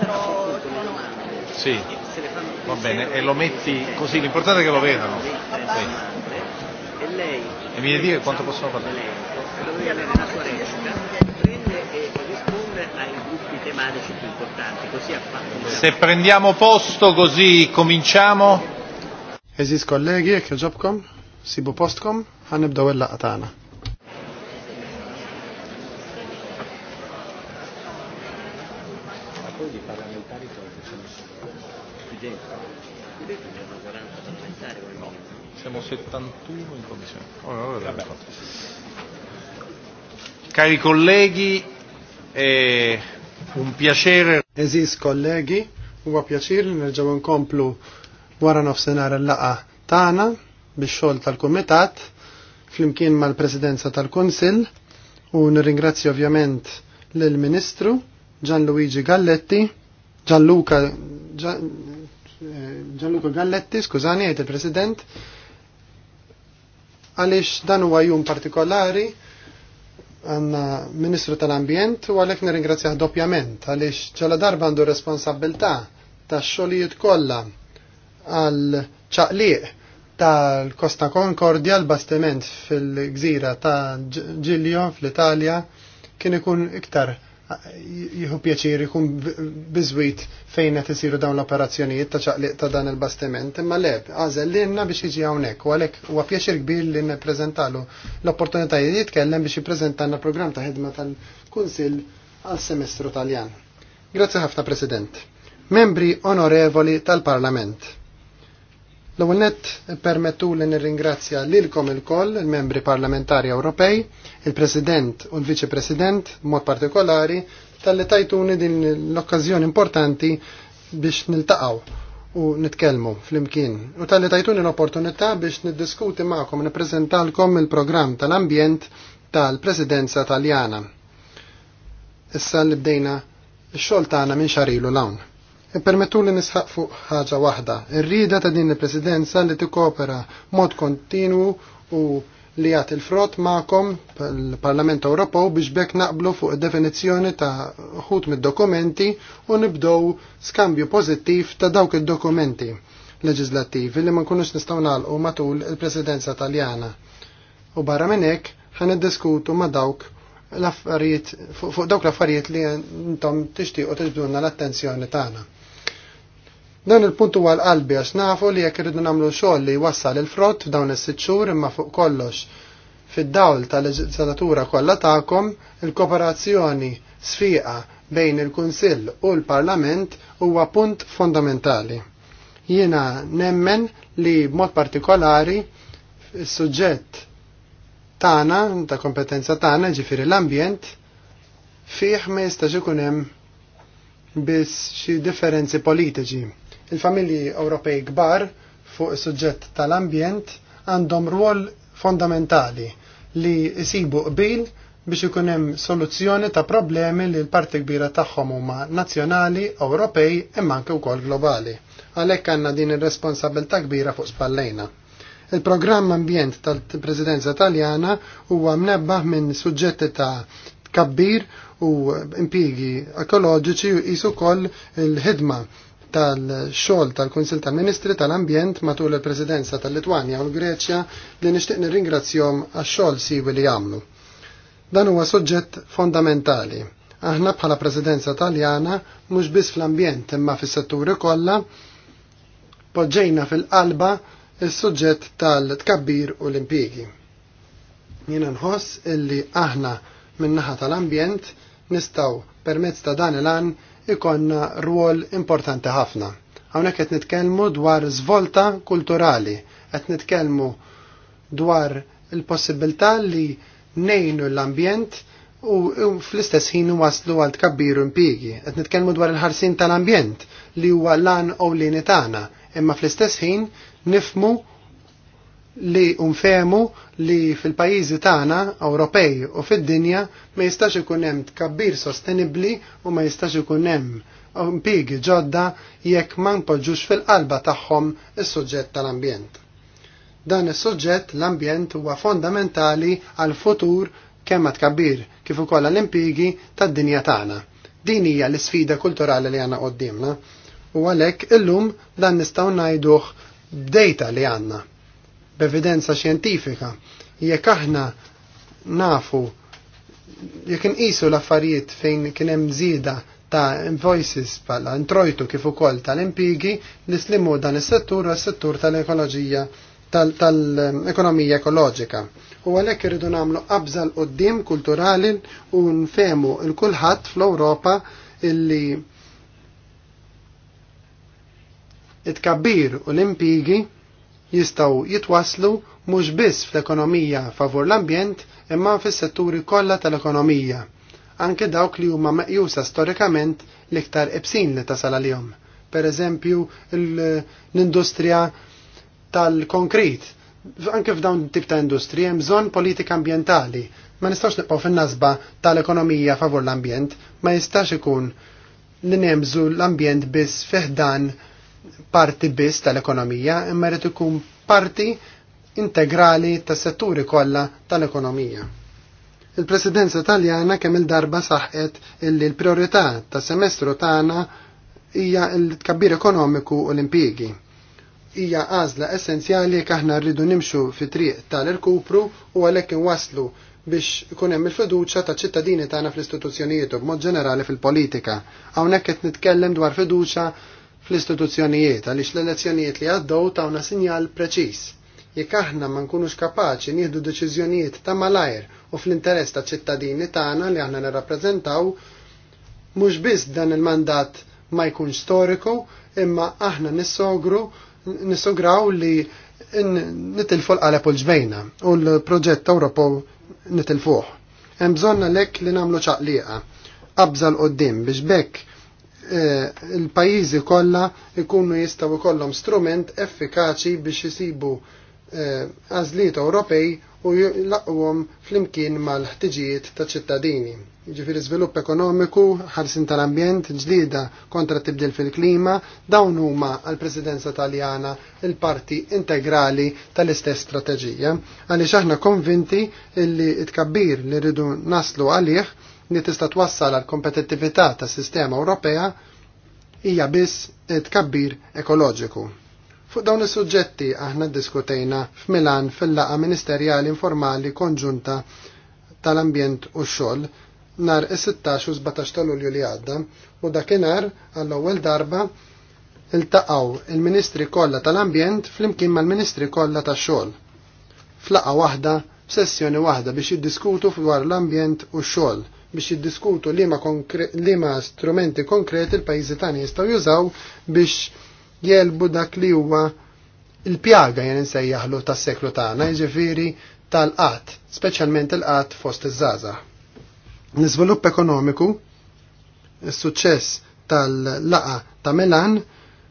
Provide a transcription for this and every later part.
però male. Sì, va bene, e lo metti così, l'importante è che lo vedano. Sì. E lei? E mi devi dire quanto possono parlare? E lei avere prende e risponde ai gruppi tematici più importanti, così ha fatto. Se prendiamo posto così cominciamo. Esis kollegi, jekk ġobkom, sibu postkom, ħanibdaw il-laqatana. Siamo 71 in commissione. Oh, oh, Vabbè. Cari colleghi, è un piacere. Esis colleghi, un piacere nerġgħu nkomplu wara nofsinhar il-laqa tagħna Tana, xogħol tal Comitat, flimkien mal-Presidenza tal Consil, un ringrazio ovviamente lill ministro Gianluigi Galletti, Gianluca Gian, eh, Gianluca Galletti, skużani, è il presidente, għaliex dan huwa jum partikolari għanna Ministru tal-Ambjent u għalek nirringrazzjah doppjament għaliex ġala darba għandu responsabilta ta' xolijiet kollha għal ċaqliq tal-Kosta Concordia l-bastiment fil-gżira ta' Ġiljo fl-Italja kien ikun iktar jieħu pjaċir jkun bizwit fejn qed isiru dawn l-operazzjonijiet ta' ċaqliq ta' dan il-bastiment, imma le, għażel lilna biex jiġi hawnhekk u għalhekk huwa pjaċir kbir li nippreżentalu l-opportunitajiet jitkellem biex jippreżentanna programm ta' ħidma tal-Kunsill għal-semestru Taljan. Grazzi ħafna President. Membri onorevoli tal-Parlament L-ewwel nett permettu li nirringrazzja lilkom il-koll il-membri parlamentari Ewropej, il-President u l-Viċi President mod partikolari tal-li tajtuni din l-okkażjoni importanti biex niltaqgħu u nitkellmu fl-imkien. U tal-li tajtuni l-opportunità biex niddiskuti ma'kom nippreżentalkom il-programm tal-ambjent tal-Presidenza Taljana. Issa li bdejna x-xogħol tagħna minn xarilu l-hawn. Permettu li nisħaq fuq ħaġa waħda. ir ta' din il-presidenza li tikopera mod kontinu u li għat il-frott ma'kom l-Parlament Ewropew biex bekk naqblu fuq definizzjoni ta' ħut mid-dokumenti u nibdow skambju pożittiv ta' dawk id-dokumenti leġislattivi li ma nkunux nistgħu nagħlqu matul il-Presidenza Taljana. U barra minn hekk ħaniddiskutu ma' dawk l-affarijiet fuq dawk l-affarijiet li intom tixtiequ tiġbdulna l-attenzjoni tagħna. Dan il-punt huwa l-qalbi għax nafu li jekk irridu nagħmlu xogħol li jwassal il-frott f'dawn is-sitt xhur imma fuq kollox fid-dawl tal-leġislatura kollha tagħkom il-kooperazzjoni sfiqa bejn il-Kunsill u l-Parlament huwa punt fondamentali. Jiena nemmen li b'mod partikolari is-suġġett tagħna ta' kompetenza tagħna ġifieri l-ambjent fih ma jistax ikun hemm biss xi differenzi politiċi Il-familji Ewropej kbar fuq is-suġġett tal-ambjent għandhom rwol fondamentali li jsibu qbil biex ikun hemm soluzzjoni ta' problemi li l-parti kbira tagħhom huma nazzjonali, Ewropej imma anke wkoll globali. Għalhekk għandna din ir-responsabilità kbira fuq spallejna. Il-programm ambjent tal-Presidenza Taljana huwa mnebbaħ minn suġġetti ta' kabbir u impigi ekoloġiċi u jisu koll il-ħidma tal-xogħol tal-Kunsil tal-Ministri tal-Ambjent matul il-Presidenza tal-Litwanja u l-Greċja li nixtieq nirringrazzjahom għax-xogħol siwi li għamlu. Dan huwa suġġett fondamentali. Aħna bħala Presidenza Taljana mhux biss fl-ambjent imma fis-setturi kollha poġġejna fil-qalba is-suġġett tal-tkabbir u l-impjiegi. Jiena nħoss illi aħna min-naħa tal-ambjent nistgħu permezz ta' dan il-għan ikonna ruol importanti ħafna. Hawnhekk qed nitkellmu dwar żvolta kulturali, qed nitkellmu dwar il-possibilità li nejnu l-ambjent u fl-istess ħin waslu għal tkabbiru impjiegi. Għet nitkellmu dwar il-ħarsin tal-ambjent li huwa lan u li tagħna, imma fl-istess ħin nifmu li unfemu li fil-pajizi tagħna Ewropej u fid-dinja ma jistax ikun hemm tkabbir sostenibbli u ma jistax ikun hemm impigi ġodda jekk ma npoġġux fil-qalba tagħhom is-suġġett tal-ambjent. Dan is-suġġett l-ambjent huwa fondamentali għal futur kemm ma tkabbir kif ukoll l-impigi tad-dinja tagħna. Din hija l-isfida kulturali li għandna qudiemna. u għalhekk illum dan nistgħu ngħiduh b'dejta li għandna b'evidenza xjentifika. Jekk aħna nafu jekk inqisu l-affarijiet fejn kien hemm żieda ta' invoices bħala introjtu kif ukoll tal-impigi li slimu dan is-settur għas-settur tal-ekoloġija tal-ekonomija ekoloġika. U għalhekk irridu nagħmlu qabża l kulturali u nfemu l kulħadd fl-Ewropa illi it-kabbir u l-impigi jistaw jitwaslu mhux biss fl-ekonomija favur l-ambjent imma fis-setturi kollha tal-ekonomija, anke dawk li huma meqjusa storikament l-iktar ebsin li tasal għalihom. Per eżempju, l-industrija tal-konkrit. Anke f'dawn tip ta' industrija hemm bżonn politika ambjentali. Ma nistax nibqgħu fin-nasba tal-ekonomija favur l-ambjent, ma jistax ikun li nemżu l-ambjent biss fiħdan dan parti biss tal-ekonomija, imma rrid ikun parti integrali tas-setturi kollha tal-ekonomija. Il-Presidenza Taljana kemm il-darba saħqet illi l-priorità tas-semestru tagħna hija l-tkabbir ekonomiku u l-impjiegi hija għażla essenzjali jekk aħna rridu nimxu fi triq tal-irkupru u għalhekk inwaslu biex ikun hemm il-fiduċja ta' ċittadini tagħna fl-istituzzjonijiet u b'mod ġenerali fil-politika. Hawnhekk qed nitkellem dwar fiduċja fl-istituzzjonijiet għaliex l-elezzjonijiet li għaddew tawna sinjal preċiż. Jekk aħna ma nkunux kapaċi nieħdu deċiżjonijiet ta' malajr u fl-interess ta' ċittadini tagħna li aħna nirrappreżentaw, mhux biss dan il-mandat ma jkunx storiku, imma aħna nissogru nissograw li nitilfu l-qalep u l-ġbejna u l-proġett Ewropew nitilfuh. Hemm bżonn lek li nagħmlu ċaqliqa qabżal qoddim biex bekk Eh, il-pajizi kollha ikunu jistgħu kollom strument effikaċi biex isibu eh, għażliet Ewropej u jlaqwhom flimkien mal-ħtiġijiet ta' ċittadini. Ġifieri żvilupp ekonomiku, ħarsin tal-ambjent, ġdida kontra tibdil fil-klima, dawn huma għall presidenza Taljana il-parti integrali tal-istess strateġija. Għaliex aħna konvinti illi tkabbir li rridu naslu għalih li tista' twassal għal kompetittività tas-sistema Ewropea hija biss tkabbir ekoloġiku. Fuq dawn is-suġġetti aħna ddiskutejna f'Milan fil-laqa ministerjali informali konġunta tal-ambjent u x-xogħol nar is-16 u 17 ta' Lulju li għadda u dakinhar għall-ewwel darba iltaqgħu il-Ministri kollha tal-Ambjent flimkien mal-Ministri kollha tax-xogħol. Flaqa waħda, f'sessjoni waħda biex jiddiskutu dwar l-ambjent u x-xogħol biex jiddiskutu liema ma strumenti konkreti l-pajjiżi tani jistgħu jużaw biex jelbu dak li huwa il-pjaga jen nsejjaħlu tas-seklu tagħna, jiġifieri tal-qatt, speċjalment il qat fost iż-żgħażagħ. L-iżvilupp ekonomiku, il suċċess tal-laqa ta' Milan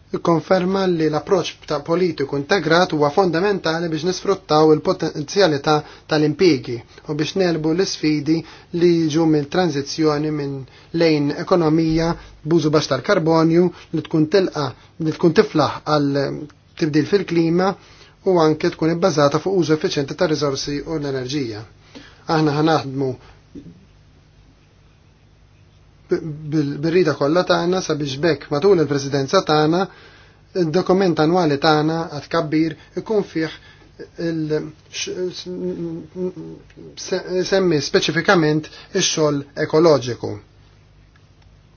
ikkonferma li l-approċ ta' politiku integrat huwa fondamentali biex nisfruttaw il-potenzjalità tal-impigi u biex nelbu l-sfidi li jiġu mill-tranzizzjoni minn lejn ekonomija bużu baxx tal-karbonju li tkun tilqa li tkun tiflaħ għal tibdil fil-klima u anke tkun ibbażata fuq użu effiċjenti tar-riżorsi u l-enerġija. Aħna ħanaħdmu bil-rida kollha tagħna sabiex bekk matul il-presidenza tagħna id-dokument annwali tagħna għad kabbir ikun fih semmi speċifikament ix-xogħol ekoloġiku.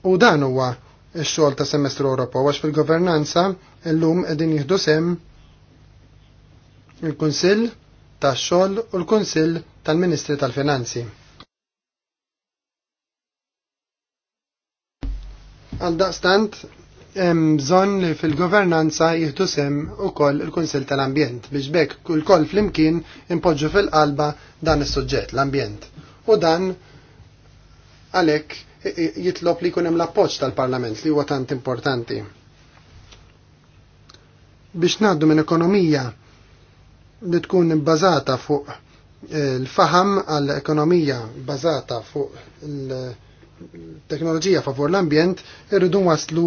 U dan huwa x-xogħol ta' semestru Ewropew għax fil-governanza llum qegħdin jieħdu sem il-Kunsill tax-xogħol u l-Kunsill tal-Ministri tal-Finanzi. Għal daqstant, hemm bżonn li fil-governanza jieħdu sem ukoll il-Kunsill tal-Ambjent biex bekk kull flimkien impoġġu fil-qalba dan is-suġġett l-ambjent. U dan għalhekk jitlob li jkun hemm l appoċ tal-Parlament li huwa tant importanti. Biex ngħaddu minn ekonomija li tkun bbażata fuq il-faham għall ekonomija bbażata fuq il- teknoloġija favor l-ambjent irridu waslu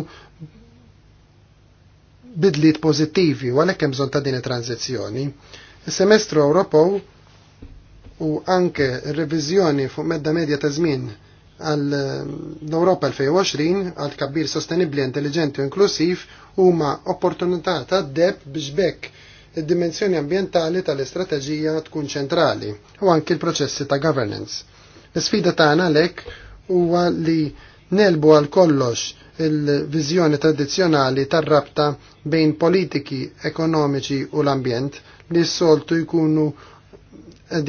bidliet pozittivi u għalhekk hemm bżonn ta' din it-tranzizzjoni. Is-semestru Ewropew u anke r-reviżjoni fuq medda medja ta' żmien għal l ewropa 2020 għal kabbir sostenibli, intelligenti u inklusiv huma opportunità ta' deb biex bekk id-dimensjoni ambientali tal-istrateġija tkun ċentrali u anke l-proċessi ta' governance. L-sfida tagħna għalhekk huwa li nelbu għal kollox il-vizjoni tradizjonali tar-rabta bejn politiki ekonomiċi u l-ambjent li s-soltu jkunu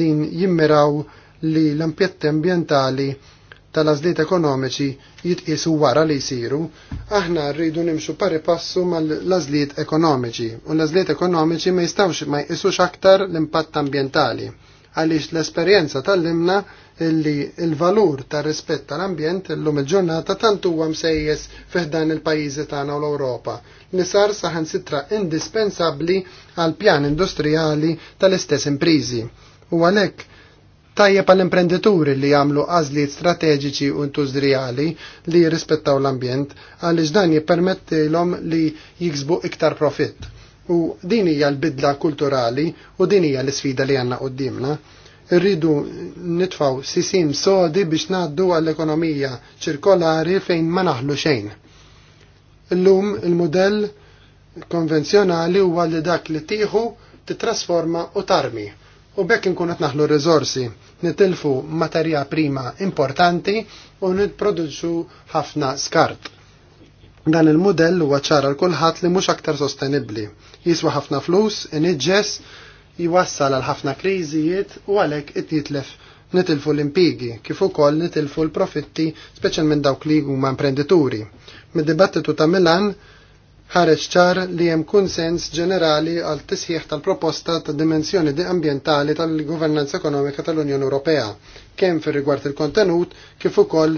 din jimmiraw li l-impjetti ambientali tal-azliet ekonomiċi jitqisu wara li jisiru, aħna rridu nimxu pari passu mal-azliet ekonomiċi u l-azliet ekonomiċi ma jistawx ma jqisux aktar l-impatt ambientali għaliex l-esperjenza tal-limna illi il-valur ta' rispett tal-ambjent illum il-ġurnata tant huwa msejjes fiħdan il-pajjiżi tagħna u l-Ewropa. Nisar saħan sitra indispensabbli għal pjan industrijali tal-istess imprizi. U għalhekk tajjeb għall imprendituri li jagħmlu għażliet strateġiċi u industrijali li jirrispettaw l-ambjent għaliex dan jippermettilhom li jiksbu iktar profitt. U din hija l-bidla kulturali u din hija l-isfida li għandna qudiemna rridu nitfaw sisim sodi biex naddu għall-ekonomija ċirkolari fejn ma naħlu xejn. Illum il-modell konvenzjonali huwa li dak li tieħu titrasforma u tarmi. U bekk nkun qed naħlu riżorsi, nitilfu materja prima importanti u nipproduċu ħafna skart. Dan il-modell huwa ċara l kulħadd li mhux aktar sostenibbli. Jiswa ħafna flus, inġess, jwassal għal ħafna kriżijiet u għalhekk itjitlef nitilfu l-impigi, kif ukoll nitilfu l-profitti speċjal minn dawk li huma imprendituri. Mid-dibattitu ta' Milan ħareġ ċar li hemm kunsens ġenerali għal tisħiħ tal-proposta ta' dimensjoni di ambientali tal-Governanza Ekonomika tal-Unjoni Ewropea, kemm fir-rigward il-kontenut kif ukoll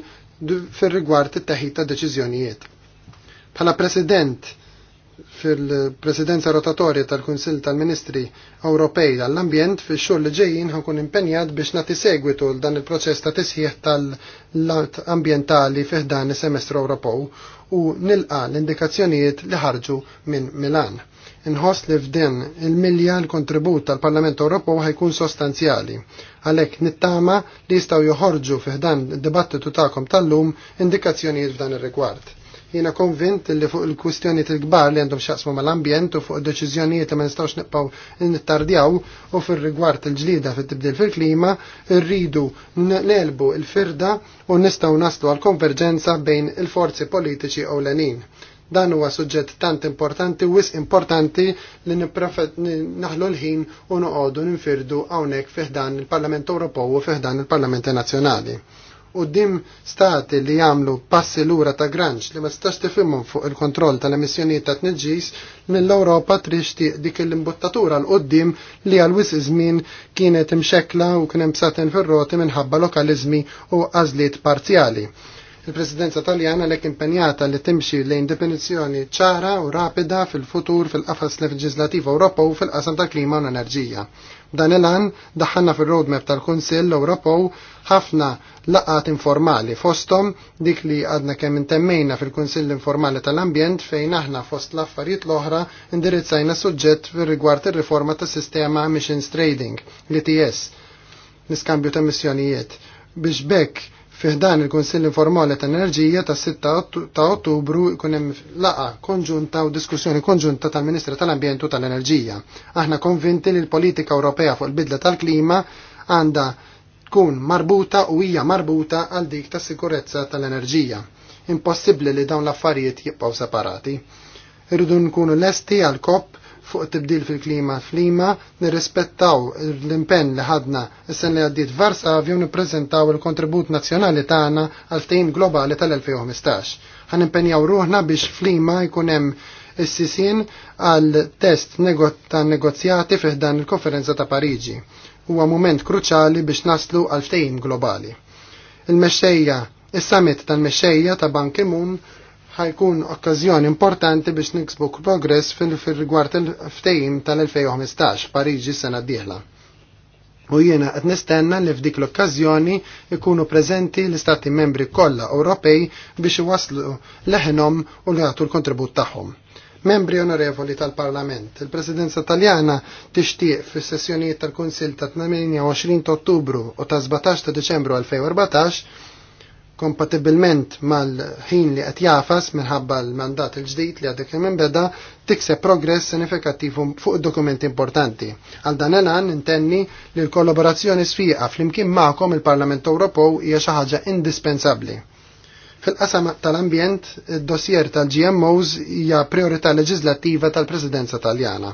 fir-rigward it-taħid ta' deċiżjonijiet. Bħala President fil-presidenza rotatorja tal-Kunsil tal-Ministri Ewropej tal-Ambjent fix xogħol li ġejjin ħakun impenjat biex nagħti segwitu dan il-proċess ta' tisħiħ tal-lat ambjentali fih dan is-semestru Ewropew u nilqa l-indikazzjonijiet li ħarġu minn Milan. Inħoss li f'din il-milja l-kontribut tal-Parlament Ewropew ħajkun sostanzjali. Għalhekk nittama li jistgħu joħorġu fih dan id-dibattitu tagħkom tal-lum indikazzjonijiet f'dan ir-rigward Jiena konvint li fuq il-kwistjoni tal-kbar li għandhom xaqsmu mal-ambjent u fuq deċiżjonijiet li ma nistgħux nibqgħu nittardjaw u fir-rigward il-ġlida fit-tibdil fil-klima rridu nelbu l-firda u nistgħu naslu għal konverġenza bejn il-forzi politiċi ewlenin dan huwa suġġett tant importanti u importanti li naħlu l-ħin u noqogħdu ninfirdu hawnhekk fih dan il-Parlament Ewropew u fih dan il-Parlamenti Nazzjonali dim stati li jagħmlu passi lura ta' granċ li ma stax tifhimhom fuq il-kontroll tal-emissjonijiet ta' tniġġis mill-Ewropa trixtieq dik l-imbuttatura l qoddim li għal wis żmien kienet imxekla u kien hemm fil fir-roti minħabba lokaliżmi u għażliet parzjali. Il-Presidenza Taljana lek impenjata li timxi lejn definizzjoni ċara u rapida fil-futur fil-qafas legislativ Ewropa u fil-qasam tal-klima u l-enerġija. Dan il-għan daħanna fil-roadmap tal-Kunsill Ewropew ħafna laqat informali fostom dik li għadna kemm intemmejna fil-Kunsill Informali tal-Ambjent fejn aħna fost l-affarijiet l-oħra indirizzajna suġġett rigward ir-riforma tas-sistema Emissions Trading, l-ITS, l-iskambju ta' missjonijiet. biex bekk Fih dan il-Konsill Informali ta' Enerġija ta' 6 ta' Ottubru jkun hemm laqa konġunta u diskussjoni konġunta tal ministra tal-Ambjent u tal-Enerġija. Aħna konvinti li l-politika Ewropea fuq il-bidla tal-klima għandha tkun marbuta u hija marbuta għal dik tas sikurezza tal-enerġija. Impossibbli li dawn l-affarijiet jibqgħu separati. Irridu nkunu lesti għal kopp fuq tibdil fil-klima flima nirrispettaw l-impenn li ħadna s-sen li għaddit Varsavju nippreżentaw il-kontribut nazzjonali tagħna għal tejm globali tal-2015. Għan impenjaw ruħna biex flima jkun hemm s sisien għal test ta' negozjati fiħdan il-konferenza ta' Pariġi. Huwa moment kruċali biex naslu għal ftehim globali. Il-mexxejja, is-summit tal-mexxejja ta' Ban Ki-moon ħajkun okkażjoni importanti biex niksbu progress fil-rigward il-ftejim tal-2015 Pariġi sena d-dieħla. U jiena qed nistenna li f'dik l-okkażjoni ikunu preżenti l-Istati membri kollha Ewropej biex iwaslu leħenhom u li jagħtu l-kontribut tagħhom. Membri onorevoli tal-Parlament, il-Presidenza Taljana tixtieq fis sessjonijiet tal-Kunsil ta' 28 ta' Ottubru u ta' 17 ta' Deċembru 2014 kompatibilment mal-ħin li qed jafas minħabba l-mandat il-ġdid li għadek minn beda tikseb progress sinifikattiv fuq dokumenti importanti. Għal dan enan intenni li l-kollaborazzjoni sfiqa flimkien magħkom il-Parlament Ewropew hija xi ħaġa indispensabbli. Fil-qasam tal-ambjent, id-dossier tal-GMOs hija priorità leġislattiva tal-Presidenza Taljana.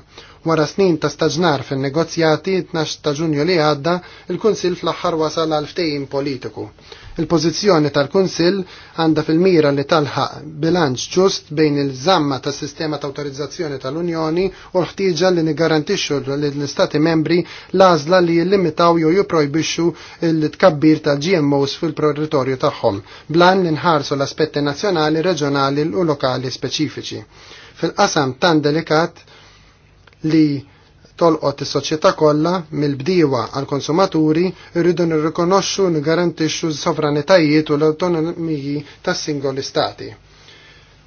Wara snin ta' staġnar fin-negozjati 12 ta' Ġunju li għadda, il-Kunsil fl-aħħar wasal għal ftehim politiku. Il-pożizzjoni tal-Kunsill għandha fil-mira li talħaq bilanċ ġust bejn il-żamma tas sistema ta' autorizzazzjoni tal-Unjoni u l-ħtieġa li nigarantixxu l-Istati membri l-għażla li jillimitaw jew jipprojbixxu l-tkabbir tal-GMOs fil proritorju tagħhom, blan li nħarsu l-aspetti nazzjonali, reġjonali u lokali speċifiċi. Fil-qasam tan delikat li tolqot is-soċjetà kollha mill-bdiewa għal konsumaturi irridu nirrikonoxxu nigarantixxu s-sovranitajiet u l-autonomiji tas-singoli stati.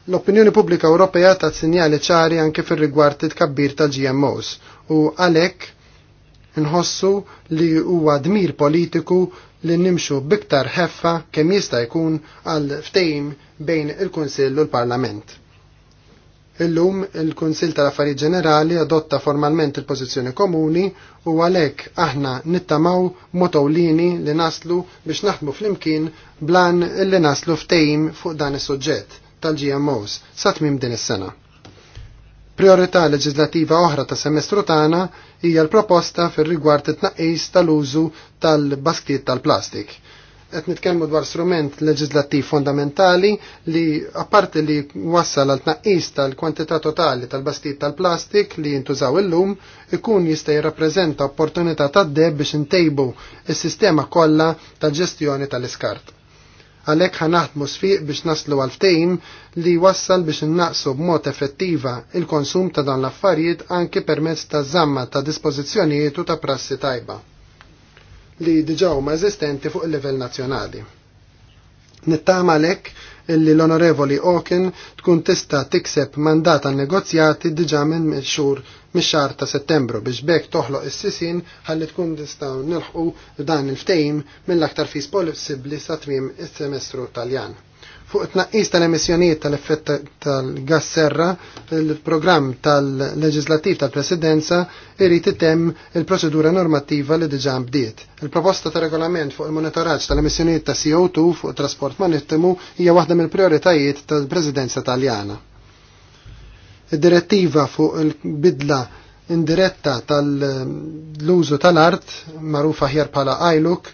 L-opinjoni pubblika Ewropea ta' sinjali ċari anke fir-rigward it-kabbir tal-GMOs u għalhekk inħossu li huwa dmir politiku li nimxu biktar ħeffa kemm jista' jkun għal ftejm bejn il-Kunsill u l-Parlament. Illum il-Kunsil tal-Affarijiet Ġenerali adotta formalment il-pożizzjoni komuni u għalhekk aħna nittamaw motowlini li naslu biex naħdmu flimkien blan li naslu ftejim fuq dan is-suġġett tal-GMOs sa tmim din is-sena. Priorità leġislativa oħra ta' semestru tagħna hija l-proposta fir-rigward it-tnaqqis tal-użu tal-basktiet tal-plastik. tal użu tal basktiet tal plastik qed nitkellmu dwar strument leġislattiv fondamentali li apparti li wassal għal tnaqqis tal-kwantità totali tal-bastit tal-plastik li jintużaw illum ikun jista' jirrappreżenta opportunità tad-deb biex intejbu is-sistema kollha tal-ġestjoni tal-iskart għalek ħanaħdmu sfiq biex naslu għal-ftejn li wassal biex innaqsu b'mod effettiva il-konsum ta' dan l-affarijiet anke permezz ta' zamma ta' dispożizzjonijiet u ta' prassi tajba li diġaw ma eżistenti fuq il-livell nazzjonali. Nittama lek illi l-onorevoli Oken tkun tista' tikseb mandata negozjati diġa minn xhur mix-xahar ta' Settembru biex bekk toħloq is-sisin ħalli tkun tistgħu nilħqu dan il-ftehim mill-aktar fis possibbli sa tmiem is-semestru Taljan fuq it-tnaqqis tal-emissjonijiet tal-effett tal-gas serra, il-programm tal-leġislativ tal-presidenza irrid item il-proċedura normattiva li diġà bdiet. Il-proposta ta' regolament fuq il-monitoraġġ tal-emissjonijiet ta' CO2 fuq trasport marittimu hija waħda mill-prioritajiet tal-presidenza taljana. Id-direttiva fuq il-bidla indiretta tal-użu tal-art, marufa ħjar pala ILUC,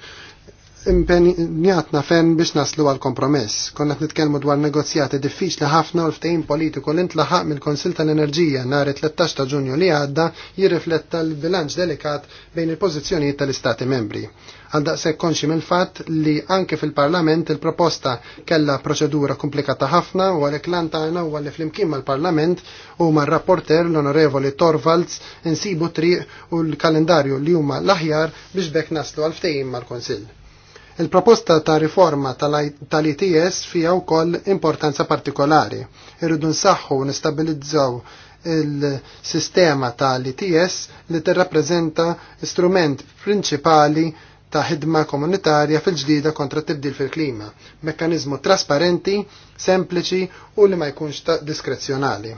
impenjatna ferm biex naslu għal kompromess. Konna nitkellmu dwar negozjati diffiċli ħafna u ftehim politiku li ntlaħaq mill-Konsil tal-Enerġija nhar 13 ta' Ġunju li għadda jirrifletta l-bilanċ delikat bejn il-pożizzjonijiet tal-Istati membri. Għaldaqshekk konxi mill-fatt li anke fil-Parlament il-proposta kellha proċedura komplikata ħafna u għalhekk lantana u għalek flimkien mal-Parlament u mar-rapporter l-Onorevoli Torvalds insibu triq u l-kalendarju li huma l-aħjar biex bekk naslu għal ftehim mal-Konsil. Il-proposta ta' riforma tal-ITS fija wkoll importanza partikolari. Irridu nsaħħu u nistabilizzaw il-sistema tal-ITS li tirrappreżenta strument prinċipali ta' ħidma komunitarja fil-ġdida kontra tibdil fil-klima, mekkanizmu trasparenti, sempliċi u li ma jkunx ta' diskrezjonali.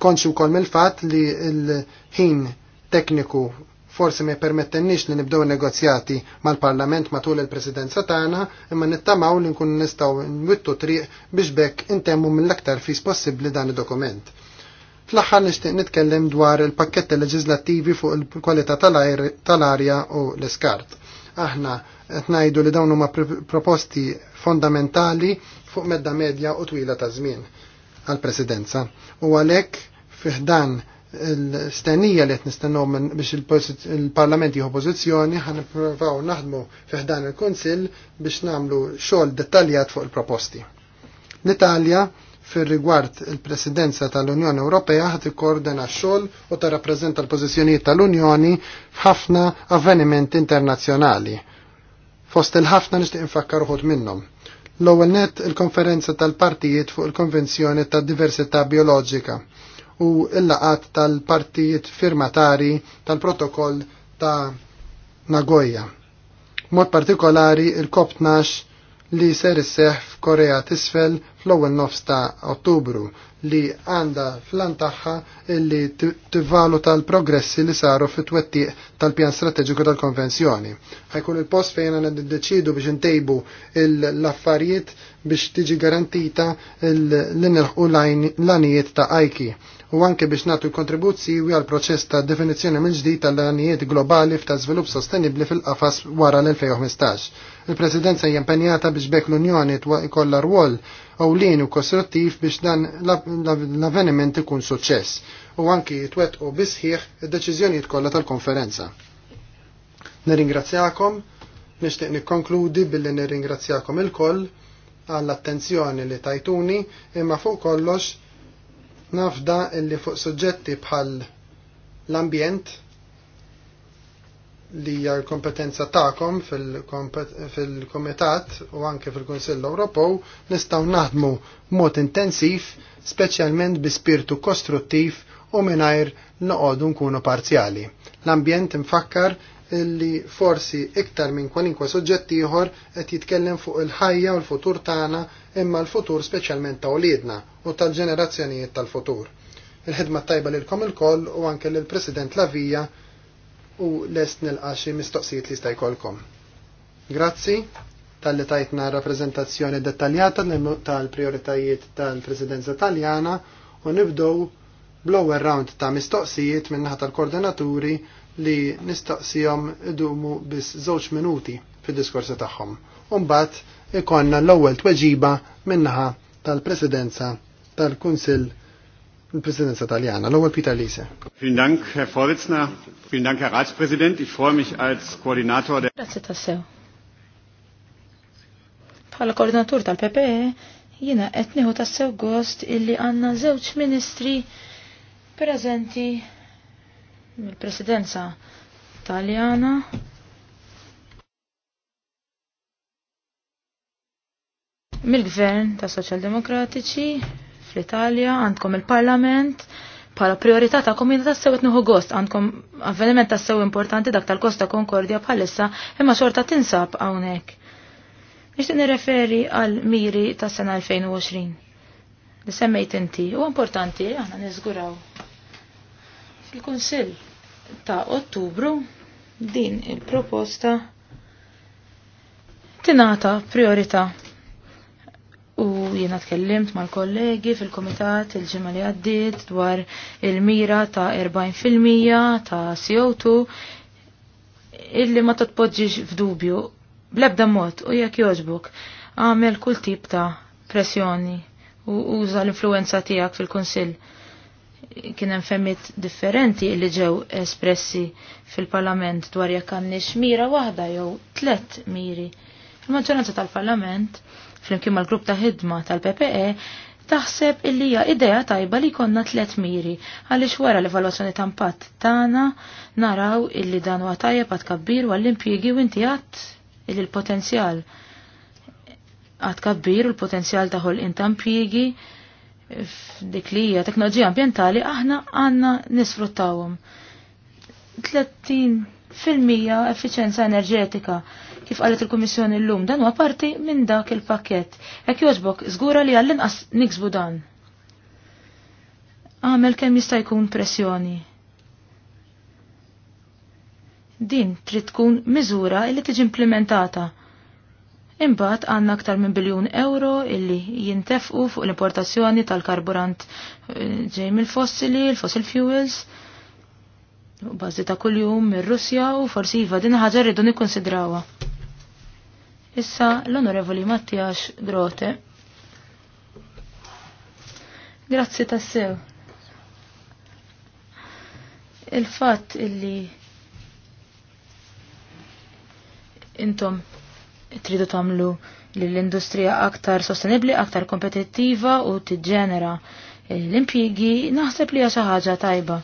Konxu kol mill-fat li l-ħin tekniku forsi ma permettennix li nibdew negozjati mal-Parlament matul il-Presidenza tagħna, imma nittamaw li nkun nistgħu nwittu triq biex bekk intemmu mill-aktar fis possibbli dan id-dokument. Fl-aħħar nixtieq nitkellem dwar il-pakketti leġislattivi fuq il-kwalità tal-arja u l-iskart. Aħna qed ngħidu li dawn huma proposti fondamentali fuq medda medja u twila ta' żmien għall-Presidenza. U għalhekk fiħdan dan l-stennija li qed nistennew biex il-Parlament jih pożizzjoni ħan provaw naħdmu fiħdan il-Kunsill biex nagħmlu xogħol dettaljat fuq il-proposti. L-Italja fir-rigward il-Presidenza tal-Unjoni Ewropea ħad ikkordena xol xogħol u tarrappreżenta l-pożizzjonijiet tal-Unjoni f'ħafna avvenimenti internazzjonali. Fost il-ħafna nixtieq infakkar uħud minnhom. L-ewwel net il-konferenza tal-partijiet fuq il-Konvenzjoni tad-Diversità Bioloġika u l-laqat tal-partijiet firmatari tal-protokoll ta' Nagoya. Mod partikolari il-COP 12 li ser isseħ f'Korea tisfel fl-ewwel nofs ta' Ottubru li għanda fl-antaħħa illi tivvaluta l-progressi li saru fit-twettiq tal-pjan strateġiku tal-konvenzjoni. Ħajkun il-post fejn għandna niddeċidu biex intejbu l-affarijiet biex tiġi garantita l-inilħu l-anijiet ta' Ajki u anke biex natu u għal proċess ta' definizzjoni mill-ġdid tal-għanijiet globali f'ta' żvilupp sostenibli fil-qafas wara l-2015. Il-Presidenza jimpenjata biex bekk l-Unjoni ikollha rwol lin u kostruttiv biex dan l-avveniment ikun suċċess u anki jitwettqu bisħieħ id-deċiżjonijiet kollha tal-konferenza. Nirringrazzjakom, nixtieq nikkonkludi billi nirringrazzjakom il-koll għall-attenzjoni li tajtuni imma fuq kollox Nafda illi fuq suġġetti bħal l-ambjent li hija l-kompetenza tagħkom fil-Komitat u anke fil-Kunsill Ewropew nistgħu naħdmu mod intensiv, speċjalment bi spirtu kostruttiv u mingħajr noqogħdu nkunu parzjali. L-ambjent infakkar li forsi iktar minn kwalinkwa suġġetti ieħor qed jitkellem fuq il-ħajja u l-futur tagħna imma l-futur speċjalment ta' ulidna u tal-ġenerazzjonijiet tal-futur. Il-ħidma tajba lilkom il-koll u anke l-President Lavija u lest nilqaxi mistoqsijiet li sta' jkollkom. Grazzi tal-li tajtna rappresentazzjoni dettaljata tal-prioritajiet tal-Presidenza Taljana u nibdow blower round ta' mistoqsijiet minnaħa tal-koordinaturi li nistaqsijom idumu bis żewġ minuti fid-diskorsi tagħhom. Umbat ikonna l-ewwel tweġiba minnaħa tal-Presidenza tal-Kunsill il-Presidenza Taljana. L-ewwel Peter Lise. Vielen Dank, Herr Vorsitzender. Vielen Dank, Herr Ratspräsident. Ich freue mich als Koordinator der Grazie tassew. Bħala koordinatur tal-PPE, jina qed nieħu tassew gost illi għandna żewġ ministri preżenti mill-Presidenza Taljana mill-gvern ta' soċjaldemokratiċi fl-Italja għandkom il-Parlament bħala priorità ta' komunità ta' sew etnuħu gost għandkom avveniment ta' sew importanti dak tal-Kosta Konkordja bħalissa imma xorta tinsab hawnhekk. Nixtieq nirreferi għal miri ta' sena 2020. Li semmejt inti u importanti aħna niżguraw fil-Kunsill ta' Ottubru din il-proposta tingħata priorità jiena tkellimt mal-kollegi fil-komitat il-ġimgħa li għaddiet dwar il-mira ta' 40% ta' CO2 illi ma totpoġġiġ f'dubju bl-ebda mod u jekk joġbuk għamel kull tip ta' pressjoni u uża l-influenza tiegħek fil-Kunsill. Kien hemm femmit differenti li ġew espressi fil-Parlament dwar jekk għandniex mira waħda jew tlet miri. Il-maġġoranza tal-Parlament flimkien mal-grupp ta' ħidma tal-PPE taħseb illi hija idea tajba li konna tlet miri għaliex wara l-evalwazzjoni ta' impatt tagħna naraw illi dan huwa tajjeb għad kabbir u għall-impjiegi u inti għadd illi l-potenzjal għad kabbir u l-potenzjal ta' ħolqien ta' impjiegi f'dik li hija teknoloġija ambjentali aħna għandna nisfruttawhom. 30 fil-mija enerġetika kif qalet il-Kummissjoni llum dan huwa parti minn dak il-pakket. Hekk jogħġbok, żgura li għall-inqas niksbu dan. Għamel kemm jista' jkun pressjoni. Din trid tkun miżura li tiġi implementata. Imbagħad għandna aktar minn biljun euro illi jintefqu fuq l-importazzjoni tal-karburant eh, ġej mill-fossili, l-fossil fuels bażi ta' kuljum mir-Russja u forsi iva din ħaġa rridu nikkonsidrawha. Issa l-Onorevoli Mattias Grote. Grazzi tassew. Il-fatt illi intom tridu tamlu li l-industrija aktar sostenibli, aktar kompetittiva u t-ġenera l-impjigi, naħseb li xi ħaġa tajba.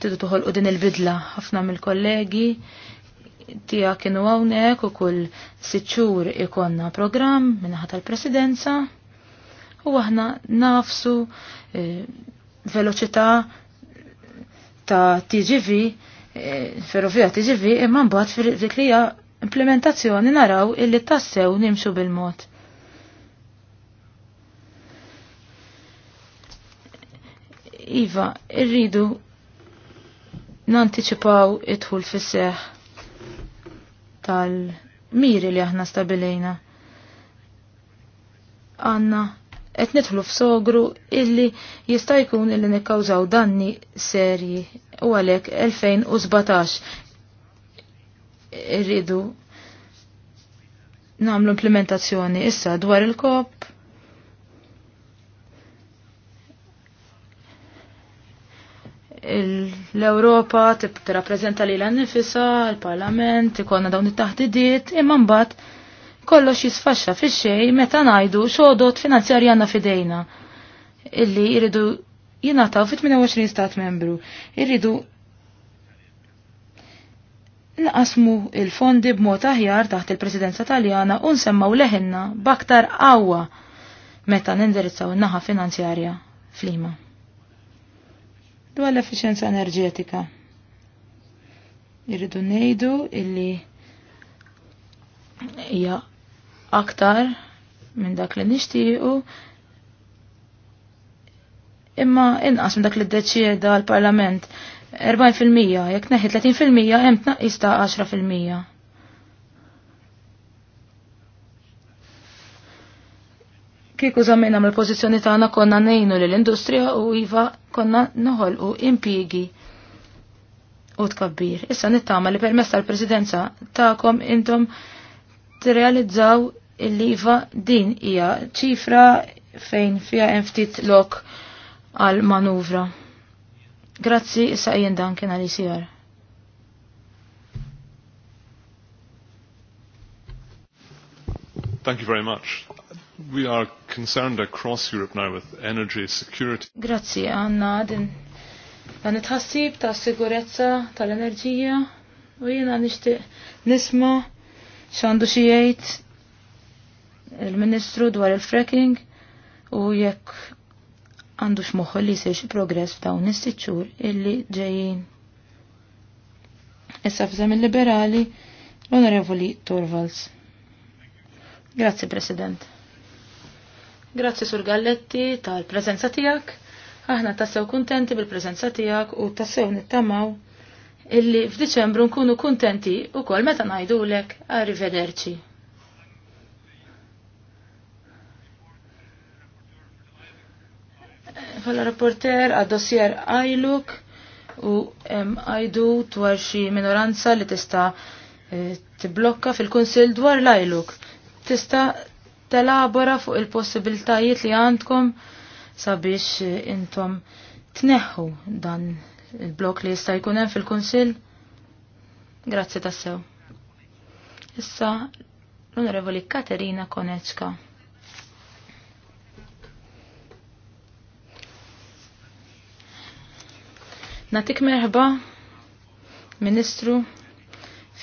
Tridu toħolqu din il-bidla ħafna mill-kollegi tija kienu għawnek u kull sitxur ikonna program minnaħat tal-presidenza u aħna nafsu e, veloċità ta' TGV, e, eh, ferrovija TGV, imma mbagħad fil implementazzjoni naraw illi tassew nimxu bil-mod. Iva, irridu nanticipaw idħul fis-seħ tal-miri li aħna stabilejna. Għanna qed nidħlu f'sogru illi jista' jkun illi nikkawżaw danni serji u għalhekk 2017 irridu nagħmlu implementazzjoni issa dwar il-kop l-Europa t-rapprezenta li l-annifisa, l-Parlament, ikonna dawn it-taħdidiet, imma mbagħad kollox jisfaxxa fi xej meta ngħidu xodot finanzjari għandna fidejna illi jridu jingħataw fit-28 stat membru. Irridu naqasmu il-fondi b'mod aħjar taħt il-Presidenza Taljana u nsemmaw leħinna b'aktar qawwa meta nindirizzaw in-naħa finanzjarja flima dwar l-efficienza enerġetika. Irridu ngħidu illi hija aktar minn dak li nixtiequ imma inqas minn dak li ddeċieda l-Parlament 40% jekk neħi 30% hemm tnaqqis ta' 10%. Kieku zammina mill pożizzjoni tagħna konna nejnu l industrija u iva konna u impiegi u tkabbir. Issa nittama li permess tal-presidenza tagħkom intom tirrealizzaw il iva din hija ċifra fejn fija ftit lok għal manuvra. Grazzi, issa jien dan kien għal ICR. Thank you very much we are concerned across Europe now with energy security. Grazzi, Anna. din. Dan it-ħassib ta' sigurezza tal-enerġija u jiena nixtieq nisma x'għandu xi jgħid, il-ministru dwar il-fracking u jekk għandu x'moħħ li jsir xi progress f'dawn is siċċur illi ġejjin. Issa fżemm il-liberali l-Onorevoli Torvalds. Grazzi President. Grazzi sur Galletti tal-prezenza tijak. Aħna tassew kontenti bil-prezenza tijak u tassew nittamaw illi f'Diċembru nkunu kontenti u kol meta najdulek arrivederci. Fala rapporter għad dossier ILUK u għajdu dwar xi minoranza li tista' eh, tiblokka fil-Kunsil dwar l-ILUK. Tista' telabora fuq il-possibiltajiet li għandkom sabiex eh, intom tneħħu dan il-blok li jista' jkun hemm fil-Kunsill. Grazzi tassew. Issa l-Onorevoli Katerina Koneċka. Natik merħba, Ministru,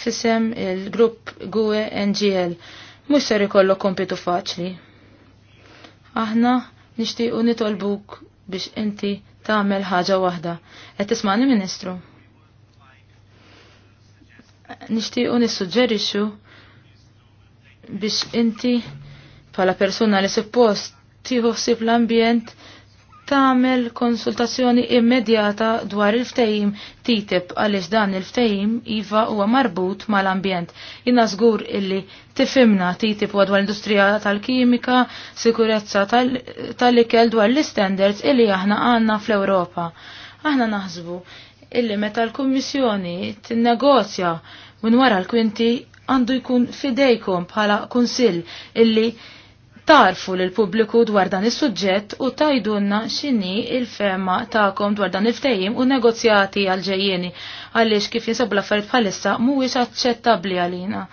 fisem il-grupp GUE NGL mhux ser ikollok kompitu faċli. Aħna nixtiequ nitolbuk biex inti tagħmel ħaġa waħda. Et tismani Ministru? Nixtiequ nissuġġerixxu biex inti bħala persuna li suppost tieħu ħsieb l-ambjent tagħmel konsultazzjoni immedjata dwar il-ftehim TTIP għaliex dan il-ftehim iva huwa marbut mal-ambjent. Jina żgur illi tifimna TTIP huwa dwar industrija tal-kimika, sikurezza tal-ikel dwar l-standards illi aħna għandna fl-Ewropa. Aħna naħsbu illi meta l-Kummissjoni tinnegozja minn wara l-kwinti għandu jkun fidejkom bħala kunsill illi tarfu lil pubbliku dwar dan is-suġġett u tajdunna x'inhi il-fema tagħkom dwar dan il-ftehim u negozjati għal-ġejjeni għaliex kif jinsabu l-affarijiet bħalissa mhuwiex aċċettabbli għalina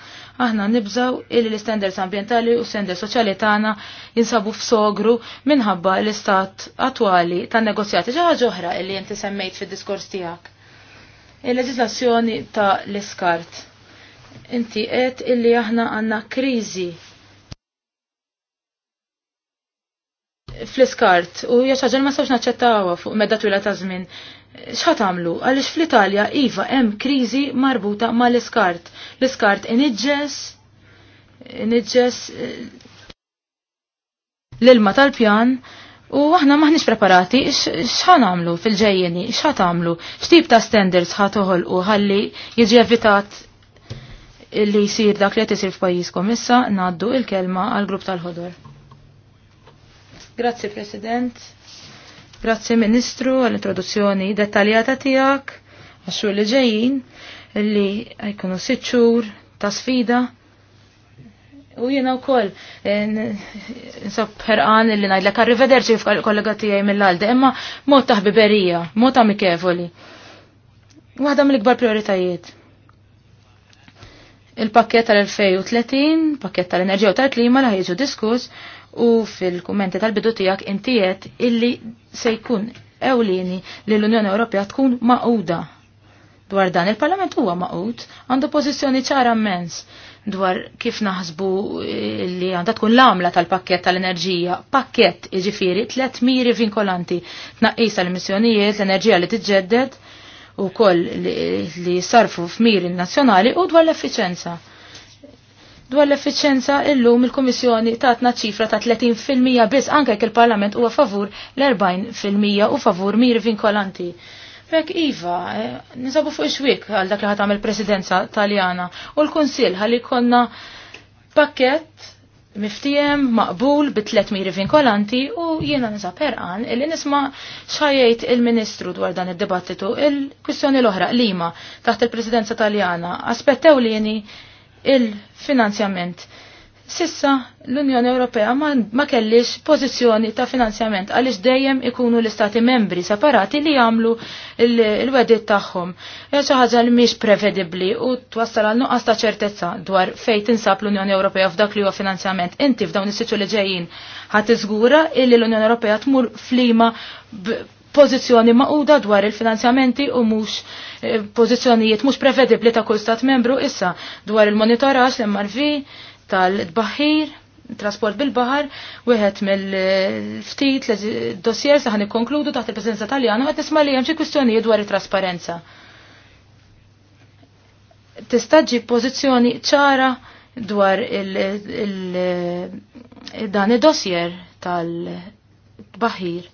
aħna nibżaw li l istenders ambientali u standards soċjali tagħna jinsabu f'sogru minħabba l-istat attwali tan negozjati ġaħġa oħra illi inti semmejt fid-diskors tiegħek. Il-leġislazzjoni ta' l-iskart. Inti qed illi aħna għandna kriżi fl-iskart u jaċaġa ma sawx naċċettawa fuq medda twila ta' żmien. X'ħat għamlu? Għaliex fl-Italja iva hemm kriżi marbuta ma' l-iskart. L-iskart inġess, inġess eh, l-ilma tal-pjan u aħna maħniex preparati x'ħan għamlu fil-ġejjeni, x'ħat għamlu, x'tip ta' standards ħat u ħalli jiġi evitat li jisir dak li jisir f'pajjiżkom issa ngħaddu il-kelma għall grupp tal-ħodor. Grazzi President, grazie Ministru għall-introduzzjoni dettaljata tiegħek għax-xhur li ġejjin li jkunu sitt xhur ta' sfida. U jiena wkoll nsab ħerqan li ngħidlek arrivederċi f'kollega tiegħi mill-għalde, imma mod ta' ħbiberija, mod amikevoli. Waħda mill-ikbar prioritajiet. Il-pakket tal-2030, pakket tal-enerġija u tal-klima li ħieġu diskuss u fil-kummenti tal-bidu tijak intijet illi se jkun ewlieni li l-Unjoni Ewropea tkun maquda. Dwar dan il-Parlament huwa maqud, għandu pożizzjoni ċara mens dwar kif naħsbu eh, li għandha tkun l-għamla tal-pakket tal-enerġija, pakket iġifiri tlet miri vinkolanti, tnaqqis tal-emissjonijiet, l-enerġija li tġedded u koll li, li sarfu f'miri nazzjonali u dwar l-effiċenza Dwar l-effiċenza illum il-Kummissjoni tatna ċifra ta' 30% biss anke jekk il-Parlament huwa favur l-40% u favur miri vinkolanti. Fek Iva, eh, nisabu fuq ix-xwiek għal dak li ħatam il-Presidenza Taljana u l-Kunsill ħalli konna pakket miftijem maqbul bi tlet miri vinkolanti u jiena nisa perqan illi nisma xajajt il-ministru dwar dan id-dibattitu il-kwistjoni l-oħra l-ima taħt il-presidenza taljana aspettew li jeni il-finanzjament. Sissa l-Unjoni Ewropea ma, ma kellix pożizzjoni ta' finanzjament għaliex dejjem ikunu l-istati membri separati li jagħmlu l-wedit tagħhom. Hija xi ħaġa li mhix prevedibbli u twassal għal nuqqas ta' ċertezza dwar fejn tinsab l-Unjoni Ewropea f'dak li huwa finanzjament. Inti f'dawn is-siċu li ġejjin ħadd iżgura illi l-Unjoni Ewropea tmur flima pożizzjoni maquda dwar il-finanzjamenti u mhux eh, pożizzjonijiet mhux prevedibbli ta' kull stat membru issa dwar il-monitoraġġ l-MRV tal-tbaħħir trasport bil-bahar, wieħed mill-ftit l-dossier, saħan ikonkludu taħt il-presenza taljana għet nisma' li hemm xi kwistjonijiet dwar it-trasparenza. Tista' pozizjoni pożizzjoni ċara dwar il, dani dan id-dossier tal-baħir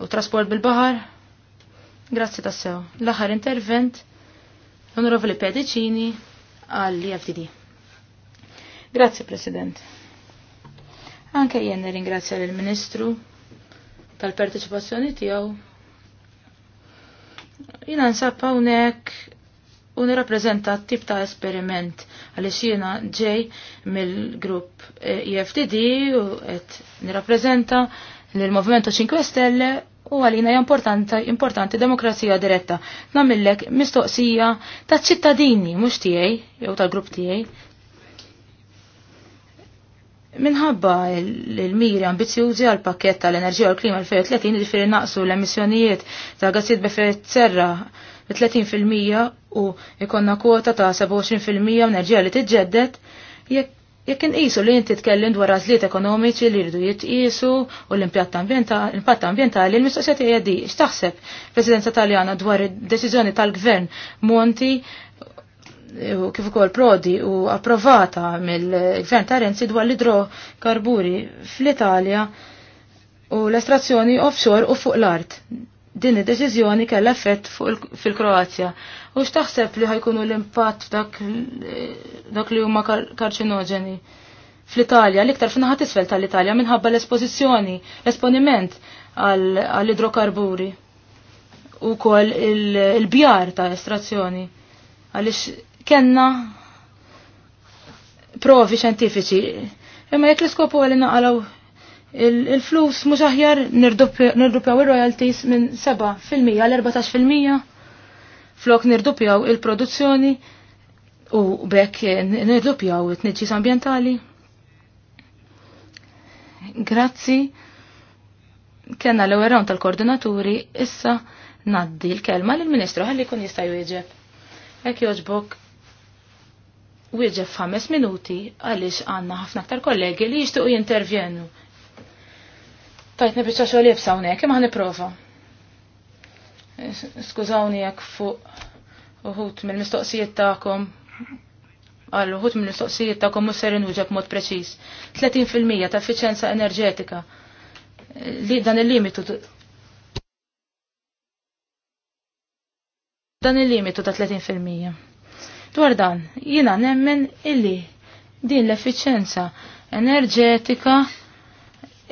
u trasport bil-bahar. Grazzi tassew. L-aħħar intervent, l-Onorevoli Pedicini għall-IFTD. Grazzi, President. Anke jenna ringrazzja l-Ministru tal-parteċipazzjoni tiegħu. Jina nsab hawnhekk u nirrappreżenta tip ta' esperiment għaliex jiena ġej mill-grupp EFTD u qed nirrappreżenta l-Movimento 5 Stelle u għalina importanti, importanti demokrazija diretta. Namillek mistoqsija ta' ċittadini, mux tijaj, jew tal-grupp tijaj. Minħabba il-miri ambizjużi għal pakket tal-enerġija u l-klima l li ġifiri naqsu l-emissjonijiet ta' gazzit b'effett serra b 30% u ikonna kwota ta' 27% enerġija li t-ġeddet, jekk Jekk inqisu li inti tkellim dwar għażliet ekonomiċi li rridu jitqisu u l-impatt ambjentali, l-mistoqsija tiegħi di x'taħseb Presidenza Taljana dwar id-deċiżjoni tal-Gvern Monti eh, kif ukoll Prodi u approvata mill-Gvern ta' Renzi dwar l-idrokarburi fl-Italja u l-estrazzjoni offshore u fuq l-art. Din id-deċiżjoni kellha effett fil-Kroazja. U x'taħseb li ħajkunu l-impatt dak, dak li huma karċinoġeni? Fl-Italja, l-iktar f'naħat isfel tal-Italja minħabba l-espożizzjoni, l-esponiment għall-idrokarburi u kol il-bjar il ta' estrazzjoni. Għalix kena provi xentifiċi. Imma jek l-iskopu għalli naqalaw il-flus il mux aħjar nirdupjaw il-royalties minn 7% għal 14% flok nirdupjaw il-produzzjoni u bekk nirdupjaw it-tniġġis ambientali. Grazzi, kena l-ewwel tal-koordinaturi, issa naddi l-kelma lill-Ministru ħalli jkun jista' jwieġeb. Hekk jogħġbok wieġeb f'ħames minuti għaliex għandna ħafna aktar kollegi li jixtiequ jintervjenu. Tajt nibicċa xogħol jibsa hawnhekk imma ħaniprofa. Skużawni jekk fuq uħut mill-mistoqsijiet tagħkom għal uħut mill-mistoqsijiet tagħkom mhux ser inwieġeb mod preċiż. 30% ta' effiċjenza enerġetika. Li dan il-limitu dan il-limitu ta' 30%. Dwar dan, jiena nemmen illi din l-effiċjenza enerġetika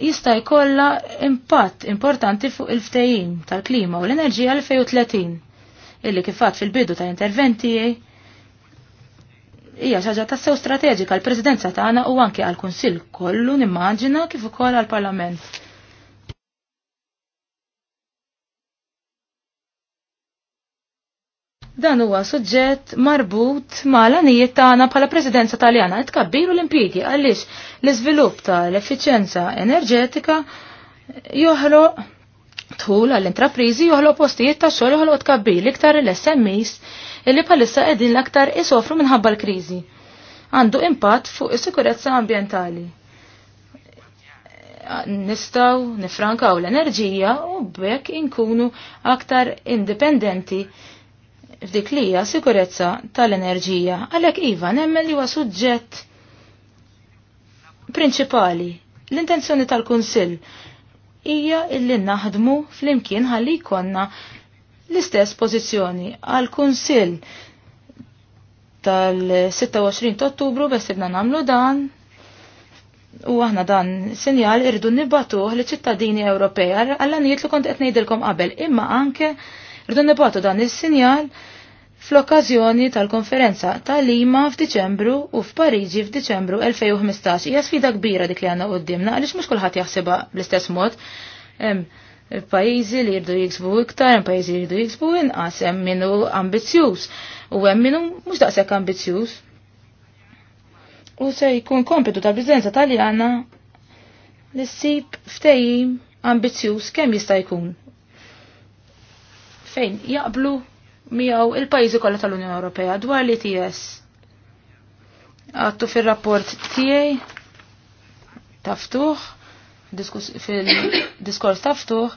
jista' jkollha impatt importanti fuq il-ftehim tal-klima u l-enerġija 2030 illi kifat fil-bidu ta' interventi hija xaġa ta' sew strateġika l-Presidenza tagħna u anke għall-Kunsill kollu nimmaġina kif ukoll għall-Parlament Dan huwa suġġett marbut ma' l tagħna bħala Presidenza Taljana qed tkabbiru l-impjiegi għaliex l-iżvilupp tal-effiċjenza enerġetika joħloq tħul għall-intrapriżi joħloq postijiet ta' xogħol joħloq tkabbir iktar l-SMEs illi bħalissa qegħdin l-aktar isofru minħabba l-kriżi. Għandu impatt fuq is-sikurezza ambjentali nistaw nifrankaw l-enerġija u bekk inkunu aktar indipendenti f'dik li hija sikurezza tal-enerġija għalhekk iva nemmen li huwa suġġett prinċipali. L-intenzjoni tal-Kunsill hija illi naħdmu flimkien ħalli jkollna l-istess pożizzjoni għal kunsill tal-26 ta' Ottubru bes sibna nagħmlu dan u aħna dan sinjal irridu nibbatuh li ċittadini Ewropej għall-għanijiet li kont qed ngħidilkom qabel imma anke Rridu nibatu dan is-sinjal fl-okkażjoni tal-konferenza ta' Lima f'Diċembru u f'Pariġi f'Diċembru 2015. Hija sfida kbira dik li għandna qudiemna għaliex mhux kulħadd jaħsibha bl-istess mod. Hemm pajjiżi li jirdu jiksbu iktar, hemm pajjiżi li jirdu jiksbu inqas, hemm minnu ambizzjuż u hemm minnu mhux daqshekk ambizzjuż. U se jkun kompetu tal-Presidenza Taljana li ssib ftehim ambizzjuż kemm jista' jkun fejn jaqblu miegħu il-pajjiżi kollha tal-Unjoni Ewropea dwar l-ITS. Għattu fir rapport tiegħi taftuħ fil-diskors taftuħ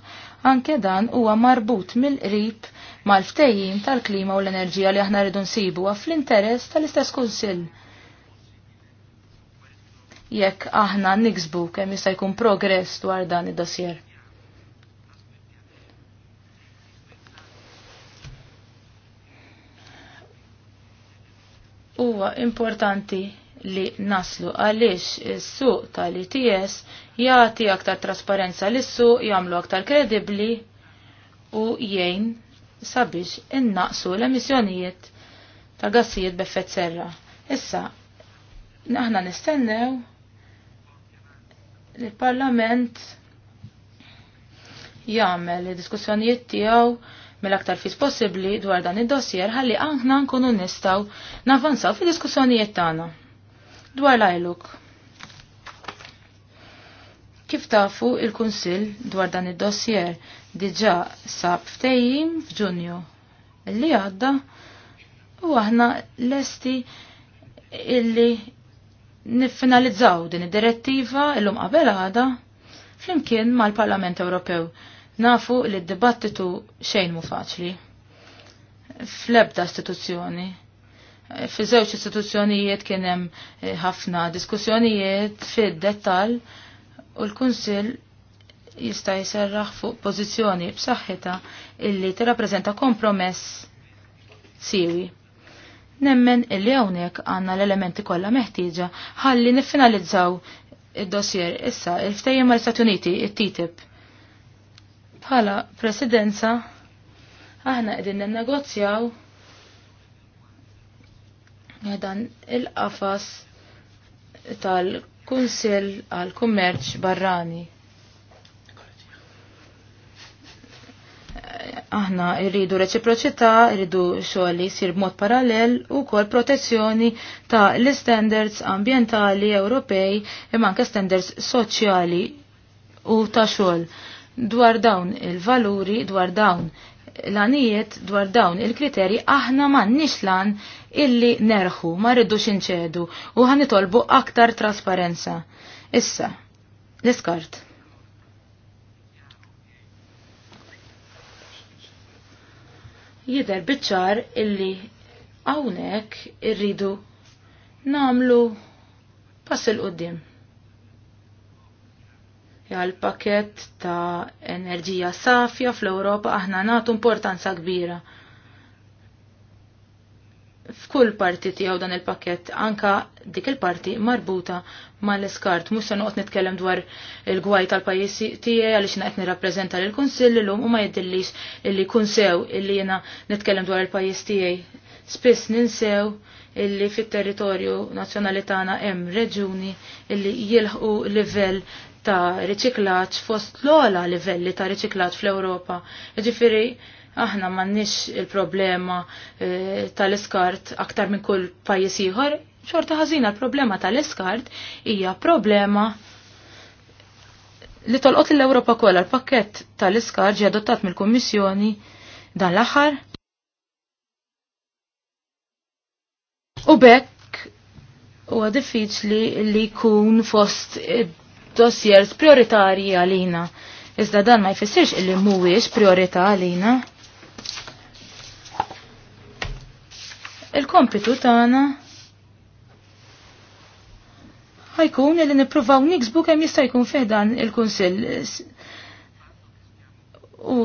anke dan huwa marbut mill-qrib mal-ftejjim tal-klima u l-enerġija li aħna rridu nsibu fl-interess tal-istess kunsill. Jekk aħna niksbu kemm jista' jkun progress dwar dan id-dossier. Huwa importanti li naslu għaliex is-suq tal-ITS jagħti aktar trasparenza lis suq jagħmlu aktar kredibbli u jgħin sabiex innaqsu l-emissjonijiet ta' gassijiet b'effett serra. Issa, aħna nistennew li l-Parlament jagħmel id diskussjonijiet tiegħu mill-aktar fis possibbli dwar dan id-dossier ħalli aħna nkunu nistgħu navanzaw fi diskussjonijiet tagħna. Dwar lajluk. Kif tafu il-Kunsill dwar dan id-dossier diġà sab ftejjim f'Ġunju li għadda u aħna lesti illi niffinalizzaw din id-direttiva illum qabel għada flimkien mal-Parlament Ewropew Nafu li d-dibattitu xejn mu faċli. Fl-ebda istituzzjoni. Fi żewġ istituzzjonijiet kien hemm eh, ħafna diskussjonijiet fid-dettall u l-Kunsill jista' jserraħ fuq pożizzjoni b'saħħitha illi tirrappreżenta kompromess siwi. Nemmen illi hawnhekk għandna l-elementi kollha meħtieġa ħalli niffinalizzaw id-dossier issa il-ftejjem mal-Stati Uniti, it-TTIP. Bħala presidenza aħna n negozjaw għedan il-qafas tal-Kunsill għal kummerċ barrani. Aħna irridu reċiproċità, irridu xogħli li jsir b'mod parallel u kol protezzjoni ta' l-standards ambientali Ewropej imma anke standards soċjali u ta' xogħol dwar dawn il-valuri, dwar dawn l-anijiet, dwar dawn il-kriterji, aħna m'għandniex lan illi nerħu, ma rridux inċedu u ħanitolbu aktar trasparenza. Issa, l-iskart. Jider biċċar illi hawnhekk irridu namlu pass il-qoddim għal pakett ta' enerġija safja fl-Ewropa aħna nagħtu importanza kbira. F'kull parti tiegħu dan il-pakett anka dik il-parti marbuta mal-iskart. Mhux se noqgħod nitkellem dwar il-gwaj tal-pajjiż tiegħi għaliex ngħid nirrappreżenta lil kunsill illum u ma jidillix illi kun sew illi jiena nitkellem dwar il-pajjiż tiegħi. Spiss ninsew illi fit-territorju nazzjonali tagħna hemm reġuni illi jilħqu livell ta' riċiklaġġ fost l-ola livelli ta' riċiklaġġ fl-Ewropa. Ġifieri aħna m'għandniex il-problema e, tal-iskart aktar minn kull pajjiż ieħor, xorta ħażina l-problema tal-iskart hija problema li tolqot l-Ewropa kollha l-pakkett tal-iskart ġie adottat mill-Kummissjoni dan l-aħħar. U bekk huwa diffiċli li jkun fost dossiers prioritarji għalina. Iżda dan ma jfissirx illi mhuwiex priorità għalina. Il-kompitu tagħna ħajkun li nippruvaw niksbu kemm jista' jkun fih dan il-kunsill. U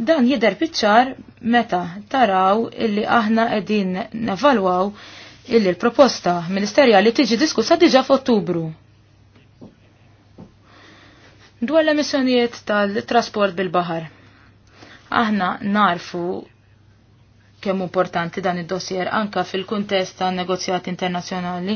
dan jidher biċ-ċar meta taraw illi aħna qegħdin nevalwaw ne illi l-proposta ministerjali tiġi diskussa diġa f'Ottubru. Dwar l-emissjonijiet tal-trasport bil-bahar. Aħna narfu kemm importanti dan id-dossier anka fil-kuntest ta' negozjati internazzjonali.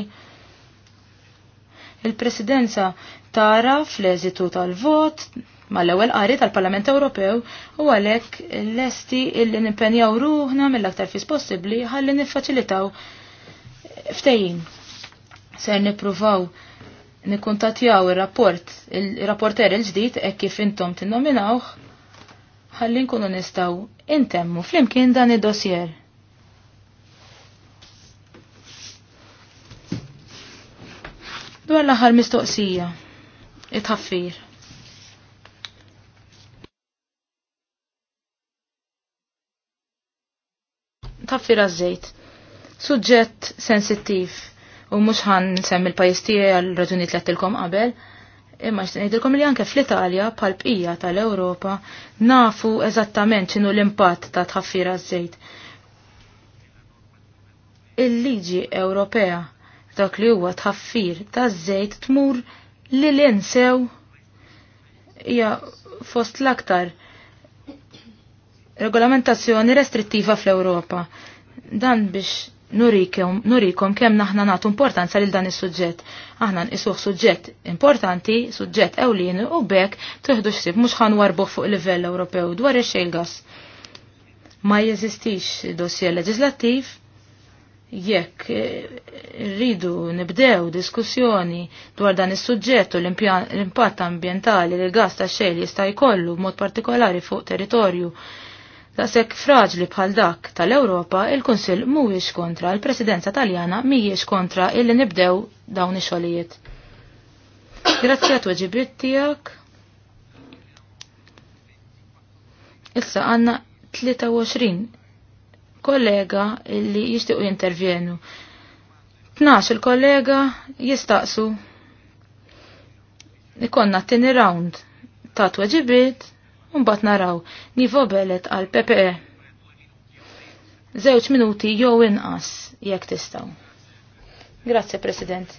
Il-Presidenza tara fl-eżitu tal-vot mal-ewwel qari tal-Parlament Ewropew u għalhekk lesti illi nimpenjaw ruħna mill-aktar fis possibbli ħalli niffaċilitaw Ftejin, Ser nippruvaw nikkuntatjaw ir-rapport, il-rapporter il-ġdid hekk kif intom tinnominawh ħalli nkunu nistgħu intemmu flimkien dan id dosjer Dwar l-aħħar mistoqsija, it-ħaffir. Taffir għaż suġġett sensittiv u mhux ħan semmi l-pajjiż tiegħi għal raġunijiet li għattilkom qabel. Imma xtieqilkom li anke fl-Italja bħal pija tal-Ewropa nafu eżattament x'inhu l-impatt ta' tħaffira żejt. Il-liġi Ewropea dak li huwa tħaffir ta' żejt tmur li l-insew hija fost l-aktar regolamentazzjoni restrittiva fl-Ewropa. Dan biex nurikom, nurikom kemm naħna nagħtu importanza lil dan is-suġġett. Aħna nqisuh suġġett importanti, suġġett ewlieni u bekk tuħdu xsib mhux warbu fuq livell Ewropew dwar ix-xejn Ma jeżistix dossier leġislattiv jekk eh, rridu nibdew diskussjoni dwar dan is-suġġett u l-impatt ambjentali li l-gas tax xejn jista' jkollu b'mod partikolari fuq territorju Daqshekk fraġli bħal dak tal-Ewropa, il-Kunsill mhuwiex kontra, l-Presidenza Taljana mhijiex kontra illi nibdew dawn ix-xogħlijiet. Grazzi għat weġibiet tiegħek. Issa għandna 23 kollega illi jixtiequ jintervjenu. 12 il-kollega jistaqsu. Ikonna t-tini round ta' tweġibiet Mbagħad naraw Nivo Belet għal PPE. Żewġ minuti jew inqas jekk tistgħu. Grazzi President.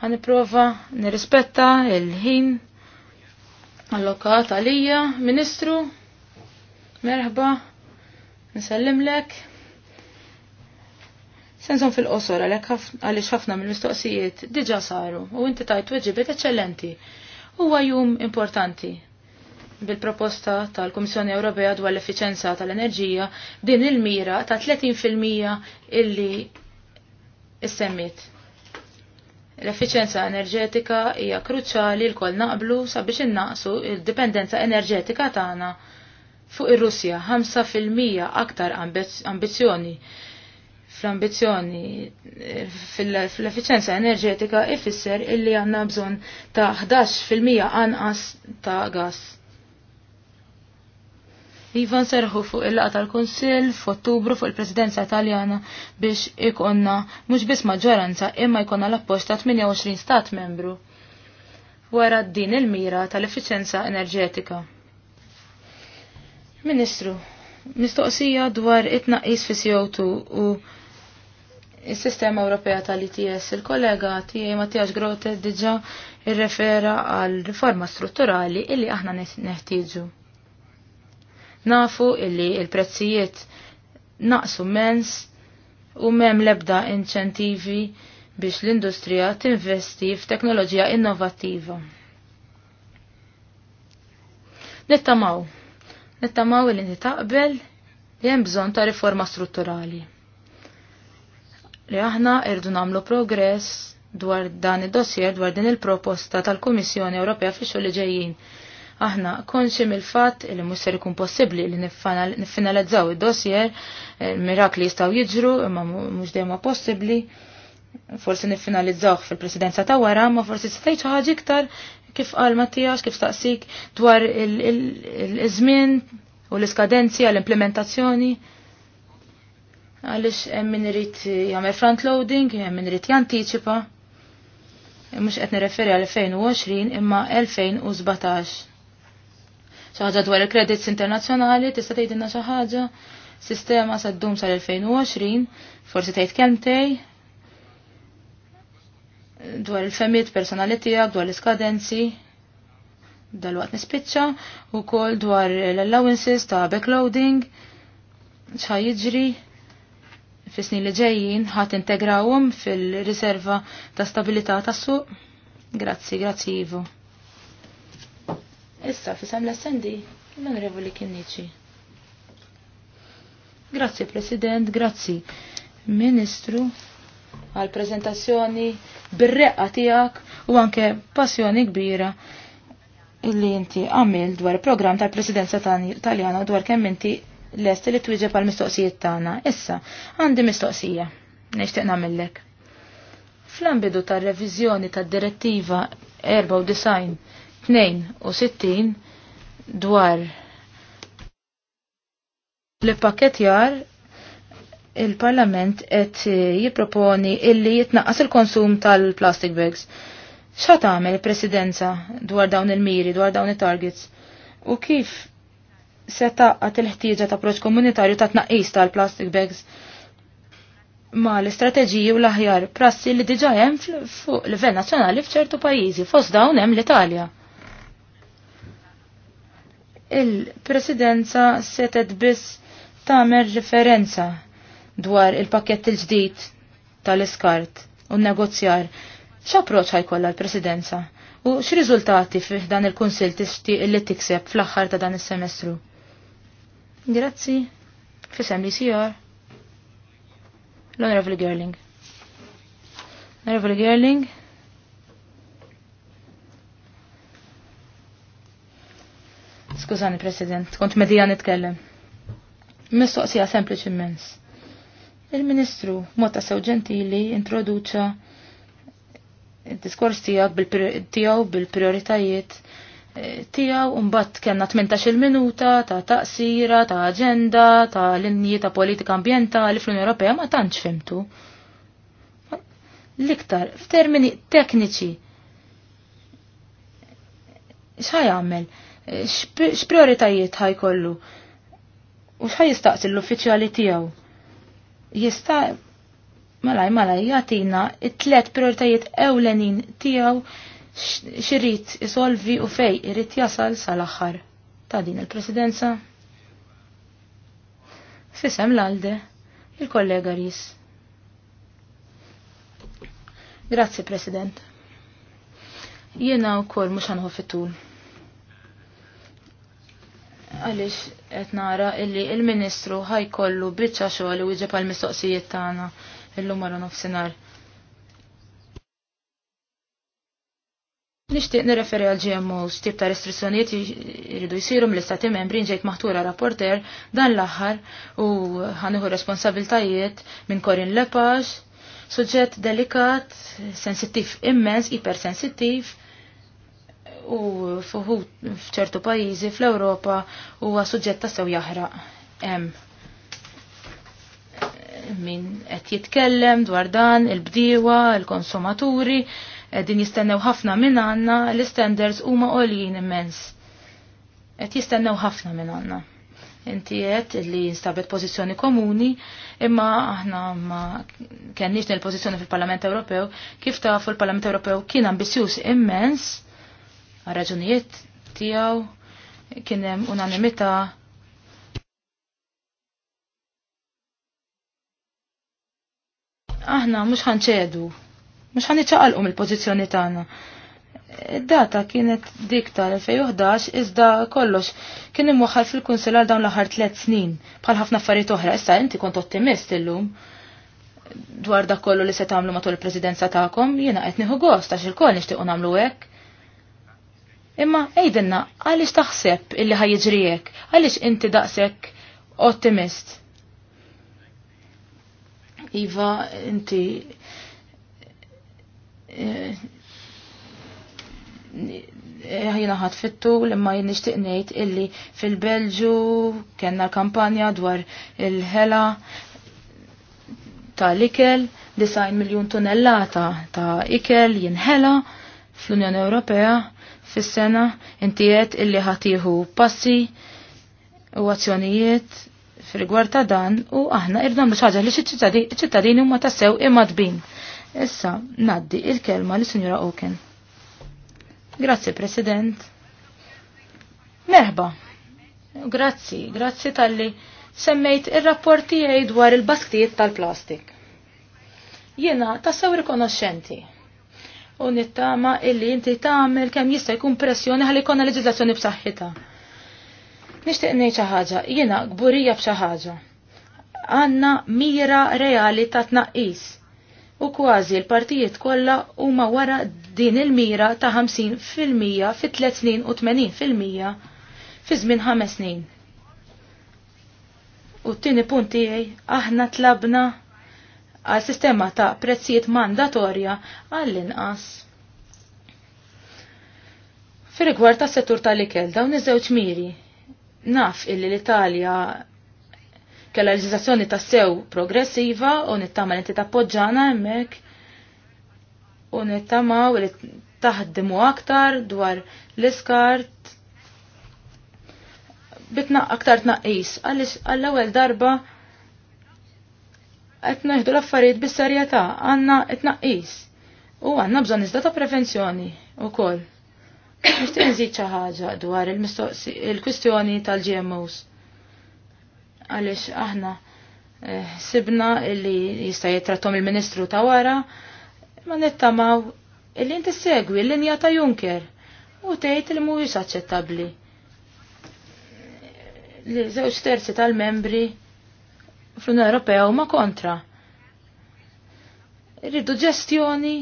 Ħaniprova nirrispetta il-ħin allokat għalija, Ministru, merħba, nsellimlek. Senżon fil-qosor għalek għalix ħafna mill-mistoqsijiet diġa saru u inti tajt weġibet eccellenti. Huwa jum importanti bil-proposta tal-Kummissjoni Ewropea dwar l-effiċenza tal-enerġija din il-mira ta' 30% illi issemmit. L-effiċenza enerġetika hija kruċjali l-kol naqblu sabiex innaqsu il-dipendenza enerġetika tagħna fuq ir-Russja 5% aktar ambizzjoni fl ambizzjoni fl efficienza enerġetika ifisser illi għanna bżon ta' 11% anqas ta' gas. Ivan serħu fuq il-laqa tal-Konsil f'Ottubru fuq il-Presidenza Taljana biex ikonna mhux biss maġġoranza imma jkollna l-appoġġ ta' 28 stat membru wara din il-mira tal effiċjenza enerġetika. Ministru, mistoqsija dwar it-naqis fi CO2 u il-Sistema Ewropea tal-ITS, il-kollega tiegħi Mattias Grote diġa irrefera għal riforma strutturali illi aħna neħtieġu. Nafu illi il-prezzijiet naqsu mens u mem lebda inċentivi biex l-industrija tinvesti f'teknoloġija innovattiva. Nittamaw, nittamaw li nitaqbel li hemm bżonn ta' riforma strutturali. Li aħna irdu nagħmlu progress dwar dan id-dossier dwar din il-proposta tal-Kummissjoni Ewropea fix-xogħol li ġejjin Aħna konxi mill-fatt li mhux ser ikun possibbli li niffinalizzaw id-dossier eh, mirakli jistgħu jiġru imma mhux dejjem possibbli. Forsi niffinalizzawh fil-presidenza ta' wara, ma forsi stejt ħaġa iktar kif qal Mattijax, kif staqsik dwar il-żmien u l-iskadenzi għall-implementazzjoni għalix min irid jagħmel front loading, min irrit jantiċipa. mux qed nireferi għal 2020 imma 2017 ċaħġa dwar il-kredits internazzjonali tista' tgħidilna xi ħaġa. Sistema saddum ddum sal-2020, forsi tgħid kemtej dwar il-femiet personali tiegħek, dwar l-iskadenzi, dal-waqt nispiċċa, u kol dwar l-allowances ta' backloading, ċa jiġri fis-snin li ġejjin ħadd integrawhom fil-riserva ta' stabilità tas-suq. Grazzi, grazzi Ivo. Issa fisem l-essendi l-Onorevoli Kinnici. Grazzi President, grazzi Ministru għal prezentazzjoni bir-reqqa tiegħek u anke passjoni kbira illi inti għamil dwar program tal-presidenza taljana dwar kemm inti l-est li twieġeb għal mistoqsijiet tagħna. Issa, għandi mistoqsija. Nixtieq nagħmellek. Fl-ambidu tar-reviżjoni tad-direttiva 94 62 dwar li pakketjar il-Parlament qed jipproponi illi jitnaqqas il-konsum tal-plastic bags. X'ha tagħmel il-Presidenza dwar dawn il-miri, dwar dawn it-targets? U kif se taqqat il-ħtieġa ta' proċ komunitarju ta' tnaqqis tal-plastic bags ma l-istrateġiji u l-aħjar prassi li diġa hemm fuq livell nazzjonali f'ċertu pajjiżi, fost dawn hemm l-Italja il-presidenza setet biss tamer referenza dwar il-pakket il-ġdid tal-iskart u negozjar. X'approċċ ħajkollha l-presidenza? U x'riżultati fih dan il-kunsil tixtieq li tikseb fl-aħħar ta' dan is-semestru? Grazzi. Fisem li sijar. L-Honorable Gerling. Honorable Gerling. Skużani, President, kont medija nitkellem. Mistoqsija sempliċi immens. Il-Ministru, motta sew ġentili, introduċa il-diskors tijaw bil-prioritajiet bil tijaw un-bat kena 18 minuta ta' taqsira, ta' agenda, ta' linji ta' politika ambientali fl-Unjoni Ewropea ma tantx fimtu. L-iktar, f'termini tekniċi, xħaj għamel? ħaj ħajkollu u x'ħaj jistaqsi l-uffiċjali tiegħu. Jista' malaj malaj jagħtina it-tlet prioritajiet ewlenin tiegħu xirrit jisolvi u fej irrit jasal sal-axħar. Ta' din il-presidenza. Fisem l-alde, il-kollega Ris. Grazzi, President. Jiena u kol mux anħu Għalix qed nara illi il-Ministru ħajkollu biċċa xogħol u jġib għall-mistoqsijiet tagħna illum wara nofsinhar. Nixtieq nirreferi għal GMOs tip ta' restrizzjonijiet jridu jsiru mill-istati membri ġejt maħtura rapporter dan l-aħħar u ħanieħu responsabiltajiet minn Corin Lepage, suġġett delikat, sensittiv immens, ipersensittiv, u f'ċertu pajjiżi fl-Ewropa huwa suġġett ta' sew jaħraq. min qed jitkellem dwar dan il bdiwa il-konsumaturi, din jistennew ħafna minn għandna, l-standards huma għoljin immens. Qed jistennew ħafna minn għandna. Inti qed li jinstabet pożizzjoni komuni, imma aħna ma kenniex il pożizzjoni fil-Parlament Ewropew, kif tafu l parlament Ewropew kien ambizjuż immens għal raġunijiet tiegħu kien hemm unanimità aħna mhux ħanċedu, mhux ħaniċċaqalqu mill-pożizzjoni tagħna. Id-data kienet dik tal-2011 iżda kollox kien imwaħħal fil-kunsil għal dawn l-aħħar tliet snin bħal ħafna affarijiet oħra. Issa inti kont ottimist illum dwar dak kollu li se tagħmlu matul il-presidenza tagħkom, jiena qed nieħu gost għax il-kol nixtiequ nagħmlu hekk. Imma ejdenna, għalix taħseb illi ħajġrijek? Għalix inti daqsek ottimist? Iva, inti... Eh, eh, ħajna ħat fittu imma nishtiq ngħid illi fil-Belġu kellna kampanja dwar il-ħela ta' l-ikel, 9 miljun tonnellata ta' ikel jinħela fl-Unjoni Ewropea fis-sena inti illi ħatiħu passi u azzjonijiet fil-gwar ta' dan u aħna irdam li ħaġa li ċittadini huma tassew imadbin. Issa naddi il-kelma li Sinjora Oken. Grazzi President. Merħba. Grazzi, grazzi tal-li semmejt ir-rapporti il dwar il-basktijiet tal-plastik. Jiena tassew rikonoxxenti u nittama illi inti tagħmel kemm jista' jkun pressjoni ħalli konna leġiżlazzjoni b'saħħitha. Nixtieq ngħid xi ħaġa, jiena gburija b'xi ħaġa. mira reali ta' tnaqqis u kważi l-partijiet kollha huma wara din il-mira ta' 50% fi 3 snin u 80% fi żmien 5 snin. U t-tieni punti tiegħi aħna tlabna għal sistema ta' prezzijiet mandatorja għall-inqas. Fir-rigward tas settur tal-ikel dawn iż-żewġ miri, naf illi l-Italja kella leġiżazzjoni ta' sew progressiva u nittama li tappoġġana hemmhekk u nittama u li taħdimu aktar dwar l-iskart bitna aktar tnaqqis għall-ewwel darba qed neħdu l-affarijiet bis-serjetà, għandna tnaqqis. U għandna bżonn iżda ta' prevenzjoni wkoll. Nixtieq nżid xi ħaġa dwar il-kwistjoni tal-GMOs. Għaliex aħna eh, sibna illi jista' jitrattom il-Ministru ta' wara, ma nittamaw illi inti segwi l-linja ta' Junker u tgħid li mhuwiex aċċettabbli. Li żewġ terzi tal-membri fl-Unjoni Ewropea huma kontra. Irridu ġestjoni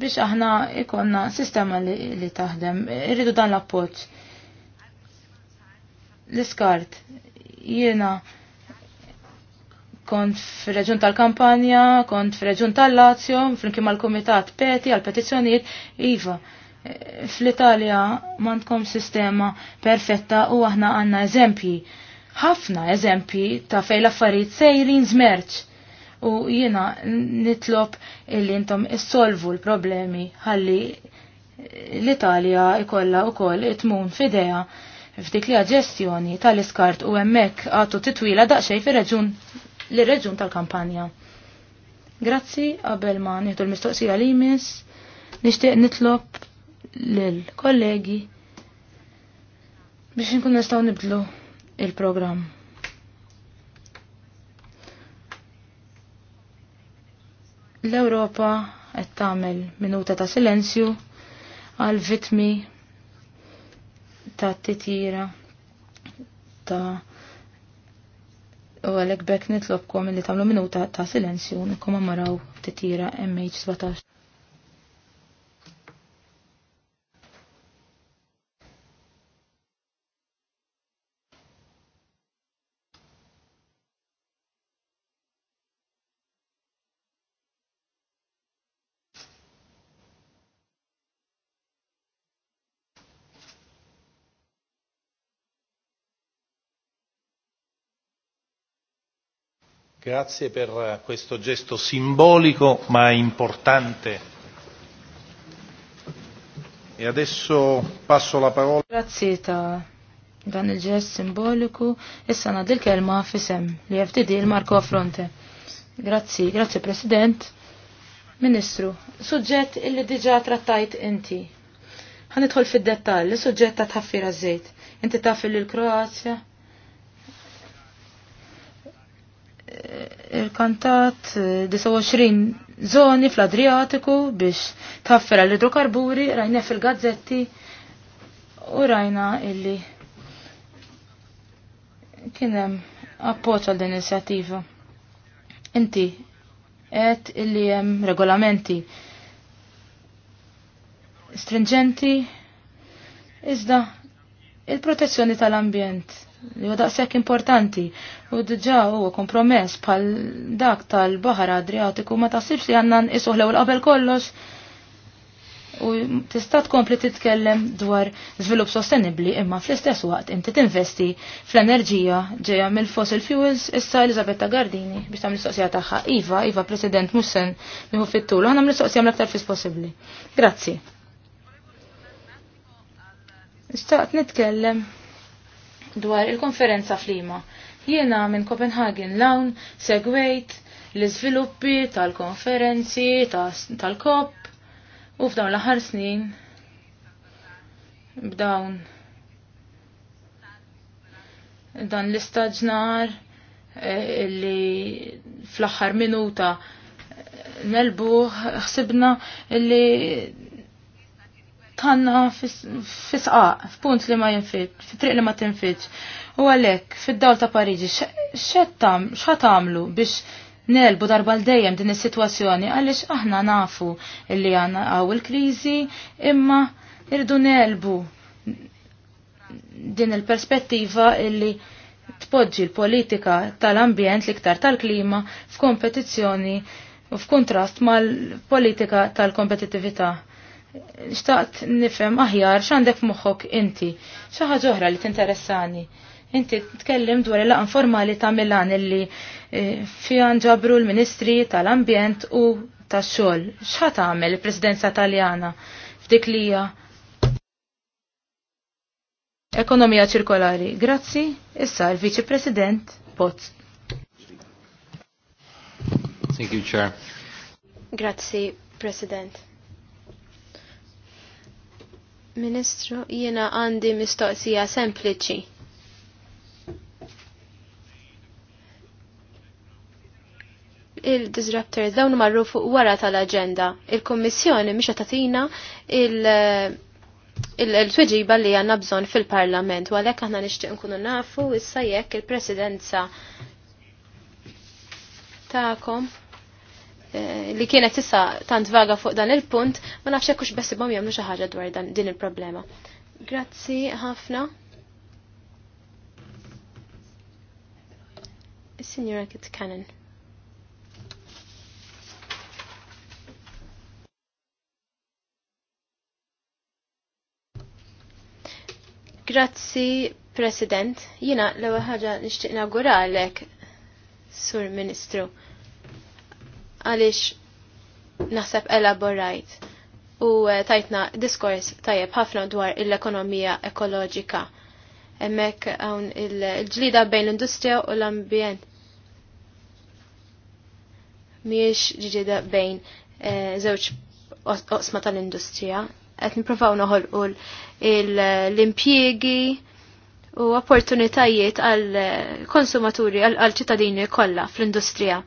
biex aħna ikonna sistema li, li taħdem. Irridu dan l-appoġġ. L-iskart. Jiena kont fil-reġun tal-kampanja, kont fil-reġun tal-Lazio, fl-imkien mal-Komitat Peti, għal-petizzjonijiet, Iva fl-Italja mandkom sistema perfetta u aħna għanna eżempji. Ħafna eżempji ta' fej l-affarijiet sejrin zmerċ. U jiena nitlob illi intom issolvu l-problemi ħalli l-Italja ikolla u koll itmun fideja f'dik li ġestjoni tal-iskart u emmek għatu titwila daqxej fi reġun li reġun tal-kampanja. Grazzi, qabel ma nieħdu l-mistoqsija li jmiss, nixtieq nitlob lill-kollegi biex nkun nistgħu nibdlu il-programm. L-Ewropa qed tagħmel minuta ta' silenzju għal vitmi ta' titjira ta' u għalek bekk nitlobkom li tagħmlu minuta ta' silenzju nkom ammaraw titjira MH17. Grazie per eh, questo gesto simbolico ma importante. E adesso passo la parola. Grazie ta dan il gesto simboliku. Issa e sana del kelma fisem li FTD il-Marco fronte. Grazzi, Grazie President. Ministru, suġġett illi diġa trattajt inti. Ħanidħol fid-dettall, suġġett ta' tħaffira żejt. Inti taf li l-Kroazja il-kantat 29 eh, zoni fl-Adriatiku biex taffer l idrokarburi rajna fil-gazzetti u rajna illi kienem appoċa l din inizjattiva. Inti, et illi jem regolamenti stringenti, iżda il-protezzjoni tal-ambjent li huwa daqshekk importanti u diġà huwa kompromess bħal dak tal-Baħar Adriatiku ma taħsibx li għandna u l qabel kollox u tista' tkompli titkellem dwar żvilupp sostenibbli imma fl-istess waqt inti tinvesti fl-enerġija ġejja mill-fossil fuels issa Elizabetta Gardini biex tagħmel mistoqsija tagħha. Iva, Iva President Mussen miħu fit-tul, l mistoqsija mill-aktar fis possibbli. Grazzi. Nistaqt nitkellem dwar il-konferenza flima. Jiena minn Copenhagen Lawn segwejt l-iżviluppi tal-konferenzi tal-kop u f'dawn l-aħħar snin b'dawn dan l-istaġnar eh, li fl aħħar minuta nelbu ħsibna li tanna fisqaq, f'punt li ma jinfit, f'triq li ma tinfit. U għalek, fid-dawl ta' Pariġi, xettam, xatamlu biex nelbu darba l-dejjem din is-sitwazzjoni għaliex aħna nafu li għanna għaw il-krizi imma irdu nelbu din il-perspettiva illi tpoġġi l-politika tal-ambjent liktar tal-klima f'kompetizzjoni u f'kontrast mal-politika tal-kompetitività. tal kompetitività tal xtaqt nifhem aħjar x'għandek moħħok inti. Xi ħaġa oħra li tinteressani. Inti tkellem dwar il informali ta' Milan illi eh, fiha ġabru l-Ministri tal-Ambjent u tax-xogħol. X'ħa tagħmel il-Presidenza Taljana f'dik li hija Ekonomija ċirkolari. Grazzi, issa l-Viċi President Pozz. Thank you, Chair. Grazzi, President. Ministru, jiena għandi mistoqsija sempliċi. il disruptor dawn marru fuq wara tal-agenda. Il-Kommissjoni mhix tatina il-tweġiba li għanna bżon fil-Parlament, u għalhekk aħna nixtieq nkunu nafu issa jekk il-Presidenza ta'kom Eh, li kienet issa tant vaga fuq dan il-punt, ma nafx hekk hux bom jamlu xi ħaġa dwar dan din il-problema. Grazzi ħafna. Signora sinjura Kitkanen. Grazzi, President. Jina, l ewwel ħaġa nixtieq għalek, Sur Ministru għaliex naħseb elaborajt u eh, tajtna diskors tajjeb ħafna dwar l-ekonomija ekoloġika. Emmek hawn il-ġlida bejn l-industrija u l-ambjent. Miex ġlida bejn eh, żewġ osma tal-industrija. Qed noħol u l-impjiegi u opportunitajiet għal eh, konsumaturi għal ċittadini kollha fl-industrija.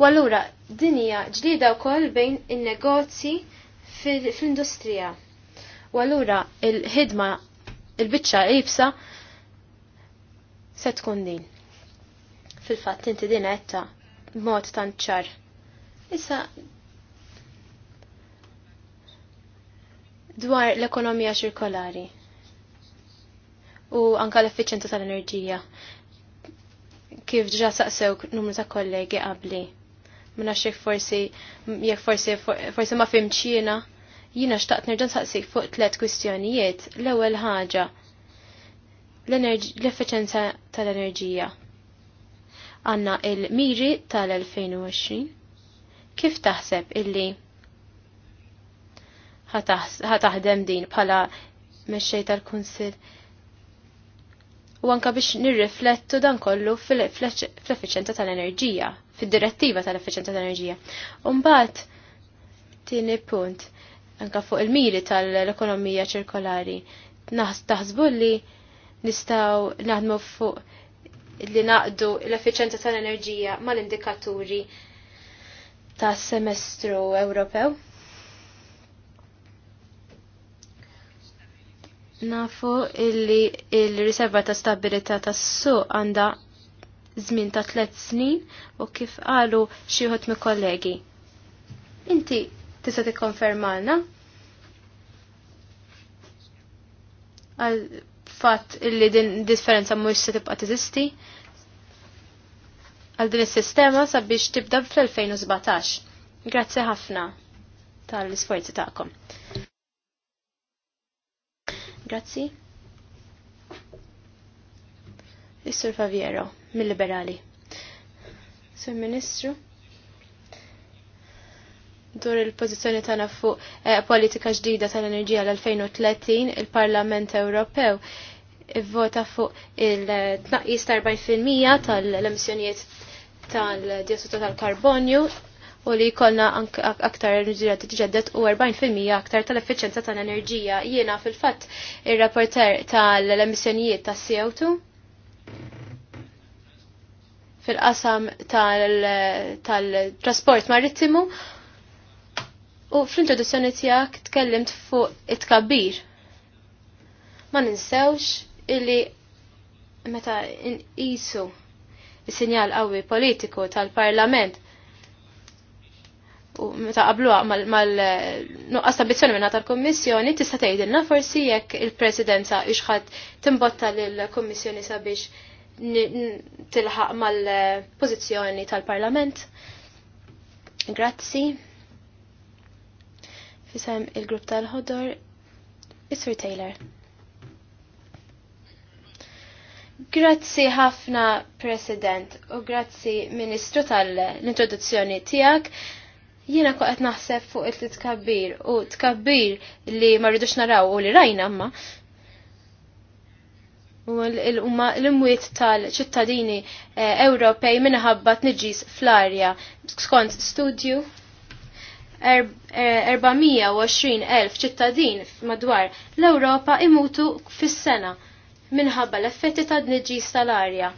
U allura din hija ġlida wkoll bejn in-negozji fl-industrija. U allura il-ħidma il-biċċa ibsa se tkun din. Fil-fatt inti din etta, mod tanċar. Issa dwar l-ekonomija ċirkolari u anka l-effiċenza tal-enerġija kif ġa saqsew numru ta' kollegi qabli minna xek forsi, jek forsi, forsi ma fimċina, jina xtaqt nerġan saqsik fuq tlet kwistjonijiet. l ewwel ħaġa, l-efficienza tal-enerġija. Għanna il-miri tal-2020. Kif taħseb illi ħataħdem din bħala meċċej tal-Kunsil? U anka biex nirriflettu dan kollu fl-efficienza tal-enerġija fid-direttiva tal-effiċenza tal-enerġija. Umbat, tieni punt, anka fuq il-miri tal-ekonomija ċirkolari, taħsbu li nistaw naħdmu fuq li naqdu l-effiċenza tal-enerġija mal-indikaturi tas semestru Ewropew. Nafu illi il-riserva ta' stabilita tas-suq għandha żmien ta' tliet snin u kif qalu xi wħud mi kollegi. Inti tista' tikkonfermalna għal fatt illi din differenza mhux se tibqa' tiżisti għal din is-sistema sabiex tibda fl-2017. Grazzi ħafna tal-isforzi tagħkom. Grazzi. Is-Sur Faviero, mill-Liberali. Sur Ministru, dur il-pozizjoni tagħna fuq eh, politika ġdida tal-enerġija l-2030, il-Parlament Ewropew ivvota fuq il-tnaqqis ta' 40% tal-emissjonijiet tal-dioxidu tal-karbonju u li jkollna aktar enerġija tiġġedded u 40% aktar tal-effiċenza tal-enerġija. Jiena fil-fatt ir-rapporter tal-emissjonijiet tas CO2 fil-qasam tal-trasport marittimu u fl-introduzzjoni tijak tkellimt fuq it kabir Ma ninsewx illi meta nqisu il-sinjal qawwi politiku tal-parlament u meta qabluha mal-nuqqas ta' bizzjoni minna tal-Kommissjoni tista' tgħidilna forsi jekk il-Presidenza ixħad timbotta lill-Kommissjoni sabiex tilħaq mal-pozizjoni tal-Parlament. Grazzi. Fisem il-grupp tal-ħodor, Isri Taylor. Grazzi ħafna, President, u grazzi Ministru tal-introduzzjoni tijak jiena koqet naħseb fuq il-tkabbir u tkabbir li ma rridux naraw u li rajna imma huma l-imwiet tal-ċittadini eh, Ewropej minħabba tniġis fl-arja. Skont studju, 420.000 eh, ċittadin madwar l-Ewropa imutu fis-sena minħabba l-effetti ta' nġis tal-arja.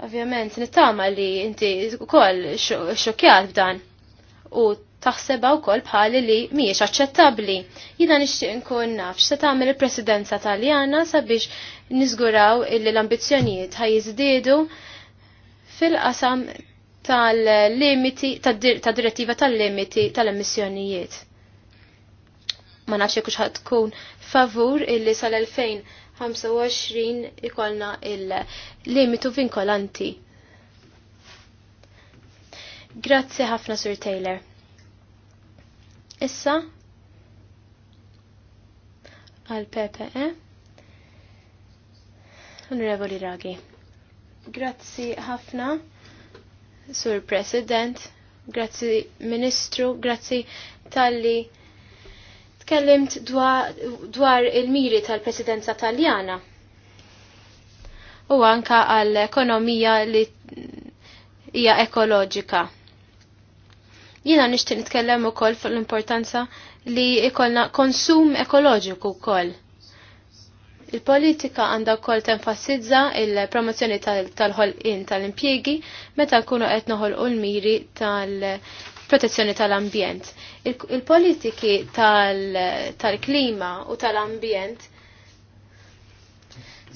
Ovvjament, nittama li inti kol xokjat b'dan u taħseba wkoll bħali li mhijiex aċċettabbli. Jiena nixtieq nkun naf x'se tagħmel il-Presidenza Taljana sabiex niżguraw illi l-ambizzjonijiet ħajjiżdiedu fil-qasam tal-limiti tad-direttiva tal-limiti tal-emissjonijiet. Ma nafx jekk ħadd tkun favur illi sal-2025 ikolna il-limitu vinkolanti. Grazzi ħafna Sur Taylor. Issa għal PPE. Onorevoli Raghi. Grazzi ħafna, Sur President, grazzi Ministru, grazzi tal-li tkellimt dwar, dwar il-miri tal-Presidenza Taljana. U anka għall-ekonomija li hija ekoloġika. Jiena nixtieq nitkellem ukoll fuq l-importanza li ikolna konsum ekoloġiku wkoll. Il-politika għandha wkoll tenfasizza il-promozzjoni tal-ħolqien tal-impjiegi meta nkunu qed u l-miri tal-protezzjoni tal-ambjent. Il-politiki tal-klima u tal-ambjent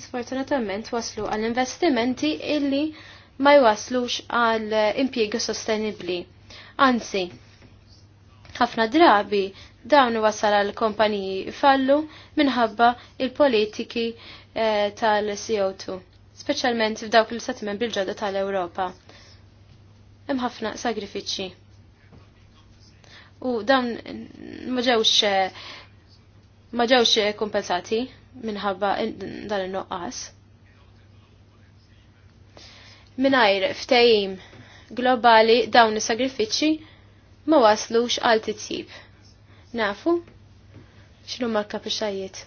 sfortunatament waslu għall-investimenti illi ma jwaslux għal impjiegi sostenibli Anzi, ħafna drabi dawn wasal għal kompaniji fallu minħabba il-politiki eh, tal-CO2, speċjalment f'dawk l-istati membri ġodda tal-Ewropa. Hemm ħafna sagrifiċċji. U dawn ma ġewx eh, kompensati minħabba dan il noqqas Minajr ftehim globali dawn is-sagrifiċċji ma waslux għal titjib. Nafu x'nu ma bixajiet.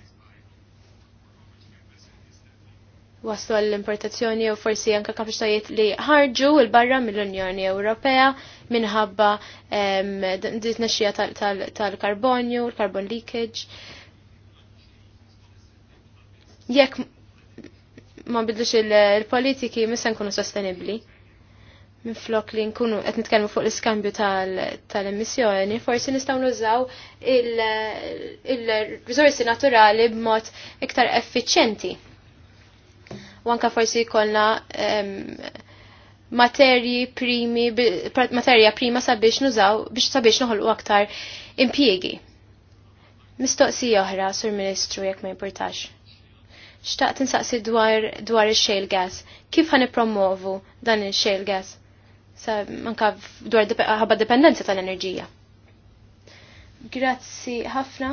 Waslu għall-importazzjoni u forsi anka kapaċitajiet li ħarġu il barra mill-Unjoni Ewropea minħabba disnexxija tal-karbonju, l-carbon leakage. Jekk ma bidlux il-politiki, missa kunu sostenibli minflok li nkunu qed nitkellmu fuq l-iskambju tal-emissjoni, forsi nistgħu nużaw il-riżorsi naturali b'mod iktar effiċjenti. U anka forsi jkollna materji primi, materja prima sabiex nużaw biex sabiex noħolqu aktar impjiegi. Mistoqsija oħra, Sur Ministru, jekk ma jimportax xtaqt insaqsi dwar, ix shale gas. Kif ħanipromovu dan il-shale gas? sa manka dwar ħabba dipendenza tal-enerġija. Grazzi ħafna.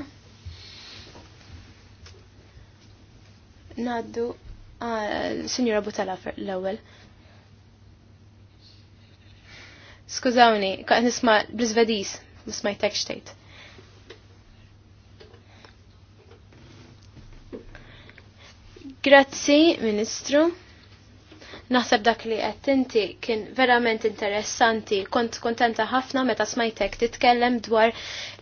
Naddu Sinjura Butala l-ewwel. Skużawni, ka' nisma bl-Svedis, nisma jtek xtejt. Grazzi, Ministru. Naħseb dak li qed inti kien verament interessanti. Kont kontenta ħafna meta smajtek titkellem dwar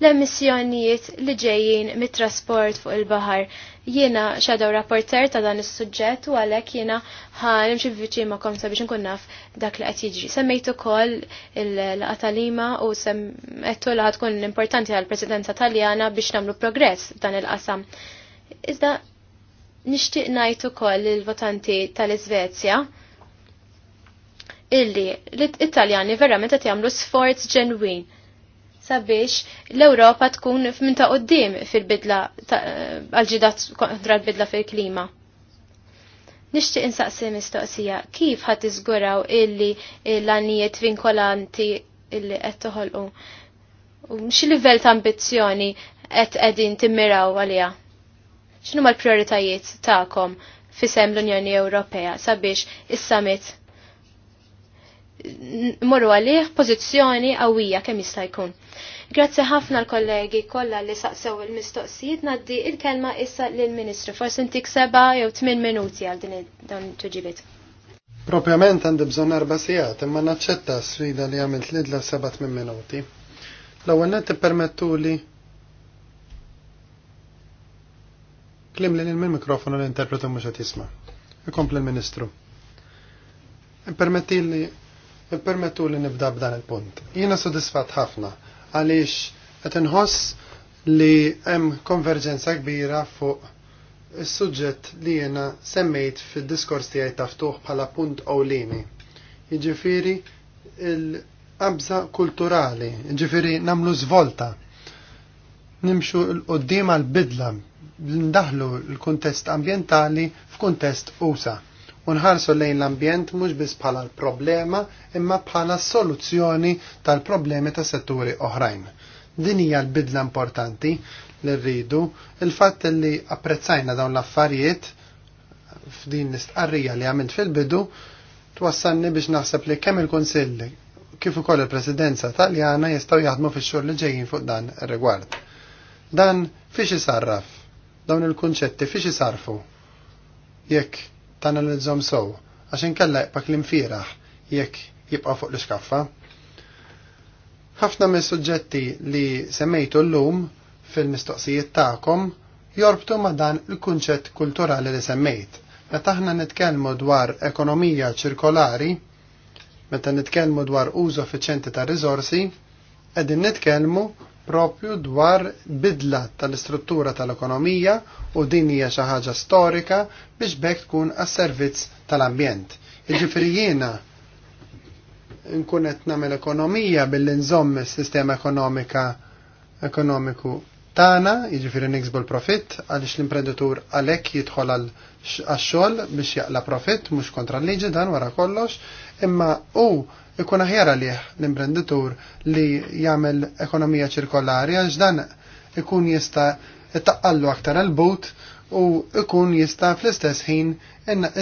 l-emissjonijiet li ġejjin mit-trasport fuq il-baħar. Jiena xadow rapporter ta' dan is-suġġett u għalhekk jiena ħa xi viċin magħkom sabiex inkun naf dak li qed jiġri. Semmejt ukoll il qatalima u semmettu li tkun importanti għall-Presidenza Taljana biex nagħmlu progress dan il-qasam. Iżda nixtieq ngħid ukoll il-votanti tal-Iżvezja illi l-Italjani verament qed jagħmlu sforz ġenwin sabiex l-Ewropa tkun minn ta' qoddim fil-bidla għal-ġidat kontra l-bidla fil-klima. Nixtieq insaqsi mistoqsija kif ħadd iżguraw illi l-għanijiet vinkolanti illi qed toħolqu. Xi livell ta' ambizzjoni qed qegħdin timmiraw għaliha? X'inhuma l-prijoritajiet tagħkom fisem l-Unjoni Ewropea sabiex is-summit morru għalih pożizzjoni qawwija kemm jista' jkun. Grazzi ħafna l-kollegi kollha li saqsew il-mistoqsijiet naddi il-kelma issa lill-Ministru forsi intik seba' jew tmien minuti għal din dawn tuġibit. Propjament għandi bżonn erba' sigħat imma naċċetta sfida li għamilt dla seba' tmien minuti. L-ewwel net tippermettuli Klim li l-mikrofonu l-interpretu mux qed jisma. Ikompli l-ministru. Permetti li Permettu li nibda b'dan il-punt. Jiena sodisfat ħafna għaliex qed inħoss li hemm konverġenza kbira fuq is-suġġett li jiena semmejt fid-diskors tiegħi taftuħ bħala punt ewlieni. Jiġifieri il-qabża kulturali, jiġifieri nagħmlu żvolta. Nimxu l-qoddim għal-bidla, ndaħlu l-kuntest ambjentali f'kuntest usa u nħarsu lejn l-ambjent mhux biss bħala l-problema imma bħala soluzzjoni tal-problemi ta' setturi oħrajn. Din hija l-bidla importanti li rridu, il-fatt li apprezzajna dawn l-affarijiet f'din l-istqarrija li għamilt fil-bidu twassanni biex naħseb li kemm il-Kunsilli kif ukoll il-Presidenza Taljana jistgħu jaħdmu fix-xhur li ġejjin fuq dan ir-rigward. Dan fiex isarraf? Dawn il-kunċetti fiex isarfu? Jekk tanalizzom sow, għax inkella jibqa' klim firaħ jekk jibqa' fuq l-iskaffa. Ħafna mis suġġetti li semmejtu llum fil-mistoqsijiet tagħkom jorbtu ma' dan il-kunċett kulturali li semmejt. Meta aħna nitkellmu dwar ekonomija ċirkolari, meta nitkellmu dwar użu effiċjenti ta' riżorsi, qegħdin nitkellmu propju dwar bidla tal-istruttura tal-ekonomija u din hija xi ħaġa storika biex bekk tkun għas-servizz tal-ambjent. Jiġifieri jiena nkun qed nagħmel ekonomija billi nżomm is-sistema ekonomika ekonomiku Tana jiġifieri niksbu l-profitt għaliex l-imprenditur għalhekk jidħol għax-xogħol biex jaqla profitt mhux kontra l-liġi dan wara kollox, imma hu ikun aħjar għalih l-imprenditur li jagħmel ekonomija ċirkolari għax dan ikun jista' ittaqqallu aktar għal-but u ikun jista fl-istess ħin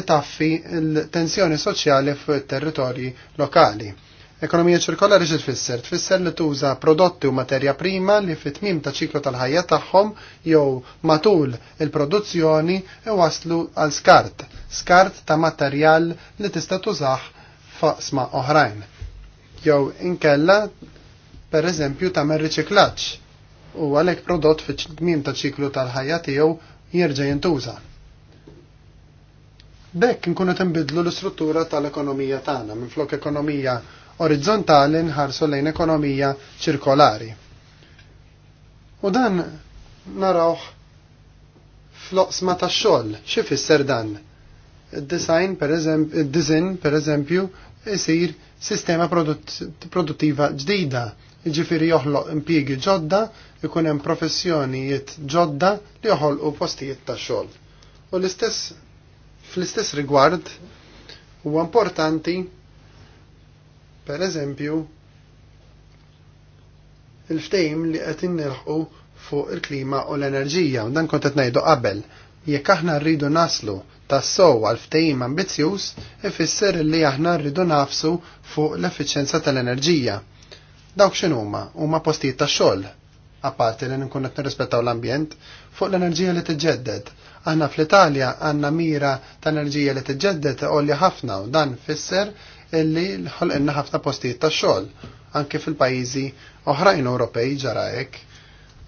itaffi l-tensjoni soċjali fuq territorji lokali. Ekonomija ċirkolari ġi tfisser? li tuża prodotti u materja prima li fit-tmim ta' ċiklu tal-ħajja tagħhom jew matul il-produzzjoni e waslu għal skart, skart ta' materjal li tista' tużah faqsma oħrajn. Jew inkella per eżempju tagħmel riċiklaġġ u għalhekk prodott fit-tmim ta' ċiklu tal-ħajja tiegħu jerġa' jintuża. Bekk nkunu tinbidlu l-istruttura tal-ekonomija tagħna minflok ekonomija orizzontali nħarsu lejn ekonomija ċirkolari. U dan narawh fl-oqsma ta' xogħol xi fisser dan. Id-design id-dizin pereżempju isir sistema produttiva ġdida, jiġifieri joħloq impjiegi ġodda, ikun hemm professjonijiet ġodda li joħolqu postijiet ta' xogħol. U l-istess fl-istess rigward huwa importanti Per eżempju, il-ftejm li qed innilħqu fuq il-klima u l-enerġija, dan kont qed ngħidu qabel. Jekk aħna rridu naslu tas-sow għal ftehim ambizzjuż, ifisser li aħna rridu nafsu fuq l-effiċenza tal-enerġija. Dawk x'inhu huma? Huma postijiet tax-xogħol. Apparti li nkun qed nirrispettaw l-ambjent fuq l-enerġija li tiġġedded. Aħna fl-Italja għandna mira ta' enerġija li tiġġedded għolja ħafna u dan fisser illi ħolqinna ħafna postijiet ta' xogħol anke fil-pajjiżi oħrajn Ewropej ġara hekk.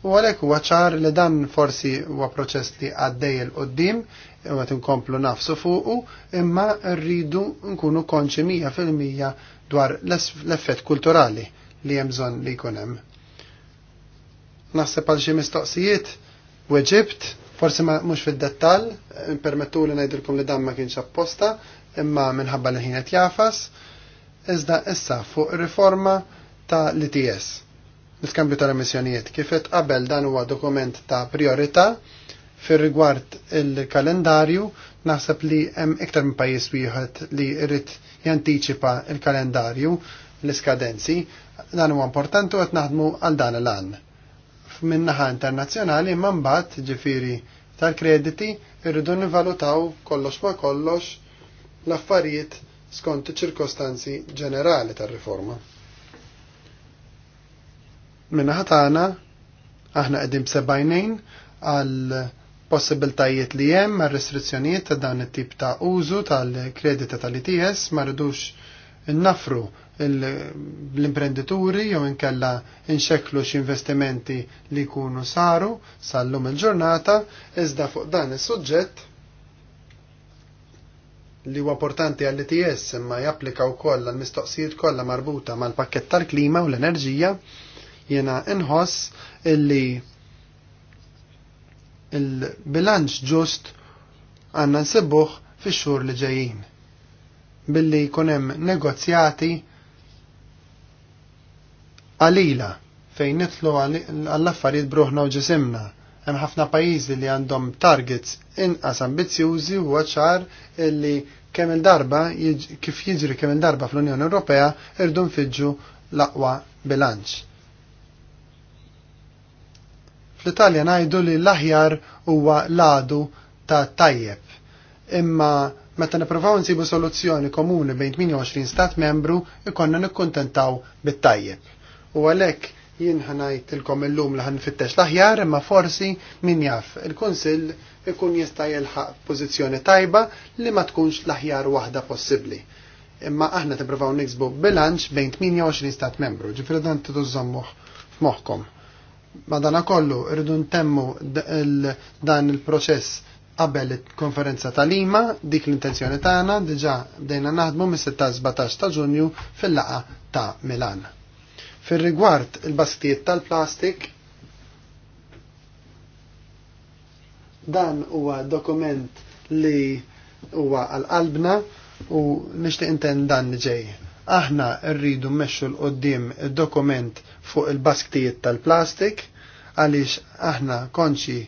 U għalhekk huwa ċar li dan forsi huwa proċess li għaddej il qoddim u qed inkomplu nafsu fuqu, imma rridu nkunu konċi mija fil-mija dwar l-effett kulturali li hemm bżonn li jkun hemm. Naħseb għal xi mistoqsijiet u Eġibt, forsi ma mhux fid-dettall, permettu li ngħidilkom li dan ma kienx apposta, imma minħabba li ħinet jafas, iżda issa fuq riforma ta' l-ITS. L-iskambju tal-emissjonijiet kifet qabel dan huwa dokument ta' priorità fir rigward il-kalendarju naħseb li hemm iktar minn pajjiż wieħed li rrid jantiċipa il-kalendarju l-iskadenzi dan huwa importanti qed naħdmu għal dan l-għan. Min naħa internazzjonali imma mbagħad ġifieri tal-krediti irridu nivalutaw kollox ma kollox l-affarijiet skont ċirkostanzi ġenerali tar-riforma. Minna ħatana, aħna qegħdin sebajnejn għal possibiltajiet li hemm ma' restrizzjonijiet ta' dan it-tip ta' użu tal-kredita tal-ITS ma' rridux innafru l-imprenditori jew inkella inxeklu x'investimenti li jkunu saru sal-lum il-ġurnata iżda fuq dan is-suġġett li huwa importanti għall its imma japplika wkoll għall mistoqsijiet kollha marbuta mal-pakket tal-klima u l-enerġija jiena inħoss illi il-bilanċ ġust għandna nsibbuh fix-xhur li ġejjin billi jkun hemm negozjati għalila fejn nitlu għall-affarijiet bruħna u ġisimna hemm ħafna pajjiżi li għandhom targets inqas ambizzjużi huwa ċar li kemm il-darba kif jiġri kemm il-darba fl-Unjoni Ewropea irdu nfiġġu l-aqwa bilanċ. Fl-Italja ngħidu li l-aħjar huwa l-għadu ta' tajjeb. Imma meta nippruvaw nsibu soluzzjoni komuni bejn 28 stat membru ikonna nikkuntentaw bit-tajjeb. U għalhekk jien ħanajt il illum li ħanfittex l-aħjar imma forsi min jaf il-Kunsill ikun jista' jilħaq pożizzjoni tajba li ma tkunx l-aħjar waħda possibbli. Imma aħna tippruvaw niksbu bilanċ bejn 28 stat membru, ġifieri dan f f'moħħkom. Madana kollu irridu ntemmu dan il-proċess qabel il-konferenza ta' Lima, dik l-intenzjoni tagħna diġà bdejna naħdmu mis 17 ta' Ġunju fil-laqa ta' Milan. Fir-rigward il-bastijiet tal-plastik, dan huwa dokument li huwa għal-qalbna u nixtieq inten dan ġej. Aħna rridu mmexxu l qoddim dokument fuq il bastijiet tal-plastik għaliex aħna konċi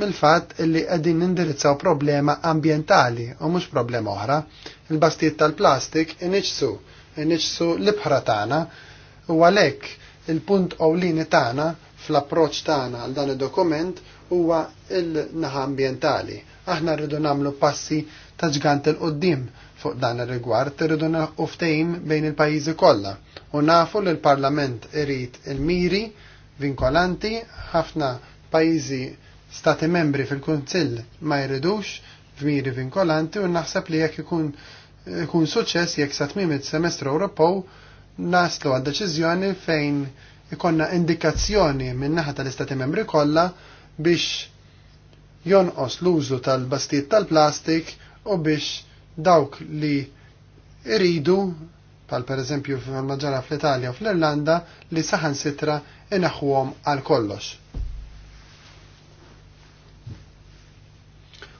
mill-fatt li qegħdin nindirizzaw problema ambientali u mhux problema oħra. Il-bastijiet tal-plastik iniġsu, iniġsu l-ibħra tagħna U għalhekk il-punt ewlieni tagħna fl-approċċ tagħna għal dan id-dokument huwa il-naħa ambjentali. Aħna rridu nagħmlu passi ta' ġgant il-qoddim fuq dan ir-rigward rridu naħu bejn il-pajjiżi kollha u nafu li l-Parlament irid il-miri vinkolanti ħafna pajjiżi stati membri fil-Kunsill ma jridux f'miri vinkolanti u naħseb li jekk ikun ikun suċċess jekk sa semestru Ewropew naslu għad deċiżjoni fejn ikonna indikazzjoni minn naħa tal-Istati Membri kollha biex jonqos l-użu tal-bastijiet tal-plastik u biex dawk li iridu pal per eżempju fil-Maġġara fl-Italja u fl-Irlanda li saħan sitra inaħwom għal kollox.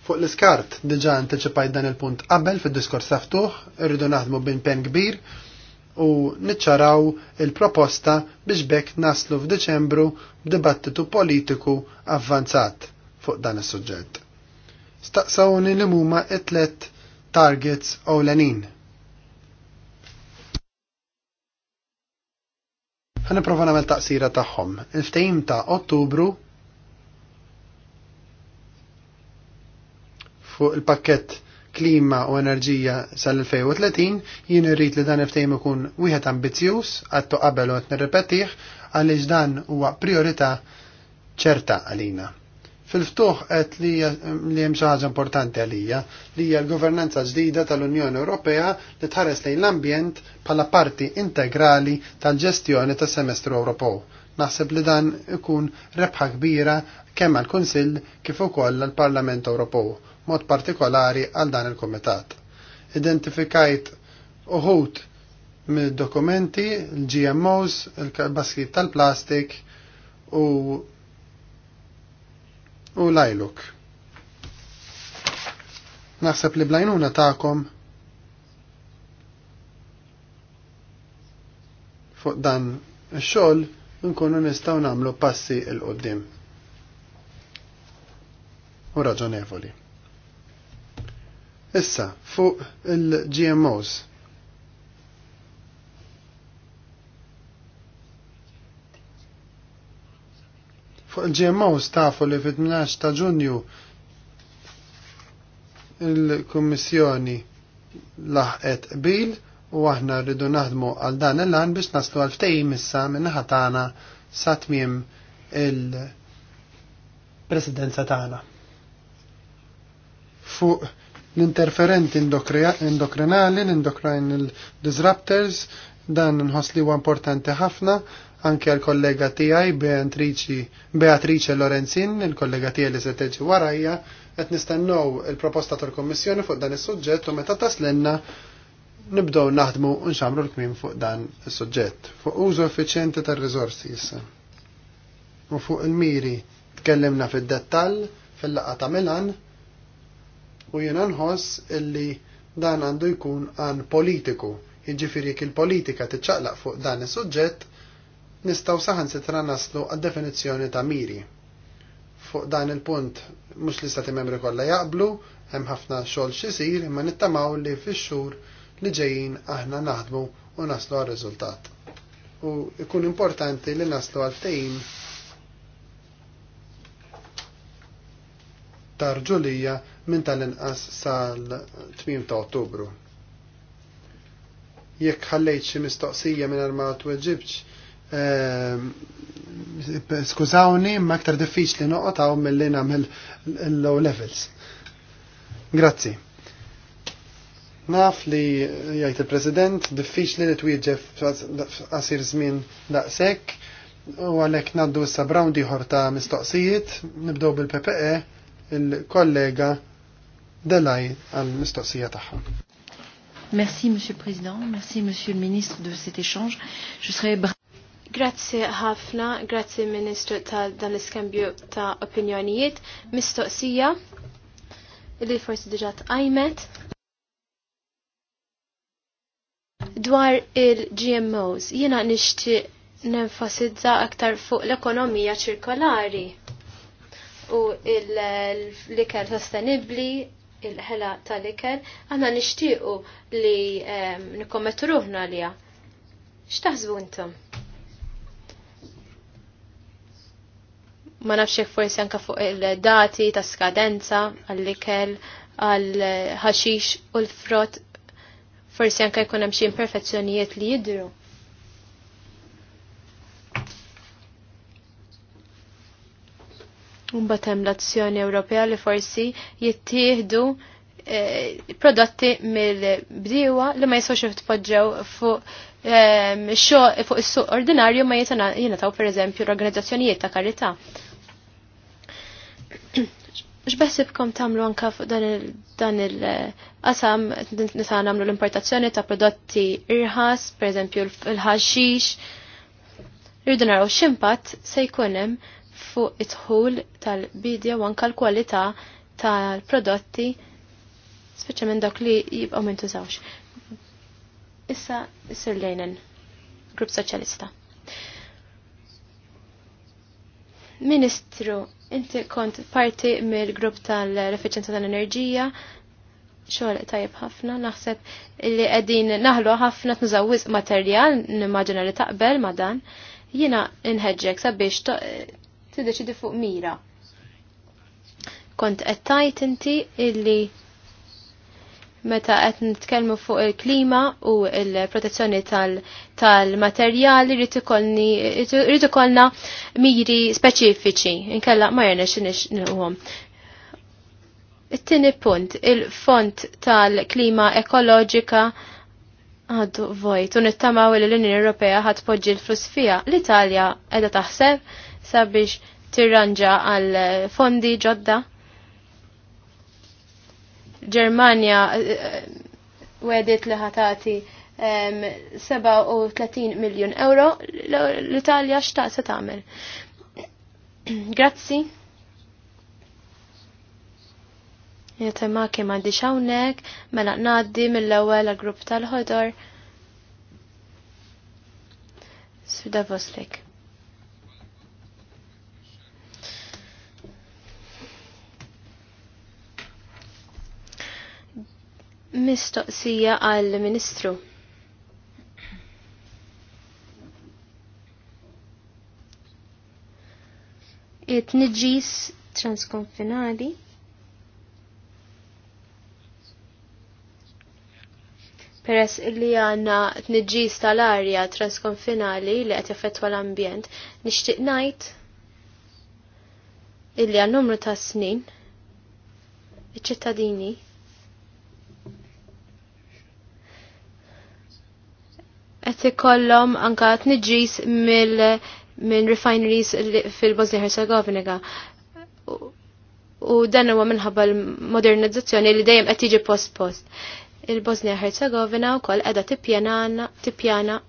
Fuq l-iskart diġa anticipajt dan il-punt qabel fil-diskors saftuħ, irridu naħdmu bin pen kbir u niċċaraw il-proposta biex bekk naslu f'Diċembru b'dibattitu politiku avvanzat fuq dan is-suġġett. Staqsawni li huma it-tlet targets ewlenin. prova nagħmel taqsira tagħhom. Il-ftehim ta' Ottubru fuq il-pakkett klima u enerġija sal-2030, jien irrid li dan ftehim ikun wieħed ambizzjuż għattu qabel u qed nirrepetih għaliex dan huwa priorità ċerta għalina. Fil-ftuħ qed li hemm xi ħaġa importanti għalija li hija l-governanza ġdida tal-Unjoni Ewropea li tħares lejn l-ambjent bħala parti integrali tal-ġestjoni tas-semestru Ewropew. Naħseb li dan ikun rebħa kbira kemm għall-Kunsill kif ukoll għall-Parlament Ewropew mod partikolari għal dan il-komitat. Identifikajt uħut mid-dokumenti, il-GMOs, il-baskit tal-plastik u, u l Naħseb li blajnuna ta'kom fuq dan il-xol nkunu nistaw namlu passi il-qoddim. U raġonevoli. Issa, fuq il-GMOs. Fuq il-GMOs tafu li fit 18 ta' ġunju il-Kummissjoni laħqet bil u aħna rridu naħdmu għal dan il-lan biex naslu għal ftejim issa minnaħa tagħna sa tmiem il-presidenza tagħna. Fuq l-interferenti endokrinali, l-endokrine disruptors, dan nħosli li huwa importanti ħafna, anke l kollega tiegħi Beatrice Lorenzin, il-kollega tiegħi li se warajja, qed nistennew il-proposta tal-Kommissjoni fuq dan is-suġġett u meta taslenna nibdew naħdmu u nxamru l-kmim fuq dan is-suġġett, fuq użu effiċjenti tar rizorsi jissa. U fuq il-miri tkellimna fid-dettall fil-laqgħa ta' Milan, u jiena nħoss illi dan għandu jkun għan politiku. Jiġifieri il-politika tiċċaqlaq fuq dan is-suġġett nistgħu saħan sitra naslu għad-definizzjoni ta' miri. Fuq dan il-punt mhux li stati membri kollha jaqblu, hemm ħafna xogħol xisir imma nittamaw li fix li ġejjin aħna naħdmu u naslu għal riżultat. U ikun importanti li naslu għal tejn tarġulija minn tal-inqas sal-8 ta' Ottubru. Jekk ħallejt xi mistoqsija minn ma tweġibx, ehm, skużawni, ma aktar diffiċli noqgħod mill-li nagħmel low levels. Grazzi. Naf li jgħid il-President diffiċli li twieġeb għasir żmien daqshekk u għalhekk ngħaddu issa brown diħor ta' mistoqsijiet, nibdew bil-PPE il-kollega Delay għal-mistoqsija tagħha. Merci, Monsieur le Président. Merci, Monsieur le Ministre, de cet échange. Je serai Grazzi ħafna, grazzi Ministru ta' dan l-iskambju ta' opinjonijiet, mistoqsija li forsi diġà tqajmet dwar il-GMOs. Jiena nixtieq nenfasizza aktar fuq l-ekonomija ċirkolari u l-iker sostenibli il-ħela tal-iker, għanna nishtiqu li nikommetru ruħna lija. X'taħsbu intom? Ma nafx hekk forsi anka fuq il-dati ta' skadenza għall-ikel għall-ħaxix u l-frott forsi anke jkun hemm xi imperfezzjonijiet li jidru. Mbagħad hemm l-azzjoni Ewropea li forsi jittieħdu eh, prodotti mill-bdiewa li ma jistgħux jitpoġġew fuq ehm, fuq is-suq ordinarju ma jingħataw pereżempju l-organizzazzjonijiet ta' karità. X'beħsibkom tagħmlu anke fuq dan il-qasam nisa nagħmlu l-importazzjoni ta' prodotti irħas, pereżempju l-ħaxix, rridu naraw x'impatt se jkun hemm fuq it-ħul tal-bidja u anka l-kwalità tal-prodotti speċjalment dak li jibqgħu jintużawx. Issa Sir Lenin, Grupp Soċjalista. Ministru, inti kont parti mill-grupp tal-efficienza tal-enerġija, xogħol tajjeb ħafna, naħseb li qegħdin naħlu ħafna tnużawwiż materjal, nimmaġina li taqbel ma' dan, jiena inħeġġek sabiex tiddeċidi fuq mira. Kont qed tajt inti illi meta qed nitkellmu fuq il-klima u il-protezzjoni tal-materjali tal rrid ikollna miri speċifiċi inkella ma jernex nilqhom. It-tieni punt, il-font tal-klima ekoloġika għaddu vojt u nittamaw li l-Unjoni Ewropea ħadd poġġi l-flus fija. L-Italja edha taħseb sabiex tirranġa għal fondi ġodda. Ġermanja eh, wedet li ħatati 37 miljon euro l-Italja xtaq se tagħmel. Grazzi. Jitema kem għandi xawnek, mela naddi mill-ewel għal-grupp tal-ħodor. Suda Voslek. Mistoqsija għall-Ministru. It-nġis transkonfinali peress li għanna t-nġis tal-arja transkonfinali li għet jaffetwa l-ambjent, nishtiq najt illi għal numru ta' snin, iċ-ċittadini qed ikollhom anka tniġġis nġis minn refineries fil-Bosnia Herzegovina. U dan huwa minħabba l-modernizzazzjoni li dejjem qed tiġi post-post. Il-Bosnia Herzegovina wkoll qiegħda tippjana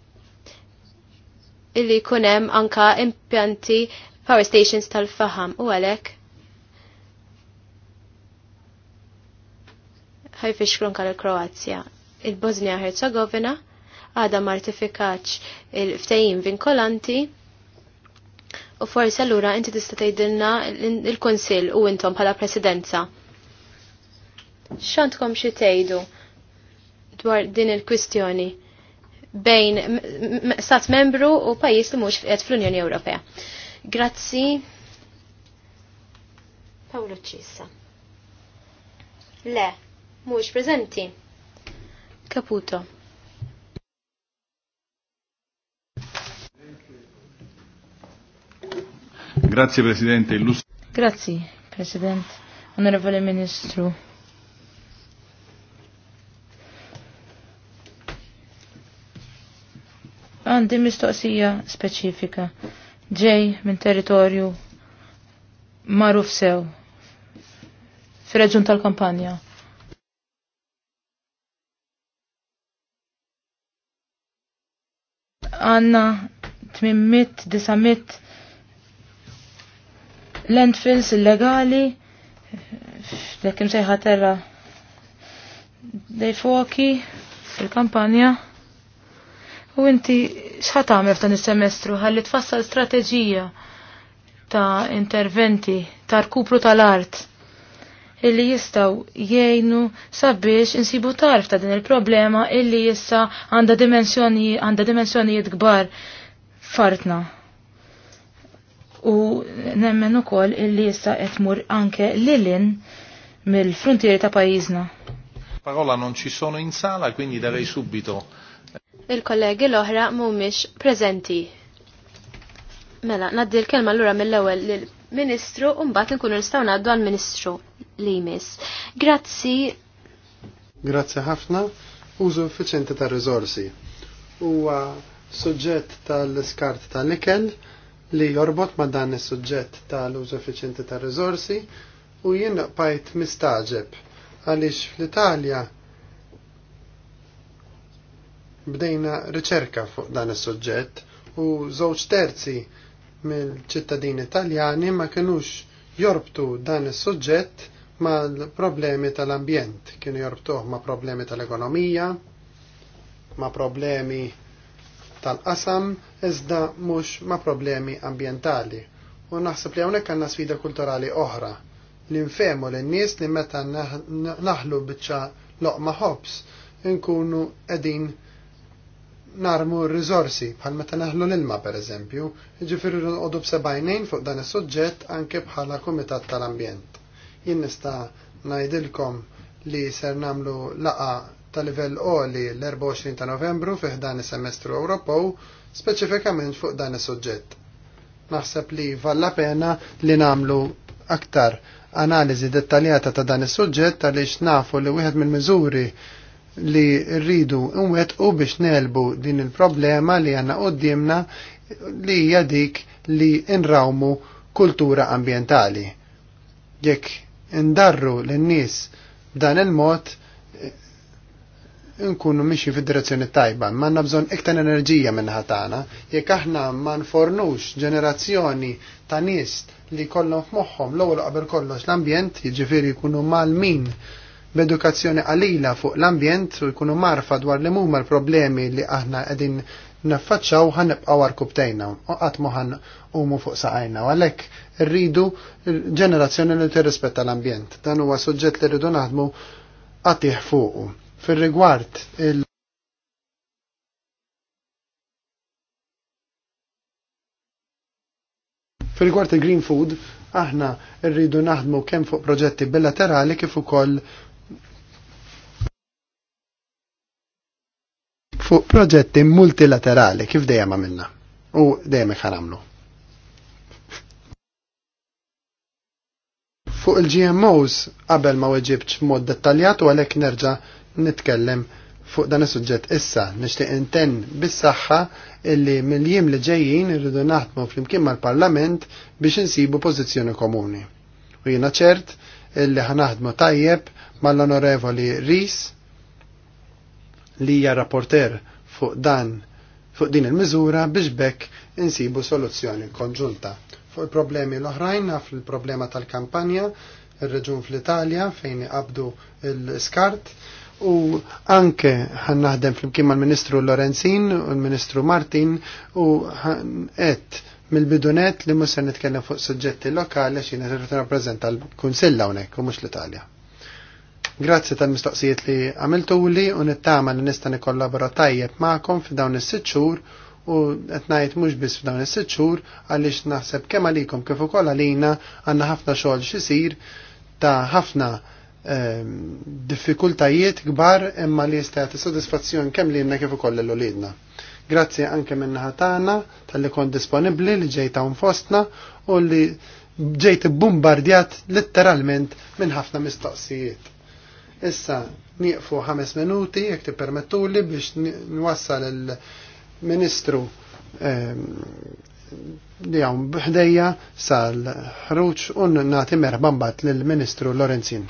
illi jkun hemm anka impjanti power stations tal-faham u għalhekk ħajfix kronka l-Kroazja. Il-Bosnia Herzegovina għada martifikaċ il-ftejim vinkolanti u forse allura inti tista' tgħidilna il-Kunsill u intom bħala Presidenza. X'għandkom xi tgħidu dwar din il-kwistjoni bejn stat membru u pajjiż li mhux qed fl-Unjoni Ewropea. Grazzi. Paolo Cissa. Le, mhux preżenti. Caputo. Grazie Presidente. Illus Grazie Presidente. Onorevole Ministro. Għandi mistoqsija specifika. Ġej minn territorju maruf sew fir-reġun tal-kampanja. Għanna 800-900 landfills illegali dak imsejħa terra dei foki fil-kampanja u inti xħat għamil f'dan is-semestru ħalli tfassal strateġija ta' interventi ta' rkupru tal-art illi jistaw jgħinu sabiex insibu tarf ta' din il-problema illi jissa għanda dimensjonijiet għanda dimensjonijiet gbar fartna u nemmen ukoll illi jista' qed mur anke lilin mill-frontieri ta' pajjiżna. Parola non ci sono in sala, quindi darei subito. Il-kollegi l-oħra mhumiex prezenti Mela, naddi l-kelma l-ura mill-ewwel lill-Ministru u mbagħad inkunu nistgħu ngħaddu għall-Ministru li jmiss. Grazzi. Grazzi ħafna. Użu effiċjenti tar rizorsi. Huwa suġġett tal-iskart tal-ikel. tal skart tal nikel li jorbot ma dan is-suġġett tal-użu effiċjenti tar rizorsi u jien pajt mistaġeb għaliex fl-Italja bdejna riċerka fuq dan is-suġġett u żewġ terzi mill-ċittadini Italjani ma kinux jorbtu dan is-suġġett mal-problemi tal-ambjent, kienu jorbtuh ma' problemi tal-ekonomija, ma' problemi tal-qasam iżda mhux ma' problemi ambjentali. U naħseb li hawnhekk għandna sfida kulturali oħra li nfemu lin nies li meta naħlu biċċa loqma ħobs nkunu qegħdin narmu r-rizorsi bħal meta naħlu l-ilma per eżempju, ġifiri n-qodu b'sebajnejn fuq dan is-suġġett anke bħala Kumitat tal-Ambjent. Jien nista' ngħidilkom li ser namlu laqa ta' livell oli l-24 ta' novembru fih dan is-semestru Ewropew speċifikament fuq dan is-suġġett. Naħseb li valla pena li namlu aktar analiżi dettaljata ta' dan is-suġġett għaliex nafu li wieħed mill-miżuri li rridu nwet u biex nelbu din il-problema li għanna dimna li hija dik li nrawmu kultura ambientali. Jekk indarru l-nies b'dan il-mod nkunu mixi fid-direzzjoni tajba, ma għandna bżonn iktar enerġija minn ħatana, jekk aħna ma nfornux ġenerazzjoni ta' nies li kollhom f'moħħhom l-ewwel qabel kollox l-ambjent, jiġifieri jkunu mal-min b'edukazzjoni qalila fuq l-ambjent u jkunu marfa dwar li huma l-problemi li aħna qegħdin naffaċċaw ħanibqa' warku btejna u qatt moħan umu fuq saqajna. Għalhekk rridu ġenerazzjoni li tirrispetta l-ambjent. Dan huwa suġġett li rridu naħdmu għatiħ fuqu fil-rigward il- Fil-rigward il-green food, aħna rridu naħdmu kemm fuq proġetti bilaterali kif ukoll fuq proġetti multilaterali kif dejjem għamilna u dejjem ħaramlu. Fuq il-GMOs qabel ma weġibx mod dettaljat u għalhekk nerġa' nitkellem fuq dan is-suġġett issa nixtieq inten bis-saħħa illi mill-jiem li ġejjin irridu naħdmu flimkien mal-Parlament biex insibu pożizzjoni komuni. U jiena ċert illi ħanaħdmu tajjeb mal-Onorevoli Ris li hija rapporter fuq dan fuq din il-miżura biex bekk insibu soluzzjoni konġunta. Fuq il-problemi l-oħrajn naf il-problema tal-kampanja, ir-reġun fl-Italja fejn qabdu l-skart, il u anke ħan naħdem flimkien mal-Ministru Lorenzin u l-Ministru Martin u et mill-bidunet li mus se nitkellem fuq suġġetti lokali għax jiena rappreżenta l-Kunsilla hawnhekk u mhux l-Italja. Grazzi tal-mistoqsijiet li għamiltu li u nittama li nista' nikollabora tajjeb magħkom f'dawn is-sitt xhur u qed ngħid mhux biss f'dawn is-sitt xhur għaliex naħseb kemm għalikom kif ukoll għalina għandna ħafna xogħol xisir ta' ħafna Ehm, diffikultajiet kbar imma li jistajati soddisfazzjon kemm li jenna kif ukoll l-olidna. Grazzi anke minna ħatana tal-li kon disponibli li ġejta unfostna u li ġejt bombardjat letteralment minn ħafna mistoqsijiet. Issa nieqfu ħames minuti jek ti permettuli biex nwassal il-Ministru ehm, Dijaw, għawn bħdejja sal-ħruċ un nati merħban b'ambat l-Ministru Lorenzin.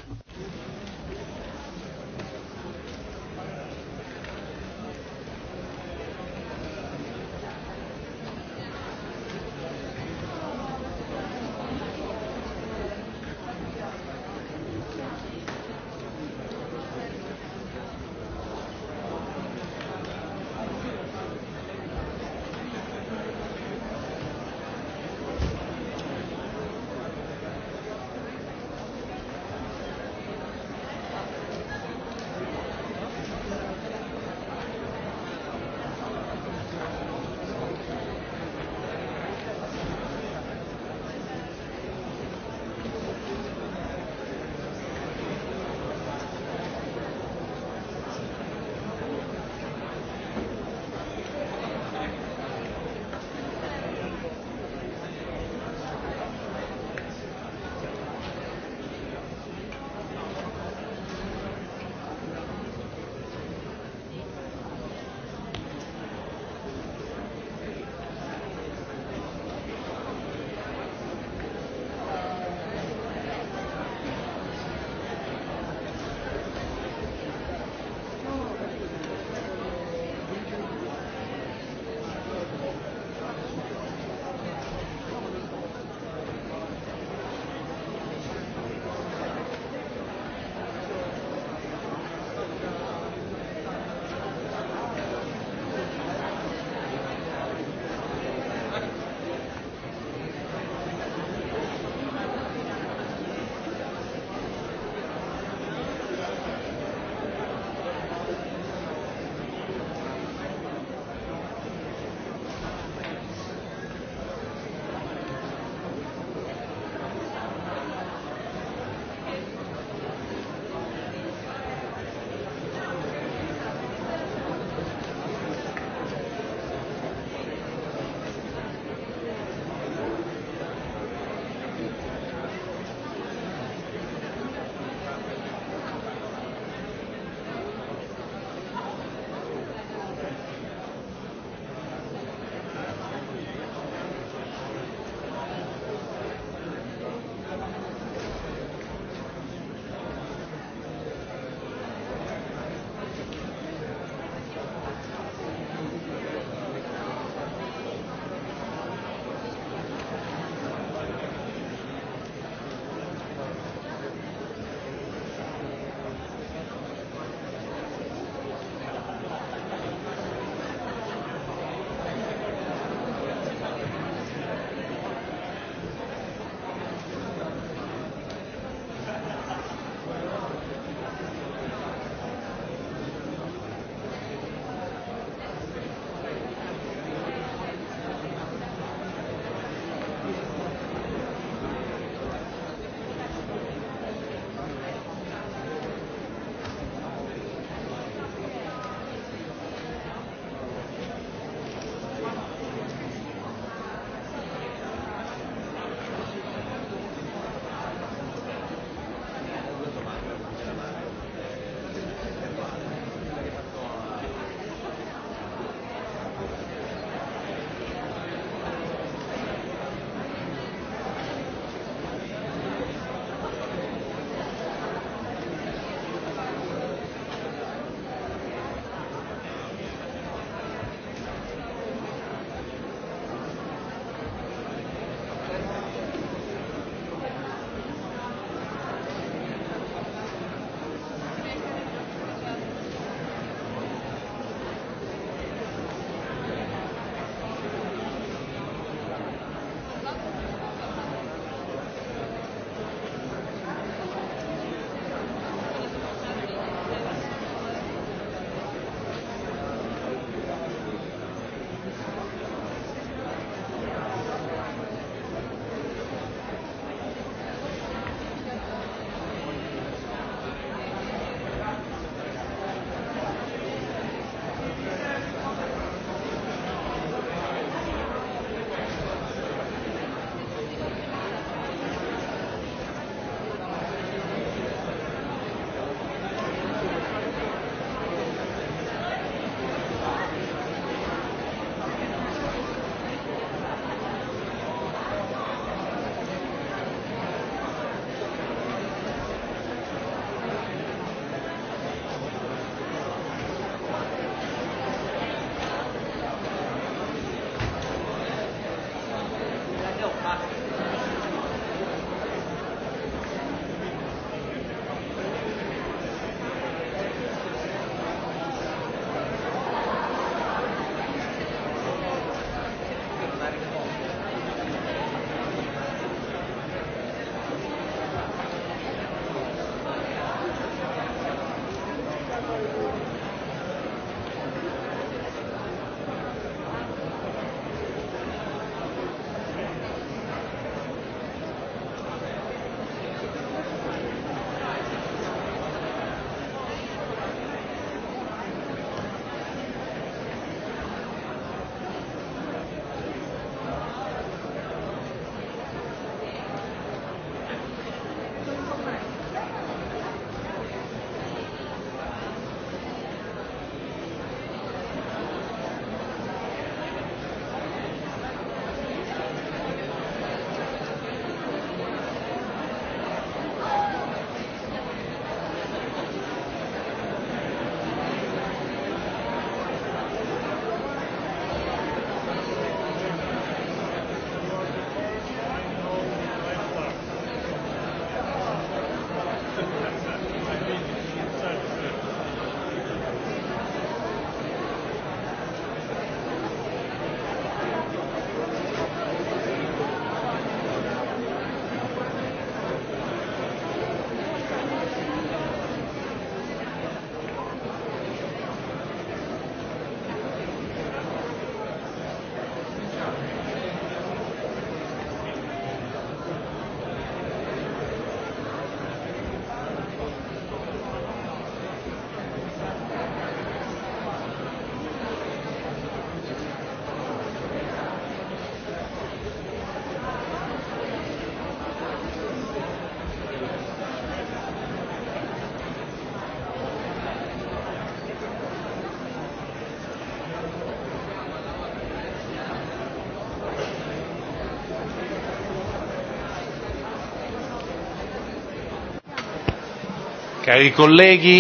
Cari colleghi,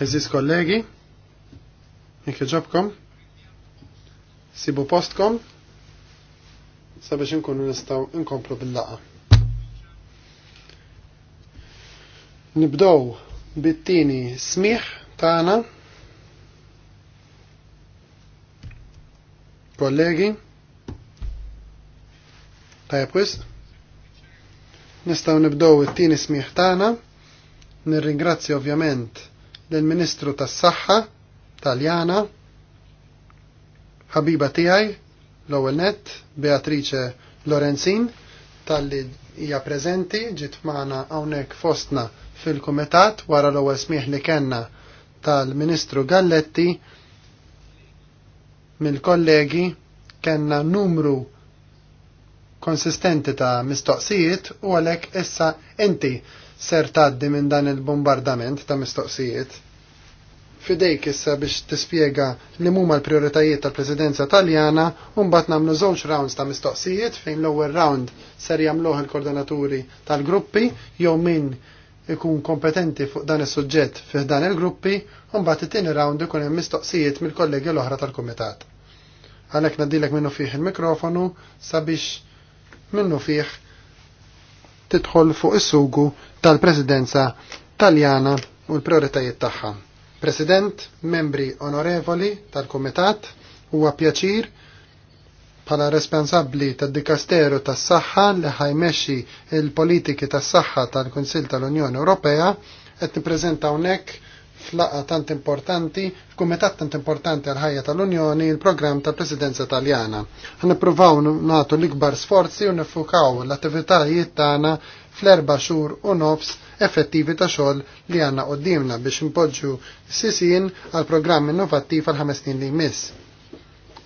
Esis colleghi, jek Jobcom, sibu Postcom, sabiex nkunu nistaw inkomplu bil-laqa. Nibdow bittini smiħ tana, Kollegi, tajab wisq. Nistaw nibdow it-tieni smieħ tagħna. Nirringrazzja ovvjament lill-Ministru tas-Saħħa Taljana ħabiba tiegħi l-ewwel net Beatrice Lorenzin tal-li hija preżenti ġiet magħna hawnhekk fostna fil-kumitat wara l-ewwel smieħ li kellna tal-Ministru Galletti mill-kollegi kellna numru konsistenti ta' mistoqsijiet u għalhekk issa inti ser tgħaddi minn dan il-bombardament ta' mistoqsijiet. Fidejk issa biex tispjega li mumma l-prioritajiet tal-Presidenza Taljana u mbagħad nagħmlu żewġ rounds ta' mistoqsijiet fejn l-ewwel round ser jamluħ il-koordinaturi tal-gruppi jew min ikun kompetenti fuq dan is-suġġett fih dan il-gruppi u mbagħad it-tieni round ikun hemm mistoqsijiet mill-kollegi l-oħra tal-kumitat. Għalhekk nadilek minnu fiħ il-mikrofonu sabiex minnu fih tidħol fuq is-sugu tal-Presidenza Taljana u l-prioritajiet tagħha. President, membri onorevoli tal-Kumitat, huwa pjaċir bħala responsabbli tad-Dikasteru tas-Saħħa li ħajmexxi il-politiki tas-saħħa tal-Kunsill tal-Unjoni Ewropea qed nippreżentaw hawnhekk flaqa tant importanti, f'kumitat tant importanti għal ħajja tal-Unjoni, il-programm tal-Presidenza Taljana. Ħnippruvaw nagħtu l-ikbar sforzi u nifukaw l-attivitajiet tagħna fl-erba xhur u nofs effettivi ta' xogħol li għandna dimna biex impoġġu sisin għal programm innovattiv għal ħames snin li jmiss.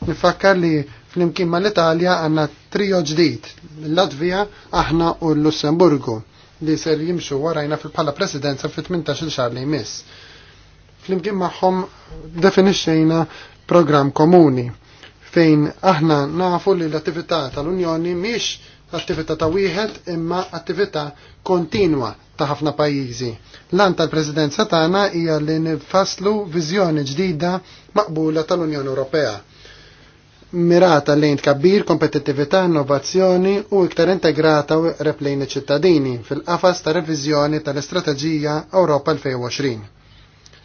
Nifakkar li fl-imkien mal-Italja għandna trio ġdid, l-Latvija, aħna u l-Lussemburgu li ser jimxu warajna fil-pala presidenza fil 18 xar li jmiss flimkien magħhom definixxejna programm komuni fejn aħna nafu li l-attività tal-Unjoni mhix attività ta' wieħed imma attività kontinwa ta' ħafna pajjiżi. Lan tal-Presidenza tagħna hija li nifaslu viżjoni ġdida maqbula tal-Unjoni Ewropea mirata lejn tkabbir, kompetittività, innovazzjoni u iktar integrata replejn iċ-ċittadini fil-qafas ta' reviżjoni tal-Istrateġija Ewropa 2020.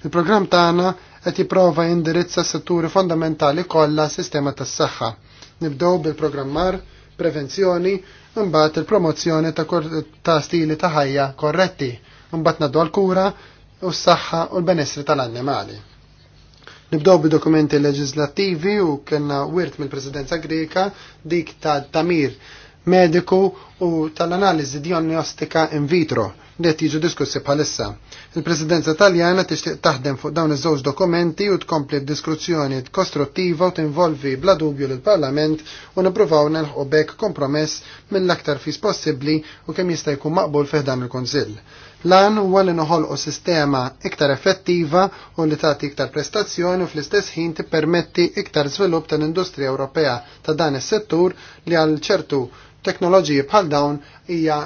Il-programm tagħna qed jipprova jindirizza setturi fondamentali kollha sistema tas-saħħa. Nibdew bil-programmar, prevenzjoni, imbagħad il-promozzjoni ta', ta stili ta' ħajja korretti, imbagħad nagħdu l-kura u s-saħħa u l-benessri tal-annimali. Nibdow bi dokumenti leġislattivi u kena wirt mill-Presidenza Greka dik ta' tamir mediku u tal-analiżi diagnostika in vitro li jiġu diskussi bħalissa. Il-Presidenza Taljana tixtieq taħdem fuq dawn iż-żewġ dokumenti u tkompli diskussjoni kostruttiva u tinvolvi bla dubju lill parlament u nippruvaw nelħu bekk kompromess mill-aktar fis possibbli u kemm jista' jkun maqbul fih dan il-Kunsill. Lan huwa li noħolqu sistema iktar effettiva u li tagħti iktar prestazzjoni u fl-istess ħin tippermetti iktar żvilupp tal-industrija Ewropea ta' dan is-settur li għal ċertu teknoloġiji bħal dawn hija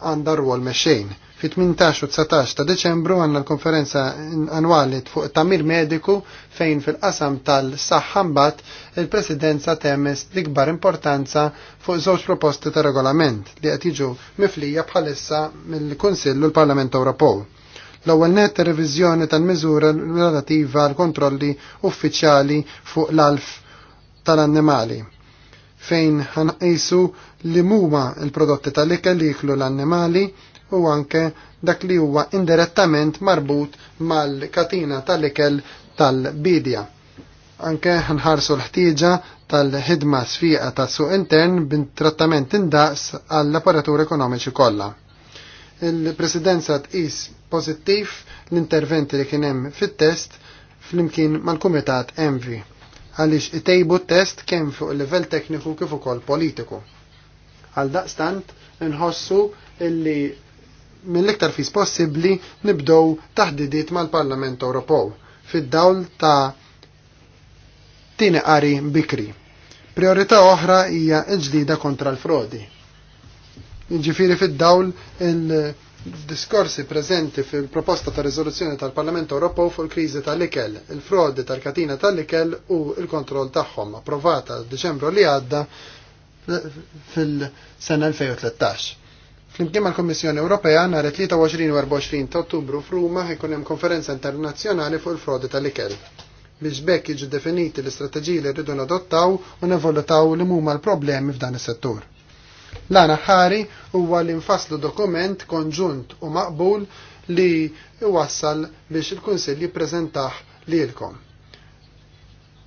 għandha rwol mexxejn. Fi 18 u 19 ta' Deċembru għandna l-konferenza annwali fuq tamir mediku fejn fil-qasam tal-saħħambat il-presidenza temes l-ikbar importanza fuq żewġ proposti ta' regolament li qed jiġu miflija bħalissa mill-Kunsill u l-Parlament Ewropew l-ewwel net reviżjoni tal-miżura relativa għal kontrolli uffiċjali fuq l-alf tal-annimali fejn ħanqisu li huma l-prodotti tal-ikel li jiklu l-annimali u anke dak li huwa indirettament marbut mal-katina tal-ikel tal-bidja. Anke nħarsu l-ħtieġa tal-ħidma sfiqa ta' suq intern bin trattament indaqs għall apparatur ekonomiċi kollha. Il-presidenza tqis pozittiv l-interventi li kien hemm fit-test flimkien mal-Kumitat Envi għaliex itejbu t-test kemm fuq il-livell tekniku kif ukoll politiku. Għal daqstant nħossu illi mill-iktar fis possibbli nibdow taħdidiet mal-Parlament Ewropew fid-dawl ta' tini qari bikri. Priorità oħra hija ġdida kontra l-frodi. Jiġifieri fid-dawl il-diskorsi preżenti fil-proposta ta' riżoluzzjoni tal-Parlament Ewropew fuq il-kriżi tal-ikel, il-frodi tal-katina tal-ikel u l-kontroll tagħhom approvata Deċembru li għadda fil-sena 2013. Flimkien mal-Kommissjoni Ewropea nhar 23 u 24 ta' Ottubru f'Ruma ikun hemm konferenza internazzjonali fuq il-frodi tal-ikel biex bekk jiġu definiti l-istrateġiji li rridu nadottaw u nevolutaw li huma l-problemi f'dan is-settur. L-għana ħari huwa li nfasslu dokument konġunt u maqbul li iwassal biex il-Kunsill jippreżentah lilkom.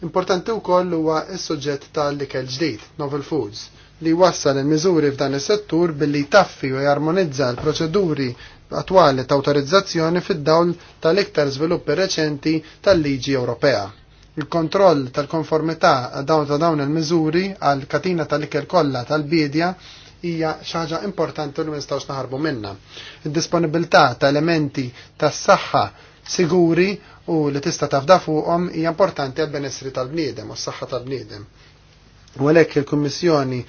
Importanti wkoll huwa s-suġġett tal-ikel ġdid, novel foods, li wassal il-miżuri f'dan is-settur billi taffi u jarmonizza l-proċeduri attwali ta' autorizzazzjoni fid-dawl tal-iktar żviluppi reċenti tal-liġi Ewropea. Il-kontroll tal-konformità dawn ta' dawn il-miżuri għal katina tal-ikel kollha tal-bidja hija xaġa importanti li nistgħux naħarbu minnha. Id-disponibilità ta' elementi tas-saħħa siguri u li tista' tafda fuqhom hija importanti għall-benessri tal-bniedem u s-saħħa tal-bniedem. U għalhekk il-Kummissjoni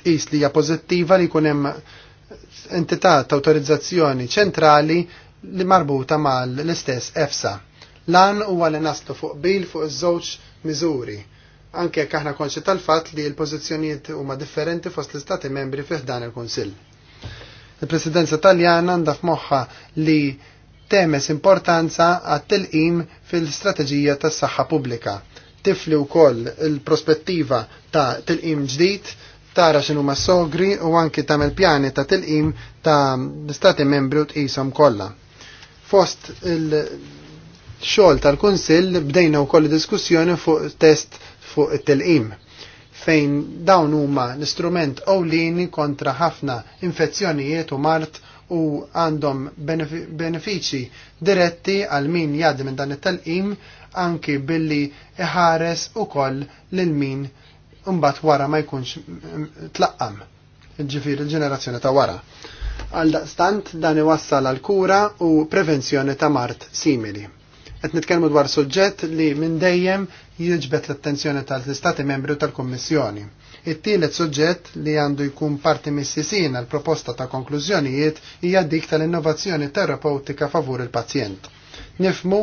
tqis li hija pożittiva li jkun hemm entità ta' autorizzazzjoni ċentrali li marbuta mal l-istess EFSA. Lan huwa li naslu fuq bil fuq iż-żewġ miżuri. Anke jekk aħna konxi tal-fatt li l-pożizzjonijiet huma differenti fost l-istati membri fih dan il-Kunsill. Il-Presidenza Taljana għandha f'moħħa li temes importanza għat-tilqim fil-strateġija tas-saħħa pubblika. Tifli wkoll il-prospettiva ta' tilqim ġdid tara xinu ma sogri u anki mel pjani ta' tilqim ta' stati membri u t-isom kollha. Fost il-xogħol tal-Kunsill bdejna wkoll diskussjoni fuq test fuq it-tilqim fejn dawn huma l-istrument ewlieni kontra ħafna infezzjonijiet u mart u għandhom benefiċi diretti għal min jgħaddi minn dan it-talqim anki billi iħares u koll lil min mbagħad wara ma jkunx tlaqqam ġifir il-ġenerazzjoni ta' wara. Għal daqstant dan iwassal għal kura u prevenzjoni ta' mart simili. Qed nitkellmu dwar suġġett li minn dejjem jiġbet l-attenzjoni tal-Istati membri u tal-Kummissjoni It-tielet suġġett li għandu jkun parti mis-sisin għal proposta ta' konklużjonijiet hija dik tal-innovazzjoni terapeutika favur il-pazjent. Nifmu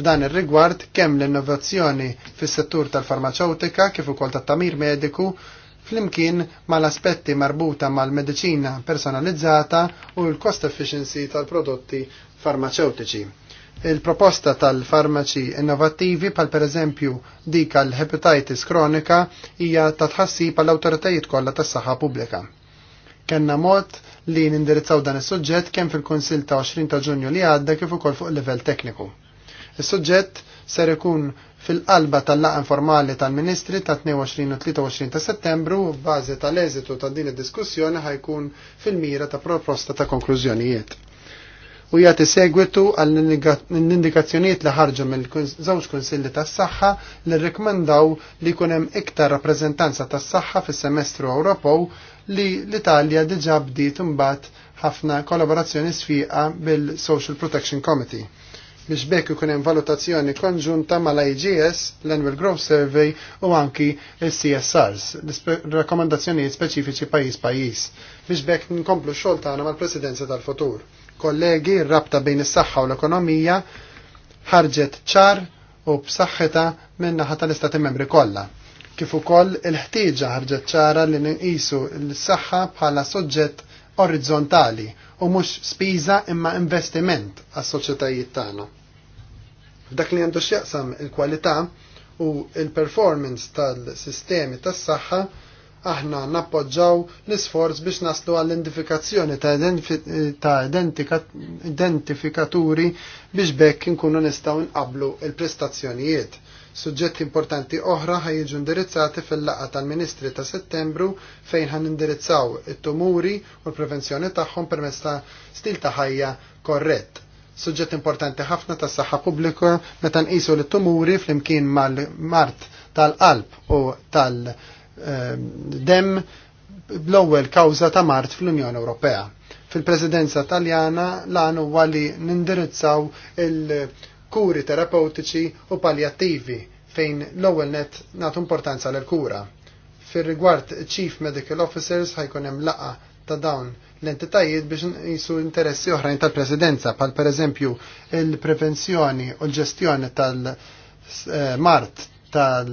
f'dan ir-rigward kemm l-innovazzjoni fis-settur tal-farmaceutika kif ukoll tat-tamir mediku flimkien mal-aspetti marbuta mal-medicina personalizzata u l-cost efficiency tal-prodotti farmaceutiċi il-proposta tal-farmaċi innovattivi pal per eżempju dik għal hepatitis kronika hija ta' tħassib għall awtoritajiet kollha tas-saħħa pubblika. Kenna mod li nindirizzaw dan is-suġġett kemm fil-Kunsill ta' 20 ta' Ġunju li għadda kif ukoll fuq livell tekniku. Is-suġġett ser ikun fil-qalba tal laq informali tal-Ministri ta' 22 u 23 ta' Settembru b'bażi tal-eżitu ta' din id-diskussjoni ħajkun fil-mira ta' proposta ta' konklużjonijiet u jgħati segwitu għall-indikazzjonijiet li ħarġu mill-żewġ kunsilli tas-saħħa li rrikmendaw li jkun hemm iktar rappreżentanza tas-saħħa fis-semestru Ewropew li l-Italja diġà bdiet imbagħad ħafna kollaborazzjoni sfiqa bil-Social Protection Committee biex bekk ikun hemm valutazzjoni konġunta mal-IGS, l-Annual Growth Survey u anki il-CSRs, rakkomandazzjonijiet speċifiċi pajjiż pajjiż biex bekk nkomplu x-xogħol tagħna mal-Presidenza tal-Futur kollegi rabta bejn is-saħħa u l-ekonomija ħarġet ċar u b'saħħitha minn naħa tal-Istati Membri kollha kif ukoll il-ħtieġa ħarġet ċara li nqisu l-saħħa bħala soġġett orizzontali u mhux spiża imma investiment għas-soċjetajiet tagħna. F'dak li għandu x'jaqsam il-kwalità u il-performance tal-sistemi tas-saħħa il performance tal sistemi tas saħħa aħna nappoġġaw l-isforz biex naslu għall-identifikazzjoni ta', identifikaturi biex bekk nkunu nistgħu nqablu il-prestazzjonijiet. Suġġetti importanti oħra ħajġu indirizzati fil-laqa tal-Ministri ta' Settembru fejn ħan indirizzaw it-tumuri u l-prevenzjoni tagħhom permezz ta' stil ta' ħajja korrett. Suġġett importanti ħafna tas saħħa pubblika meta nqisu l-tumuri flimkien mal-mart tal-qalb u tal -alp, Ehm, dem bl-ewwel kawża ta' Mart fl-Unjoni Ewropea. Fil-Presidenza Taljana lan huwa li nindirizzaw il-kuri terapeutiċi u paljattivi fejn l-ewwel net nagħtu importanza l-kura. Fir-rigward Chief Medical Officers ħajkun hemm laqa ta' dawn l-entitajiet biex jisu interessi oħrajn tal-presidenza, pal per eżempju il-prevenzjoni u l-ġestjoni tal-mart eh, tal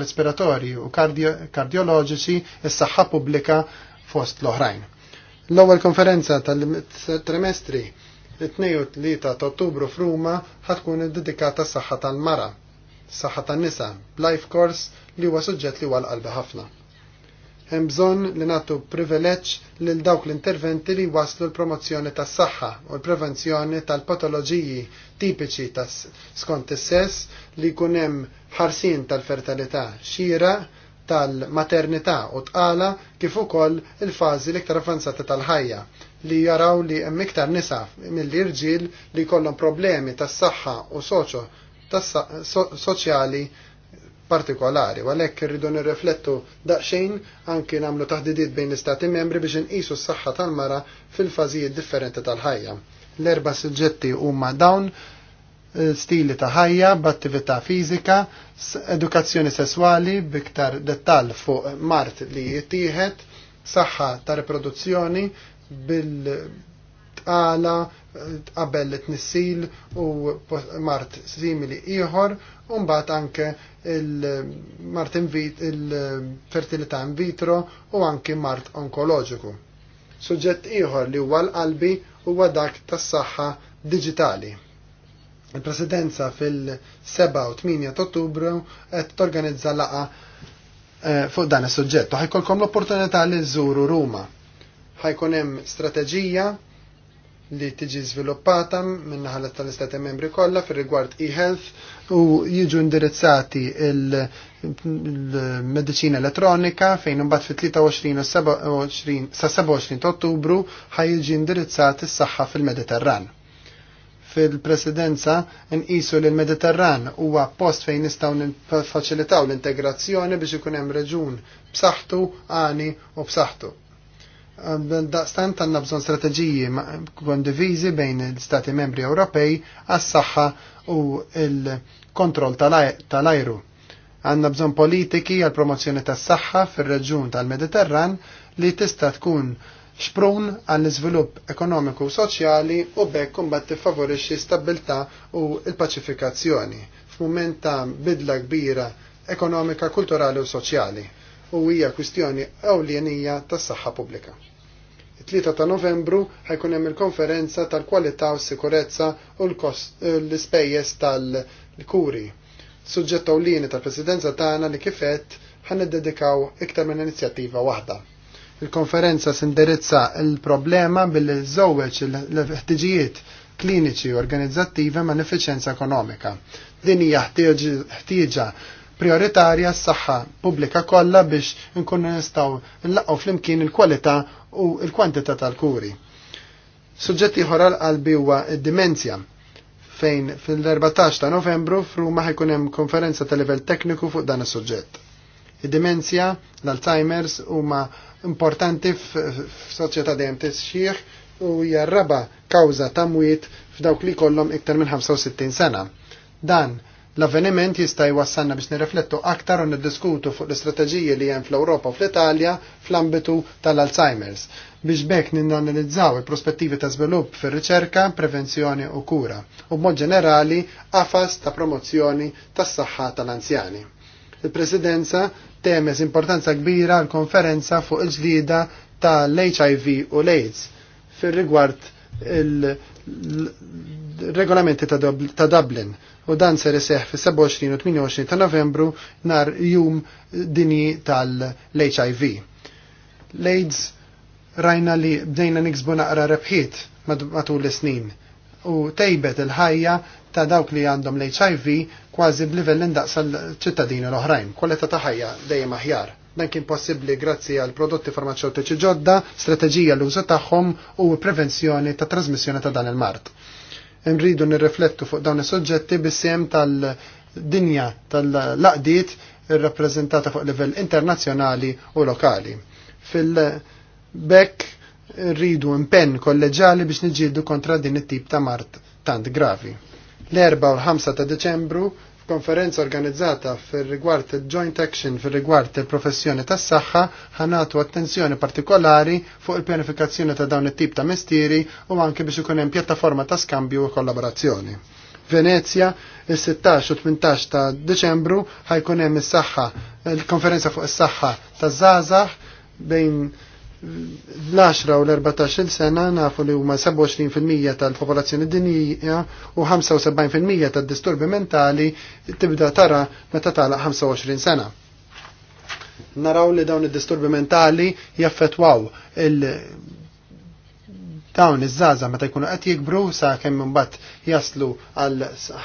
respiratori u kardjoloġiċi is-saħħa pubblika fost l-oħrajn. L-ewwel konferenza tal-trimestri 2 3 ta' Ottubru f'Ruma ħatkun iddedikata s-saħħa tal-mara, s-saħħa tan-nisa, life course li huwa suġġett li huwa l-qalbi ħafna hemm bżonn li nagħtu privileġġ lil dawk l-interventi li waslu l-promozzjoni tas-saħħa u l-prevenzjoni tal-patoloġiji tipiċi tas skont is-sess li jkun hemm ħarsin tal-fertilità xira tal-maternità u tqala kif ukoll il-fażi l-iktar avanzata tal-ħajja li jaraw li hemm iktar nisa mill-irġiel li jkollhom problemi tas-saħħa u soċo tas-soċjali -so partikolari, u għalhekk irridu nirriflettu daqsxejn anki nagħmlu taħdidiet bejn l-istati membri biex inqisu s-saħħa tal-mara fil-fażijiet differenti tal-ħajja. L-erba' suġġetti huma dawn eh, stili ta' ħajja, b'attività fiżika, edukazzjoni sesswali biktar dettall fuq mart li jittieħed, saħħa ta' riproduzzjoni bil-tqala, qabel it-nissil u mart simili ieħor u mbagħad anke il-mart il-fertilità in vitro u anke mart onkoloġiku. Suġġett ieħor li huwa l-qalbi huwa dak tas-saħħa diġitali. Il-presidenza fil-7 u 8 ottubru qed torganizza laqa eh, fuq dan is-suġġett u ħajkolkom l-opportunità li żuru Ruma. Ħajkun hemm strateġija li tiġi sviluppata minnaħala tal-Istati membri kollha fir-rigward e-health u jiġu indirizzati il-medicina elettronika fejn imbagħad fit-23 sa 27 ta' Ottubru ħajġi indirizzat is-saħħa fil-Mediterran. Fil-presidenza nqisu li l-Mediterran huwa post fejn nistgħu nfaċilitaw l-integrazzjoni biex ikun hemm reġun b'saħħtu għani u b'saħħtu Daqstant għanna bżon strategiji kondivizi bejn l-Stati membri Ewropej għas-saħħa u l-kontroll tal-ajru. Għanna bżon politiki għal promozzjoni tas-saħħa fir-reġjun tal-Mediterran li tista' tkun xprun għall iżvilupp ekonomiku u soċjali u bekk kumbat tiffavorixxi stabilità u l-paċifikazzjoni f'mument ta' bidla kbira ekonomika, kulturali u soċjali u hija kwistjoni ewlienija tas-saħħa pubblika. It-3 ta' Novembru ħajkun hemm il-konferenza tal-kwalità u sikurezza u l-ispejjeż tal-kuri. Suġġett ewlieni tal-Presidenza tagħna li kifet ħan iddedikaw iktar minn inizjattiva waħda. Il-konferenza sindirizza il-problema billi żewweġ l-ħtiġijiet kliniċi u organizzattivi ma' effiċenza ekonomika. Din hija ħtieġa prioritarja s-saħħa pubblika kollha biex nkunu nistgħu nlaqgħu flimkien il-kwalità u l-kwantità tal-kuri. Suġġetti ieħor għal-qalbi huwa d-dimensja fejn fil-14 ta' Novembru f'Ruma ħajkun hemm konferenza ta' livell tekniku fuq dan is-suġġett. Id-dimensja, l-Alzheimer's huma importanti f'soċjetà dejjem tisxih u hija raba kawża ta' mwiet f'dawk li kollhom iktar minn 65 sena. Dan L-avveniment jista' jwassalna biex nirriflettu aktar u niddiskutu fuq l-istrateġiji li hemm fl-Ewropa u fl-Italja fl-ambitu tal-Alzheimer's biex bekk ninanalizzaw il-prospettivi ta' żvilupp fir-riċerka, prevenzjoni u kura u b'mod ġenerali qafas ta' promozzjoni tas-saħħa tal-anzjani. Il-Presidenza temes importanza kbira għal konferenza fuq il-ġlida tal-HIV u l-AIDS fir-rigward il regolamenti ta' Dublin u dan ser iseħ fi 27 u 28 ta' Novembru nar jum dini tal-HIV. L-AIDS rajna li bdejna niksbu naqra rebħiet matul is-snin u tejbet il-ħajja ta' dawk li għandhom l-HIV kważi b'livell indaqs l-ċittadini l-oħrajn, kolleta ta' ħajja dejjem aħjar. Dan kien possibbli grazzi għal prodotti farmaceutiċi ġodda, strateġija l-użu tagħhom u prevenzjoni ta' trasmissjoni ta' dan il-mart nridu nirriflettu fuq dawn is-soġġetti bis-siem tal-dinja tal-laqdiet irrappreżentata fuq livell internazzjonali u lokali. Fil-bekk rridu impenn kolleġali biex niġġieldu kontra din it-tip ta' mart tant gravi. L-4 u l-5 ta' Deċembru konferenza organizzata fil rigward il-Joint Action fil rigward il-professjoni tas saħħa ħanatu attenzjoni partikolari fuq il-pjanifikazzjoni ta' dawn it-tip ta' mestieri u anke biex ikun hemm pjattaforma ta' skambju u kollaborazzjoni. Venezia, il-16 u 18 ta' Deċembru ħajkun hemm is-saħħa, il-konferenza fuq is-saħħa ta' Zazah bejn l-10 u l-14 sena nafu li huma 27% tal-popolazzjoni dinjija u 75% tad-disturbi mentali tibda tara meta tala 25 sena. Naraw li dawn id-disturbi mentali jaffetwaw il- dawn iż-żaza meta jkunu qed jikbru sa kemm imbagħad jaslu għal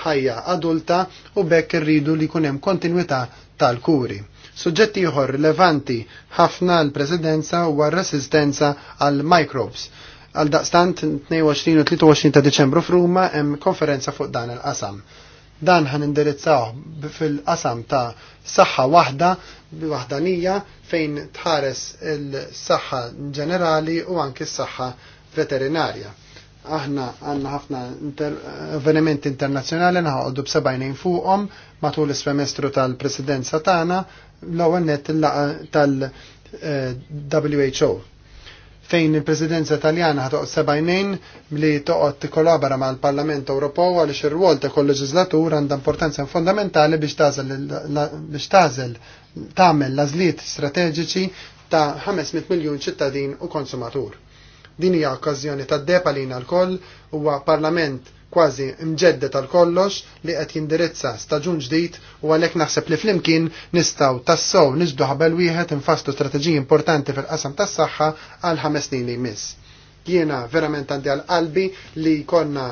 ħajja adulta u bekk irridu li jkun hemm kontinwità tal-kuri. Suġġetti ieħor rilevanti ħafna l-presidenza huwa r-resistenza għal microbes. Għal daqstant 22 u 23 ta' Deċembru f'Ruma hemm konferenza fuq dan il-qasam. Dan ħan indirizzaw fil-qasam ta' saħħa waħda waħdanija fejn tħares il-saħħa ġenerali u anki s-saħħa veterinarja aħna għanna ħafna inter avvenimenti internazzjonali naħoddu b'sebajnejn fuqhom matul is-semestru tal-presidenza tagħna l-ewwel net tal-WHO fejn il-Presidenza Taljana ħatoq sebajnejn li toqgħod tikkolabora mal parlament Ewropew għaliex ir-rwol ta' kull leġislatur għandha importanza fondamentali biex tażel biex tażel tagħmel l-għażliet strateġiċi ta' 500 miljun ċittadin u konsumatur. Din hija okkażjoni tad-depa lina l-koll huwa parlament kważi mġedda tal-kollox li qed jindirizza staġun ġdid u għalhekk naħseb li flimkien nistgħu tassew niżdu ħabel wieħed infastu strateġiji importanti fil-qasam tas-saħħa għal ħames snin li jmiss. Jiena verament għandi għal qalbi li jkollna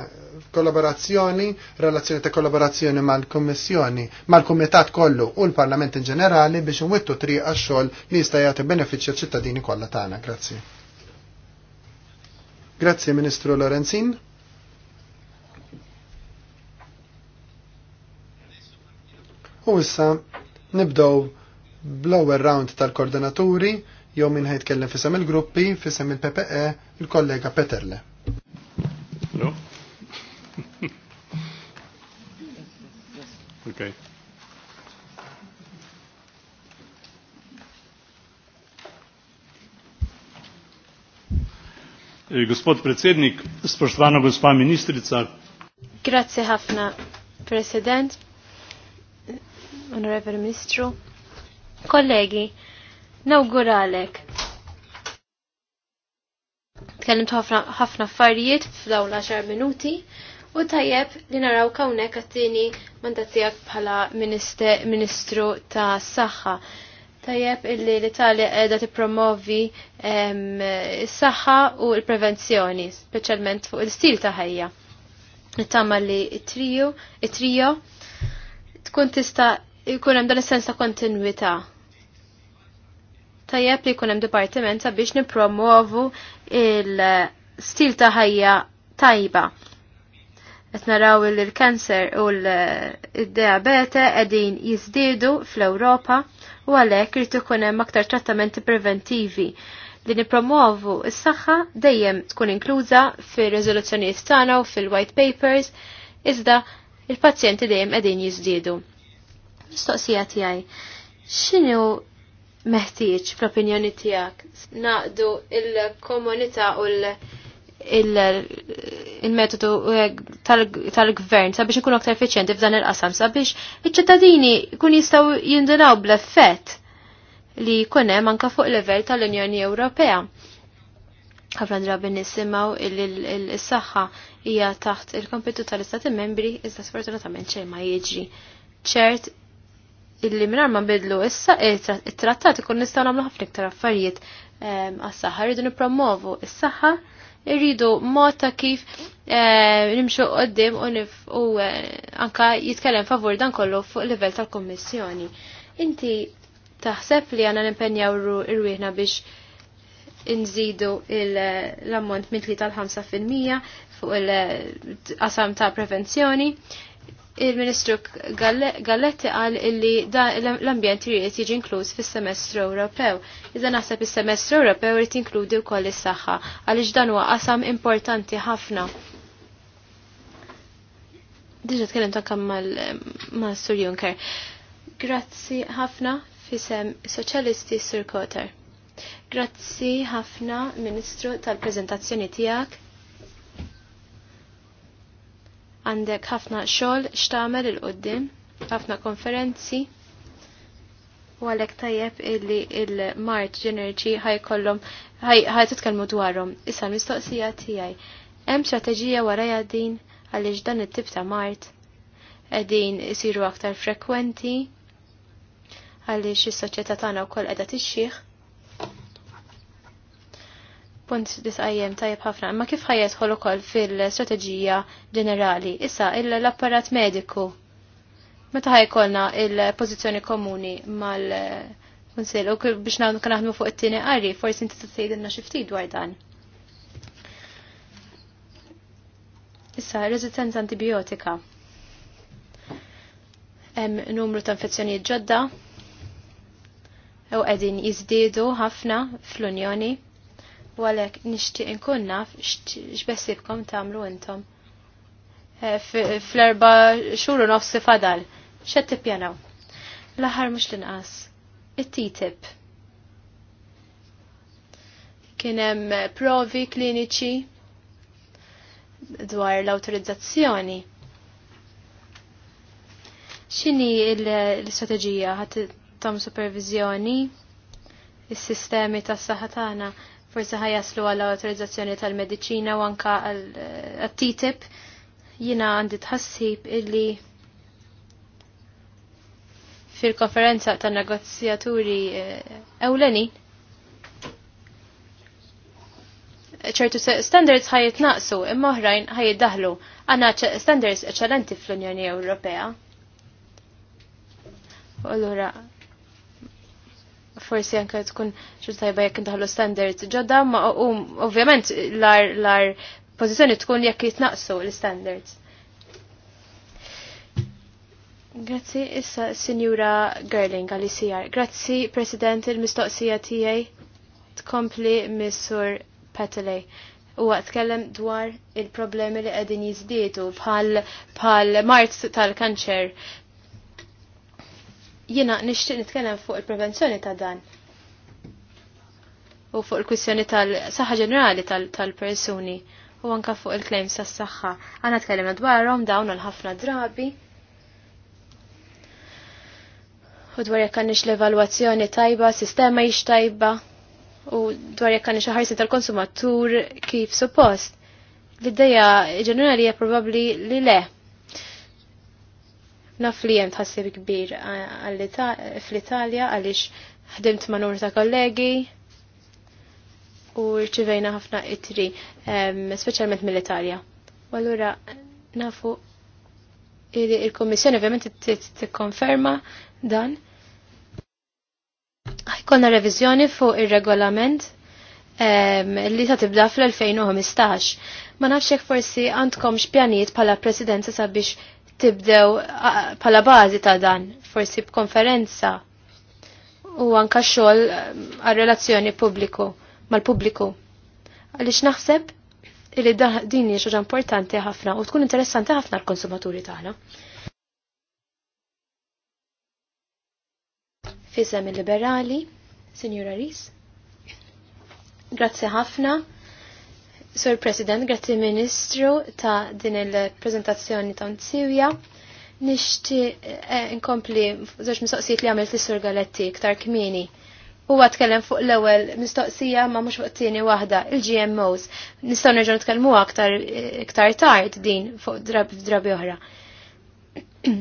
kollaborazzjoni, relazzjoni ta' kollaborazzjoni mal-Kommissjoni, mal-Kumitat kollu u l-Parlament in ġenerali biex nwittu triq għax-xogħol li jista' jagħti benefiċċju ċittadini kollha tagħna. Grazzi. Grazzi Ministru Lorenzin. U issa nibdow bl-ewwel round tal-koordinaturi jew min ħajtkellem fisem il-gruppi, fisem il-PPE, il-kollega Peterle. No? okay. Eh, gospod predsednik, spoštovana gospa ministrica. Grazie ħafna, president. Onorevoli Ministru, kollegi, nawguralek. Tkellimt ħafna affarijiet f'dawn l għaxar minuti u tajjeb li naraw kawnek għattini mandatijak bħala Ministru ta' Saxħa. Tajjeb illi l-Italja edha tippromovi s-saħħa u l-prevenzjoni, speċjalment fuq il-stil ta' ħajja. Nittama li it-trio tkun tista' jkun hemm dan is-sens ta' kontinwità. Tajjeb li jkun hemm dipartiment sabiex nippromovu il-stil ta' ħajja tajba. Qed naraw li l-kanser u l-diabete qegħdin jiżdiedu fl-Ewropa u għalhekk irid ikun hemm aktar trattamenti preventivi li nippromovu s-saħħa dejjem tkun inkluża fir-riżoluzzjonijiet tagħna u fil-white papers iżda il-pazjenti dejjem qegħdin jiżdiedu. Mistoqsija tiegħi. X'inhu meħtieġ fl-opinjoni tiegħek naqdu il-komunità u il-metodu tal-gvern sabiex ikun aktar effiċenti f'dan il-qasam sabiex iċ-ċittadini kun jistgħu jindunaw bl-effett li jkun hemm anke fuq livell tal-Unjoni Ewropea ħafna drabi nisimgħu il-saħħa hija taħt il-kompetu tal-istati membri iżda sfortunatament xejn ma jiġri. ċert illi minar ma bidlu issa it trattati ikun nistgħu nagħmlu ħafna iktar affarijiet ehm, għas-saħħa rridu nippromovu is-saħħa irridu mod ta' kif ehm, nimxu qoddim u eh, anka jitkellem favur dan kollu fuq livell tal-Kummissjoni. Inti taħseb li għana nimpenjaw ir-wieħna biex inżidu l-ammont mitli tal-5% fuq il-qasam ta' prevenzjoni il-Ministru Galletti għal illi l-ambjent jrid jiġi inkluż fis-semestru Ewropew. Iżda naħseb is-semestru Ewropew irid jinkludi wkoll is-saħħa għaliex dan huwa qasam importanti ħafna. Diġa ta' anke mal-Sur Juncker. Grazzi ħafna fisem Soċjalisti Sur Koter. Grazzi ħafna Ministru tal-preżentazzjoni tiegħek għandek ħafna xogħol x'tamel il qoddim ħafna konferenzi u għalek tajjeb illi il-Mart Genergy ħajkollhom ħaj titkellmu dwarhom. Issa l-mistoqsija tiegħi. Hemm strateġija wara din għaliex dan it-tip ta' Mart qegħdin isiru aktar frekwenti għaliex is-soċjetà tagħna wkoll qiegħda tixxih Punt disqajjem tajjeb ħafna, imma kif ħajjedħol ukoll fil-strateġija ġenerali? Issa l-apparat mediku. Meta ħajkolna il-pożizzjoni komuni mal-Kunsill u biex nagħmlu kien naħdmu fuq it-tieni qari, forsi inti tgħidilna xi ftit dwar dan. Issa, rezistenza antibiotika. Hemm numru ta' infezzjonijiet ġodda, u qegħdin jiżdiedu ħafna fl-Unjoni u għalek nishtiq nkun naf x'bessibkom tagħmlu intom. Eh, fl-erba' xhur nofsi fadal, x'qed tippjanaw. L-aħħar mhux inqas it titib Kien hemm provi kliniċi dwar l-awtorizzazzjoni. X'inhi l-istrateġija għat tam supervizjoni is-sistemi tas-saħħa forsi ħajaslu għall autorizzazzjoni tal-medicina u anka għal-TTIP, eh, jina għandi tħassib illi fil-konferenza ta' negozjaturi eh, ewleni ċertu standards ħajet naqsu imma oħrajn ħajet daħlu għanna standards eċċellenti fl-Unjoni Ewropea. Allura, forsi anka tkun xiltajba jekk intaħlu standards ġodda, ma u ovvjament l ar pozizjoni tkun jekk jitnaqsu l-standards. Grazzi, issa Signora Gerling għal-ICR. Grazzi, President, il-mistoqsija tijaj tkompli Missur Petalej. U għatkellem dwar il-problemi li għedin jizdietu bħal mart tal-kanċer Jiena nixtieq nitkellem fuq il-prevenzjoni ta' dan u fuq il-kwissjoni tal-saħħa ġenerali tal-persuni u anka fuq il-claims tas saħħa Għana tkellimna dwarhom dawn għal ħafna drabi. U dwar jekk għandix l-evalwazzjoni tajba, sistema jiex tajba, u dwar jekk għandix ħarsi tal-konsumatur kif suppost. L-idea ġenerali hija probabbli li le. Naf li hemm tħassib kbir fl-Italja għaliex ħdimt ma' nur ta' kollegi u rċivejna ħafna itri, speċjalment mill-Italja. U allura nafu il-Kommissjoni ovvjament tikkonferma dan. Ħajkolna reviżjoni fuq ir-regolament li ta' tibda fl-2015. Ma nafx jekk forsi għandkom xpjanijiet pala presidenza sabiex tibdew pala bażi ta' dan, forsi b'konferenza u anka xogħol eh, għar-relazzjoni pubbliku mal-pubbliku. Għaliex naħseb li din hija xogħol importanti ħafna u tkun interessanti ħafna l-konsumaturi tagħna. Fisem il-liberali, Sinjura Ris. Grazzi ħafna. Sur President, grazzi Ministru ta' din il-prezentazzjoni ta' Nzivja. Nishti eh, nkompli zaċ mistoqsijiet li għamilt sur Galetti iktar kmini. Huwa tkellem fuq l-ewwel mistoqsija ma mhux fuq tieni waħda, il-GMOs. Nistgħu nerġu nitkellmu aktar iktar tard din fuq drabi f'drabi oħra.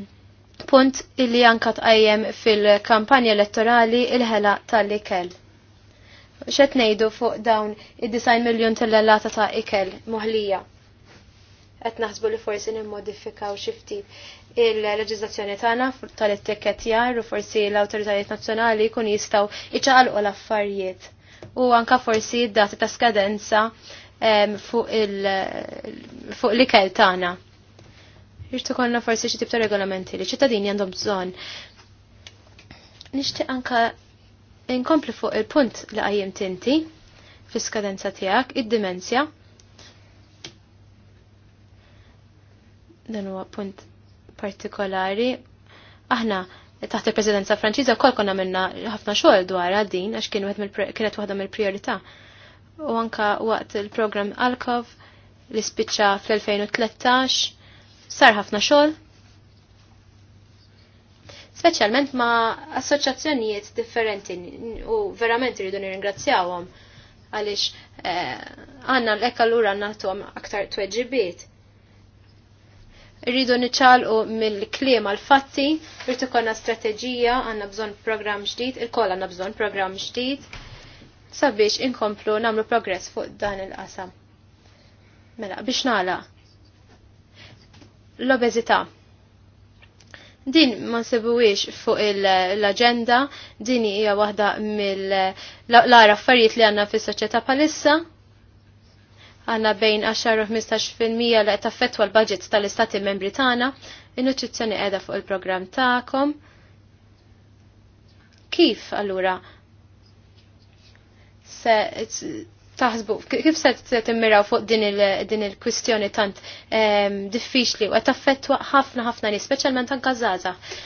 Punt illi għankat tqajjem fil-kampanja elettorali il-ħela tal kell xet nejdu fuq dawn id-9 miljon tellallata ta' ikel moħlija. Qed naħsbu li forsi nimmodifikaw xi ftit il-leġiżlazzjoni tagħna tal-ittikketjar u forsi l-awtoritajiet nazzjonali jkun jistgħu iċaqalqu l-affarijiet. U anka forsi id dati ta' skadenza fuq l-ikel tagħna. Irtu konna forsi xi tip ta' regolamenti li ċittadini għandhom bżonn. Nixtieq anka Inkompli fuq il-punt li għajjem tinti fi skadenza tiegħek id-dimensja. Dan huwa punt partikolari. Aħna taħt il-Presidenza Franċiża wkoll konna minna ħafna xogħol dwar din għax kienet waħda mill-prijorità. U anka waqt il-programm Alkov li spiċċa fl-2013 sar ħafna xogħol speċjalment ma' assoċjazzjonijiet differenti u verament rridu nirringrazzjawhom għaliex eh, għandna l-ekka lura nagħtuhom aktar tweġibiet. Rridu niċċalqu mill-kliem għal fatti, rrid ikollna strateġija, għandna bżonn programm ġdid, il-kol għandna bżonn programm ġdid sabiex inkomplu namlu progress fuq dan il-qasam. Mela, biex nala. L-obezita. Din ma nsebuwiex fuq l-agenda, din hija waħda mill-ara affarijiet li għanna fis soċjetà palissa. Għanna bejn 10 u 15% li taffetwa l-budget tal-Istati Membri tagħna, in-nutrizzjoni qiegħda fuq il-programm tagħkom. Kif allura se taħsbu, kif se timmiraw fuq din il-kwistjoni tant diffiċli u qed taffettwa ħafna ħafna nies, speċjalment anke żgħażagħ.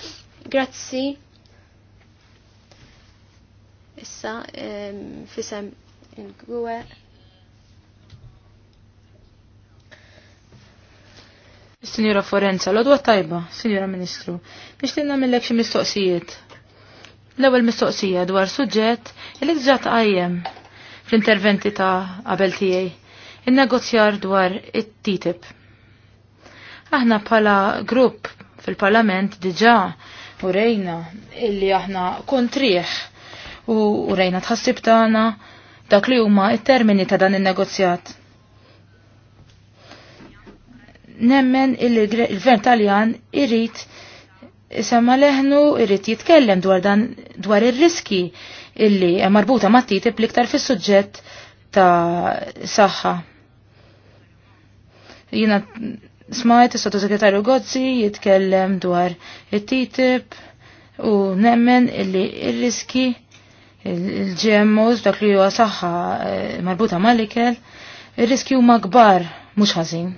Grazzi. Issa fisem il-gwe. Signora Forenza, l-odwa tajba, Signora Ministru, biex tinna mill xi mistoqsijiet. L-ewwel mistoqsija dwar suġġett il-gżat qajjem fl-interventi ta' qabel tiegħi. In-negozjar dwar it-TTIP. Aħna bħala grupp fil-Parlament diġà u rejna illi aħna kontrieħ u rejna tħassib tagħna dak li huma t termini ta' dan in-negozjat. Nemmen il-gvern Taljan irrid isemma' leħnu irrid jitkellem dwar dan dwar ir-riski illi hemm marbuta ma' li liktar fis-suġġett ta' saħħa. Jiena smajt is-Sottosegretarju Gozzi jitkellem dwar it titib u nemmen illi il riski il-GMOs dak li huwa saħħa eh, marbuta mal-ikel, ir-riski huma kbar mhux ħażin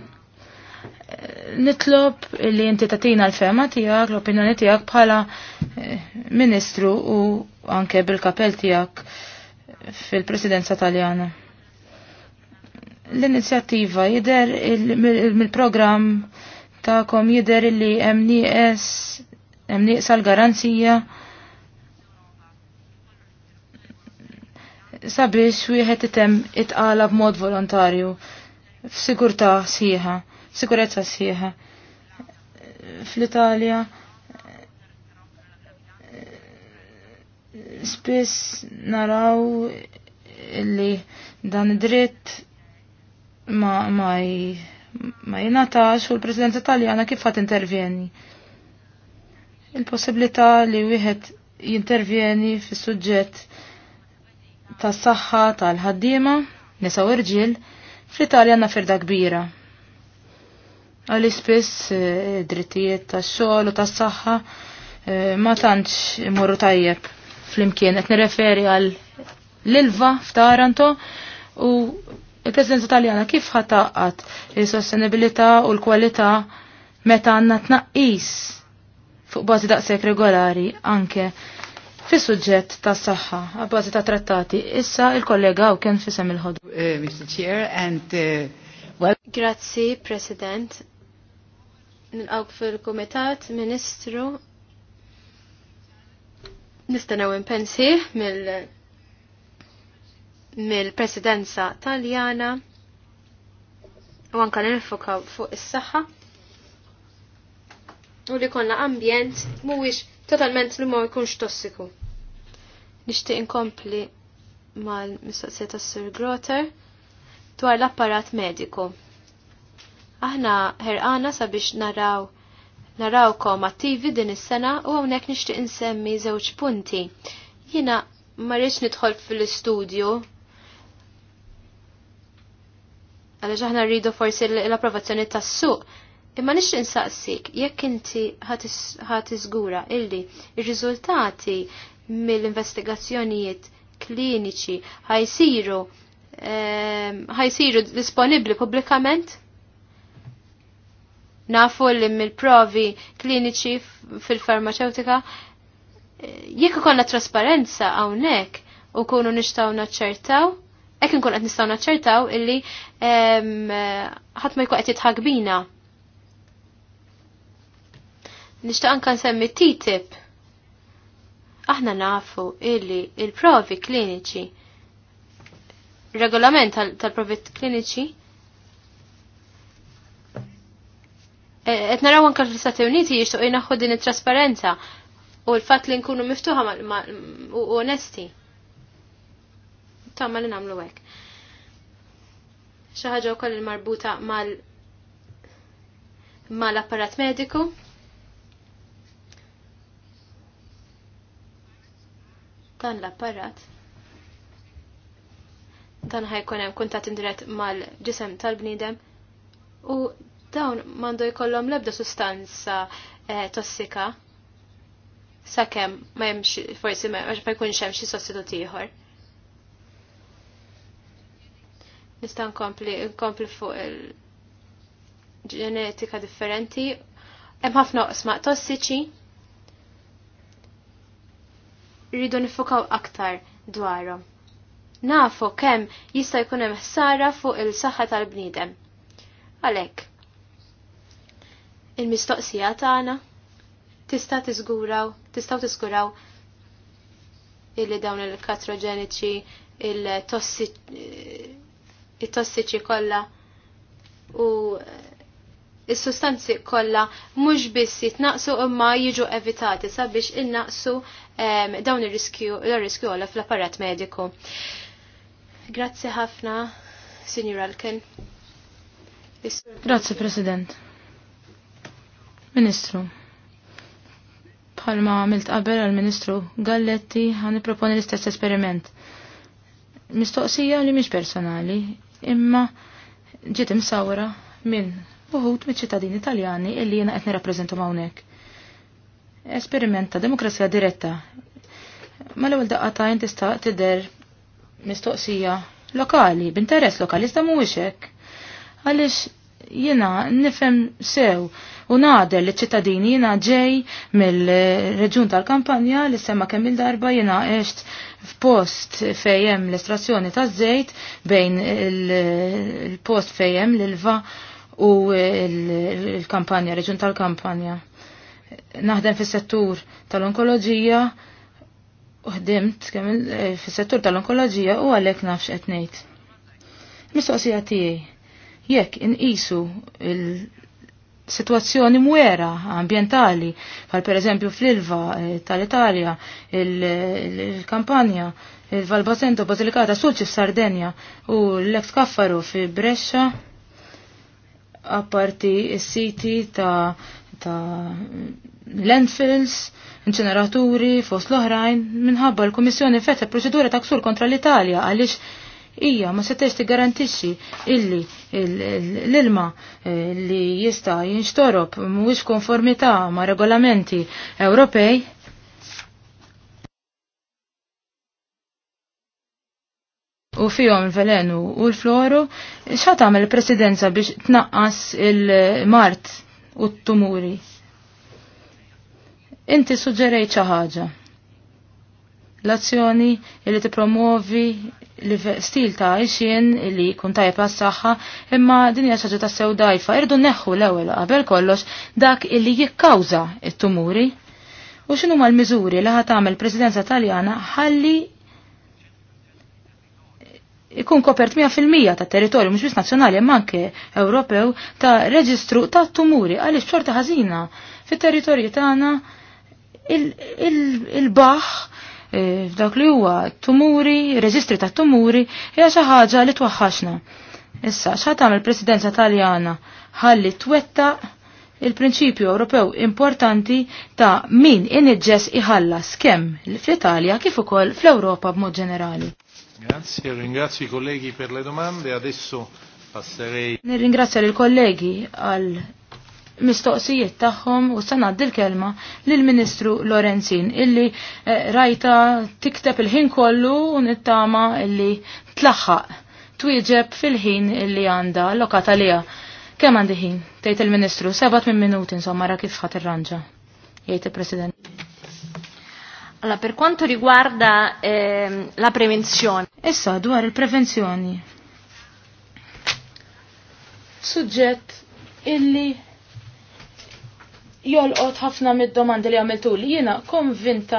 nitlob li inti tatina l-fema tijak, l-opinjoni tijak bħala eh, ministru u anke bil-kapel tijak fil-presidenza taljana. L-inizjattiva jider mill-program ta'kom jider li emniqes, emniqes għal-garanzija sabiex wieħed item itqala b'mod volontarju f'sigurtà siħa. Sigurezza sħiħa. Fl-Italja spiss naraw li dan id-dritt ma, ma, ma jinatax u l-Presidenza Taljana kif fat intervjeni. Il-possibilità li wieħed jintervjeni fis suġġett tas saħħa tal-ħaddiema, nisa u rġiel, fl-Italja nafirda kbira. Għalli spiss eh, drittijiet ta' xogħol u ta' saħħa eh, ma tantx imorru tajjeb fl-imkien. Qed nirreferi għal l-ilva f'Taranto u il-Presidenza Taljana kif ħataqqat is-sostenibilità u l-kwalità meta għandna tnaqqis fuq bażi daqshekk regolari anke fis-suġġett tas saħħa għabbażi ta' trattati. Issa il-kollega u kien fi il-ħodu. Eh, Mr. Chair, and Grazzi, President nilqawk fil-Kumitat Ministru nistenew impensi mill mill-Presidenza Taljana u anka nilfokaw fuq is-saħħa u li konna ambjent mhuwiex totalment li ma jkunx tossiku. Nixtieq inkompli mal-mistoqsija tas-Sir Groter dwar l-apparat mediku. Aħna ħerqana sabiex naraw narawkom attivi din is-sena u hawnhekk nixtieq insemmi żewġ punti. Jiena ma rridx nidħol fil-istudju għaliex aħna rridu forsi l-approvazzjoni tas-suq. Imma nixtieq insaqsik, jekk inti ħat iżgura illi ir-riżultati mill-investigazzjonijiet kliniċi ħajsiru ehm, ħajsiru disponibbli pubblikament? Nafu li mill-provi kliniċi fil-farmaceutika jekk konna trasparenza hawnhekk u kunu nistgħu naċċertaw, hekk inkun qed nistgħu naċċertaw illi ħadd ma jkun qed jitħak bina. Nixtaq anke nsemmi TTIP. Aħna nafu illi il-provi kliniċi regolament tal-provi kliniċi qed naraw anke l-Istati Uniti jixtiequ jnaħħu din it-trasparenza u l-fatt li nkunu miftuħa u onesti. Tamma li namlu għek. Xi ħaġa wkoll il-marbuta mal mal-apparat mediku. Dan l-apparat dan ħajkunem hemm indiret indirett mal-ġisem tal-bniedem u dawn mandu jkollhom l-ebda sustanza eh, tossika sakemm ma jemx forsi ma jkunx hemm xi sostitut ieħor. Nista' nkompli nkompli fuq il-ġenetika differenti. Hemm ħafna oqsma tossiċi. Rridu nifukaw aktar dwarhom. Nafu kemm jista' jkun hemm ħsara fuq il-saħħa tal-bniedem. Għalhekk, il-mistoqsija tagħna tista' tiżguraw, tistgħu tiżguraw illi dawn il-katroġeniċi il-tossiċi kollha u il-sustanzi kollha mhux biss jitnaqsu imma jiġu evitati sabiex innaqsu um, dawn ir-riskju l-riskju fl-apparat mediku. Grazzi ħafna, Signor Alken. Grazzi, President. Ministru, bħalma għamilt qabel għal-Ministru Galletti għan proponi l-istess esperiment. Mistoqsija li mhix personali, imma ġiet imsawra minn uħut miċ ċittadini Italjani illi jiena qed nirrappreżentu hawnhekk. Esperiment ta' demokrazija diretta. Ma l-ewwel daqqa ta' tista' tidher mistoqsija lokali, b'interess lokali, iżda mhuwiex hekk. Għaliex jiena nifhem sew u naħder li ċittadini jina ġej mill-reġun tal-kampanja li semma kemm il-darba jina eċt f'post fejjem l-estrazzjoni ta' żejt bejn il-post fejjem l-ilva u il-kampanja, reġun tal-kampanja. Naħdem fis-settur tal-onkoloġija u ħdimt fis-settur tal-onkoloġija u għalhekk nafx qed ngħid. Mistoqsija tiegħi jekk inqisu il- situazzjoni mwera ambientali, bħal per eżempju fl-Ilva eh, tal-Italja, il-Kampanja, il-Valbacento, Basilicata, Sulċi f'Sardenja u l-Ex Kaffaro fi Brescia, apparti s-siti ta', ta landfills, inċeneraturi, fost l-oħrajn, minħabba l-Komissjoni fetta proċedura ta' ksur kontra l-Italja għaliex hija ma setax garantissi illi l-ilma eh, li jista' jinxtorob mhuwiex konformita ma' regolamenti Ewropej u fihom il-velenu u l-floru, xa tagħmel presidenza biex tnaqqas il-mart u t-tumuri? Inti suġġerej xi ħaġa. L-azzjoni li tippromuovi l stil ta' għajxien li kun tajba s-saxħa imma din hija xaġa ta' sew dajfa irdu neħu l-ewwel qabel kollox dak illi jikkawża it-tumuri u ma' l-miżuri li ħat tagħmel Presidenza Taljana ħalli ikun kopert 100% ta' territorju mhux biss nazzjonali imma anke Ewropew ta' reġistru ta' tumuri għaliex xorta ħażina fit-territorju tagħna il-baħ E, f'dak li huwa tumuri, reġistri ta' tumuri, hija xi ħaġa li twaħħaxna. Issa, x'ħat tagħmel presidenza Taljana ħalli twetta il-prinċipju Ewropew importanti ta' min inġess iħallas kemm fl-Italja kif ukoll fl-Ewropa b'mod ġenerali. Grazie, ringrazio i kollegi per le domande. Adesso passerei. Nirringrazzja lill kollegi għal mistoqsijiet tagħhom u sa ngħaddi l-kelma lill-Ministru Lorenzin illi eh, rajta tikteb il-ħin kollu u nittama illi tlaħħaq twieġeb fil-ħin illi għandha lokata liha. Kemm għandi ħin? Tgħid il-Ministru sebat minn minuti insomma ra kif ħadd irranġa. Jgħid il-President. Allora, per quanto riguarda eh, la prevenzione. Issa dwar il-prevenzjoni. Suġġett illi jolqot ħafna mid-domandi li għamiltu li jina konvinta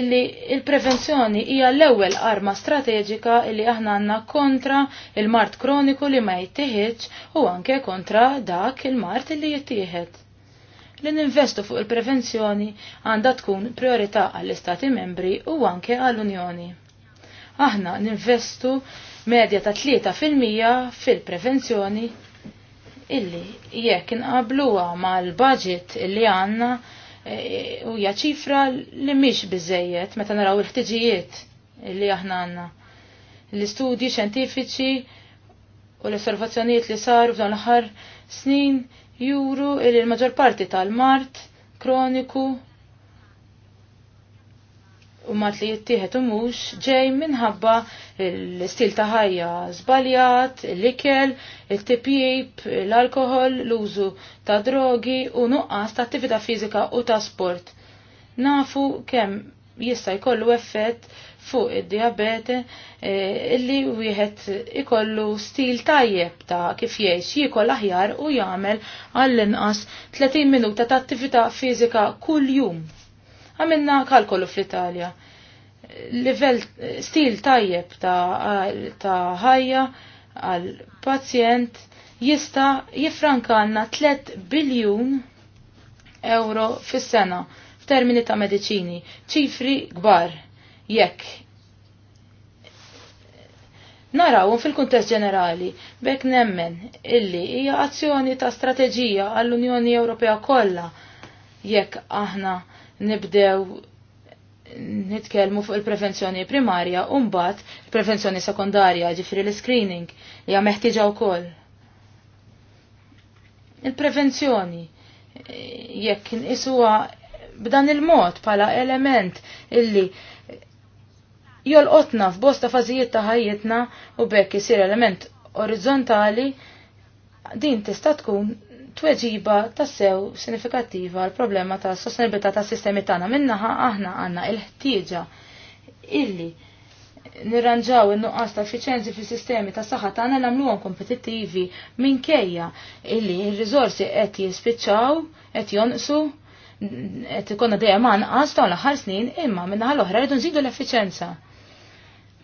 illi il-prevenzjoni hija l-ewwel arma strateġika illi aħna għandna kontra il-mart kroniku li ma jittieħedx u anke kontra dak il-mart li jittieħed. Li ninvestu fuq il-prevenzjoni għandha tkun priorità għall-Istati membri u anke għall-Unjoni. Aħna ninvestu medja ta' 3% fil-prevenzjoni fil fil prevenzjoni illi jekk inqabluha mal-budget illi għandna e, huja ċifra li mhix biżejjed meta naraw il-ħtiġijiet illi aħna għandna. L-istudji xjentifiċi u l-osservazzjonijiet li saru f'dawn l-aħħar snin juru li l-maġġor parti tal-mart kroniku u mat li jittieħed u mhux ġej minħabba l-istil ta' ħajja żbaljat, l-ikel, it-tipjib, l-alkohol, l-użu ta' drogi u nuqqas ta' attività fiżika u ta' sport. Nafu kemm jista' jkollu effett fuq id-diabete eh, illi wieħed ikollu stil tajjeb ta' kif jgħix jikol aħjar u jagħmel għall-inqas 30 minuta ta' attività fiżika kull jum Għamilna kalkolu fl-Italja. Level, stil tajjeb ta' ħajja għal pazjent jista jifrankanna 3 biljun euro fis-sena f'termini ta' mediċini, ċifri kbar jekk Narawhom fil-kuntest ġenerali, bekk nemmen illi hija azzjoni ta' strateġija għall-Unjoni Ewropea kollha jekk aħna nibdew nitkellmu fuq il-prevenzjoni primarja u mbagħad il-prevenzjoni sekondarja ġifri l-screening li hija meħtieġa wkoll. Il-prevenzjoni jekk isuwa b'dan il-mod bħala element illi jolqotna f'bosta fażijiet ta' ħajjitna u bekk isir element orizzontali din tista' tkun tweġiba tassew sinifikattiva l problema ta' sostenibilità ta' sistemi tagħna. Minnaħa aħna għandna il-ħtieġa illi nirranġaw in-nuqqas ta' effiċjenzi fis sistemi ta' saħħa tagħna nagħmluhom kompetittivi minkejja illi r-riżorsi qed jispiċċaw, qed jonqsu, qed ikonna dejjem anqas dawn l-aħħar snin, imma minnaħa l-oħra rridu nżidu l-effiċenza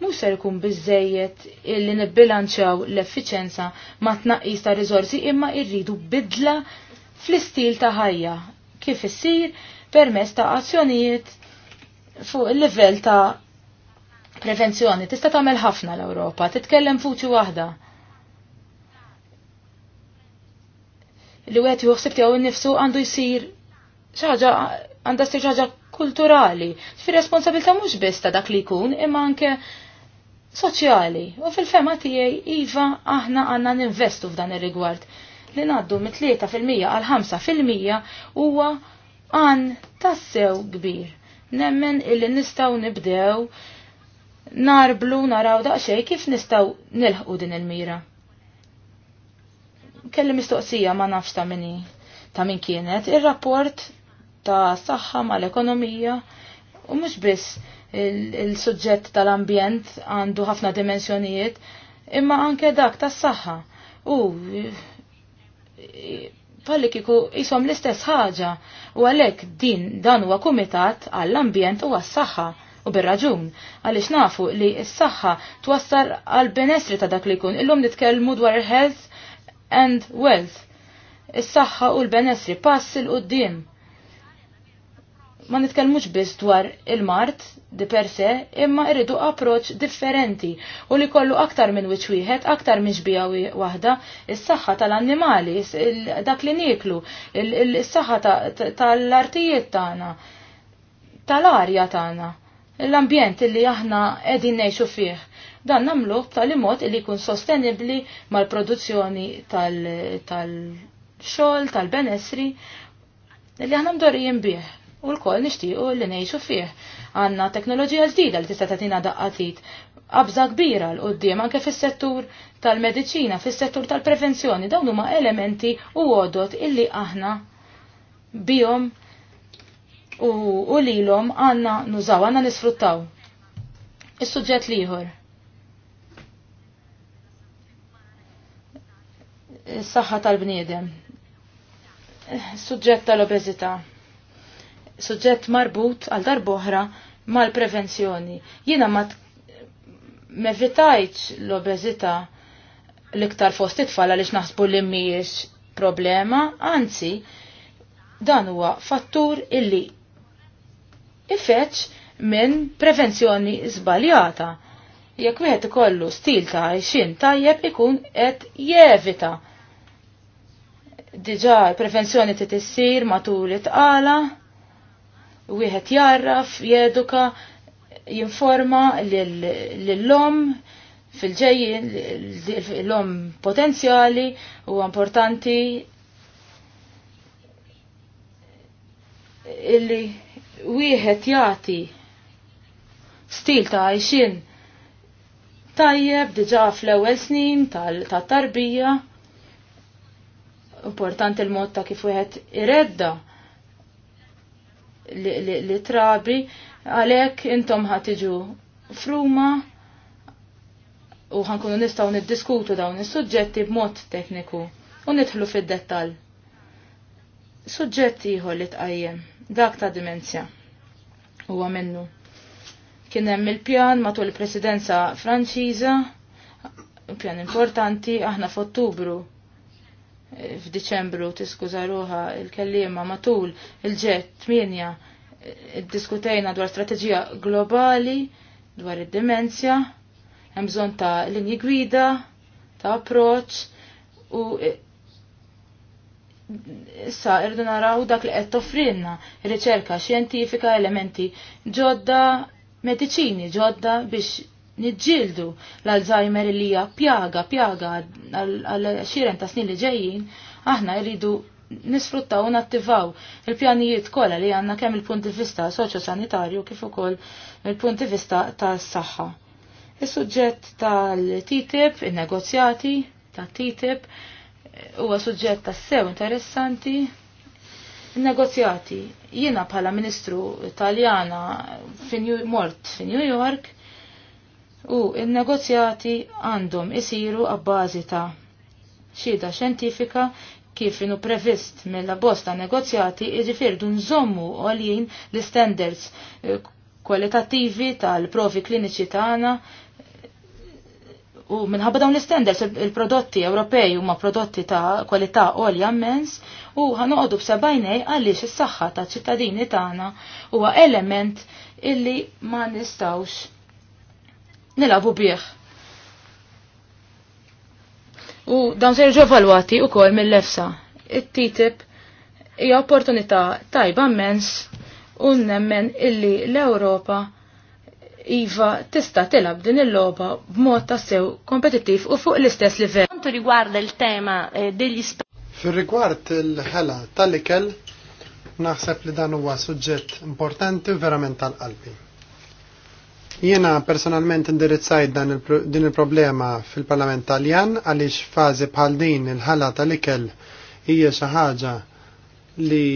mhux ser ikun bizzejiet illi nibbilanċaw l-effiċenza ma tnaqqis ta' rizorsi imma irridu bidla fl-istil ta' ħajja kif issir permess ta' azzjonijiet fuq il-livell ta' prevenzjoni. Tista' tagħmel ħafna l-Ewropa, titkellem fuċi waħda. Li wieħed juħsib tiegħu nnifsu għandu jsir ħaġa għandha ssir ħaġa kulturali. Fi responsabilità mhux biss ta' dak li jkun, imma anke soċjali u fil-fema tiegħi iva aħna għandna ninvestu f'dan ir-rigward li naddu mit-3% għal 5% huwa għan tassew kbir. Nemmen illi nistaw nibdew narblu naraw daqxej kif nistaw nilħqu din il-mira. Kelli mistoqsija ma nafx ta' minni ta' min kienet ir-rapport ta' saħħa mal-ekonomija u mhux biss il-suġġett tal-ambjent għandu ħafna dimensjonijiet, imma anke dak tas-saħħa. U palli kiku jisom l-istess ħaġa u għalek din dan huwa kumitat għall-ambjent u għas-saħħa u bir-raġun għaliex nafu li s-saħħa twassar għal benessri ta' dak li jkun illum nitkellmu dwar health and wealth. Is-saħħa u l-benessri pass il qudiem ma nitkellmux biss dwar il-mart di per se, imma irridu approċ differenti u li kollu aktar minn wiċ wieħed, aktar minn ġbija waħda, is-saħħa tal-annimali, dak li niklu, is-saħħa tal-artijiet tagħna, tal-arja tagħna, l-ambjent li aħna qegħdin ngħixu fih. Dan nagħmlu tal mod li jkun sostenibbli mal-produzzjoni tal-xogħol, tal-benessri, li aħna mdorrijin bih u l-koll nishtiqu li nejxu fih. Għanna teknoloġija ġdida li tista' tagħtina daqqatit abza kbira l qoddim anke fis-settur tal-mediċina, fis-settur tal-prevenzjoni, dawn huma elementi u għodot illi aħna bihom u, u lilhom għandna nużaw, għandna nisfruttaw. Is-suġġett liħor. Is-saħħa tal-bniedem. Suġġett tal-obeżità suġġett marbut għal darboħra mal-prevenzjoni. Jiena ma mevitajċ l-obezita l-iktar fost it-tfal għaliex naħsbu li mhijiex problema, anzi dan huwa fattur illi ifeċ minn prevenzjoni żbaljata. Jekk wieħed ikollu stil ta' għajxin tajjeb ikun qed jevita. Diġà prevenzjoni prevenzjoni titissir matul it-qala wieħed jarraf, jeduka, jinforma lill-lom fil-ġejjin, l-lom potenzjali u importanti illi wieħed jagħti stil ta' għajxin tajjeb diġa fl-ewwel snin tat-tarbija. Importanti l-mod ta' kif wieħed iredda li trabi għalhekk intom ħatiġu fruma u ħankunu nistgħu niddiskutu dawn is-suġġetti b'mod tekniku u nidħlu fid-dettall. Suġġetti ieħor li tqajjem dak ta' dimensja huwa minnu. Kien hemm il-pjan matul il-Presidenza Franċiża, pjan importanti aħna f'Ottubru f'Diċembru tiskuża ruha il-kellima matul il-ġett tminja diskutejna dwar strateġija globali dwar id-demenzja, hemm bżonn ta' linji gwida, ta' approċ u issa irdu naraw dak li qed toffrilna riċerka xjentifika, elementi ġodda, mediċini ġodda biex niġġieldu l-Alzheimer li hija pjaga pjaga għal xiren ta' snin li ġejjin, aħna jridu nisfruttaw u nattivaw il-pjanijiet kollha li għandna kemm il-punti vista soċo sanitarju kif ukoll il-punti vista tas-saħħa. Is-suġġett tal-TTIP, in-negozjati tat-TTIP, huwa suġġett tas-sew interessanti. In-negozjati, jiena bħala Ministru Italjana mort fin New York, u il-negozjati għandhom isiru għabbażi ta' xhieda xjentifika kif inu previst mill-bosta negozjati iġifirdu nżommu għolin l-standards eh, kwalitattivi tal-provi kliniċi tagħna u minħabba dawn l-standards il-prodotti Ewropej huma prodotti ta' kwalità għolja immens u ħanoqogħdu b'sebajnej għaliex is-saħħa ta' ċittadini tagħna huwa element illi ma nistawx nilabu bih. U dawn se jirġu evalwati u kol mill-lefsa. il ttip hija opportunità tajba mens u nemmen illi l-Ewropa Iva tista tilab din il-loba b'mod ta' sew kompetittiv u fuq l-istess livell. Quanto riguarda il-tema eh, degli Fil-rigward il-ħela tal-ikel, naħseb li dan huwa suġġett importanti u verament tal-qalbi. Jiena personalment indirizzajt din il-problema fil-Parlament Taljan għaliex fażi bħal din il-ħala tal-ikel hija xi ħaġa li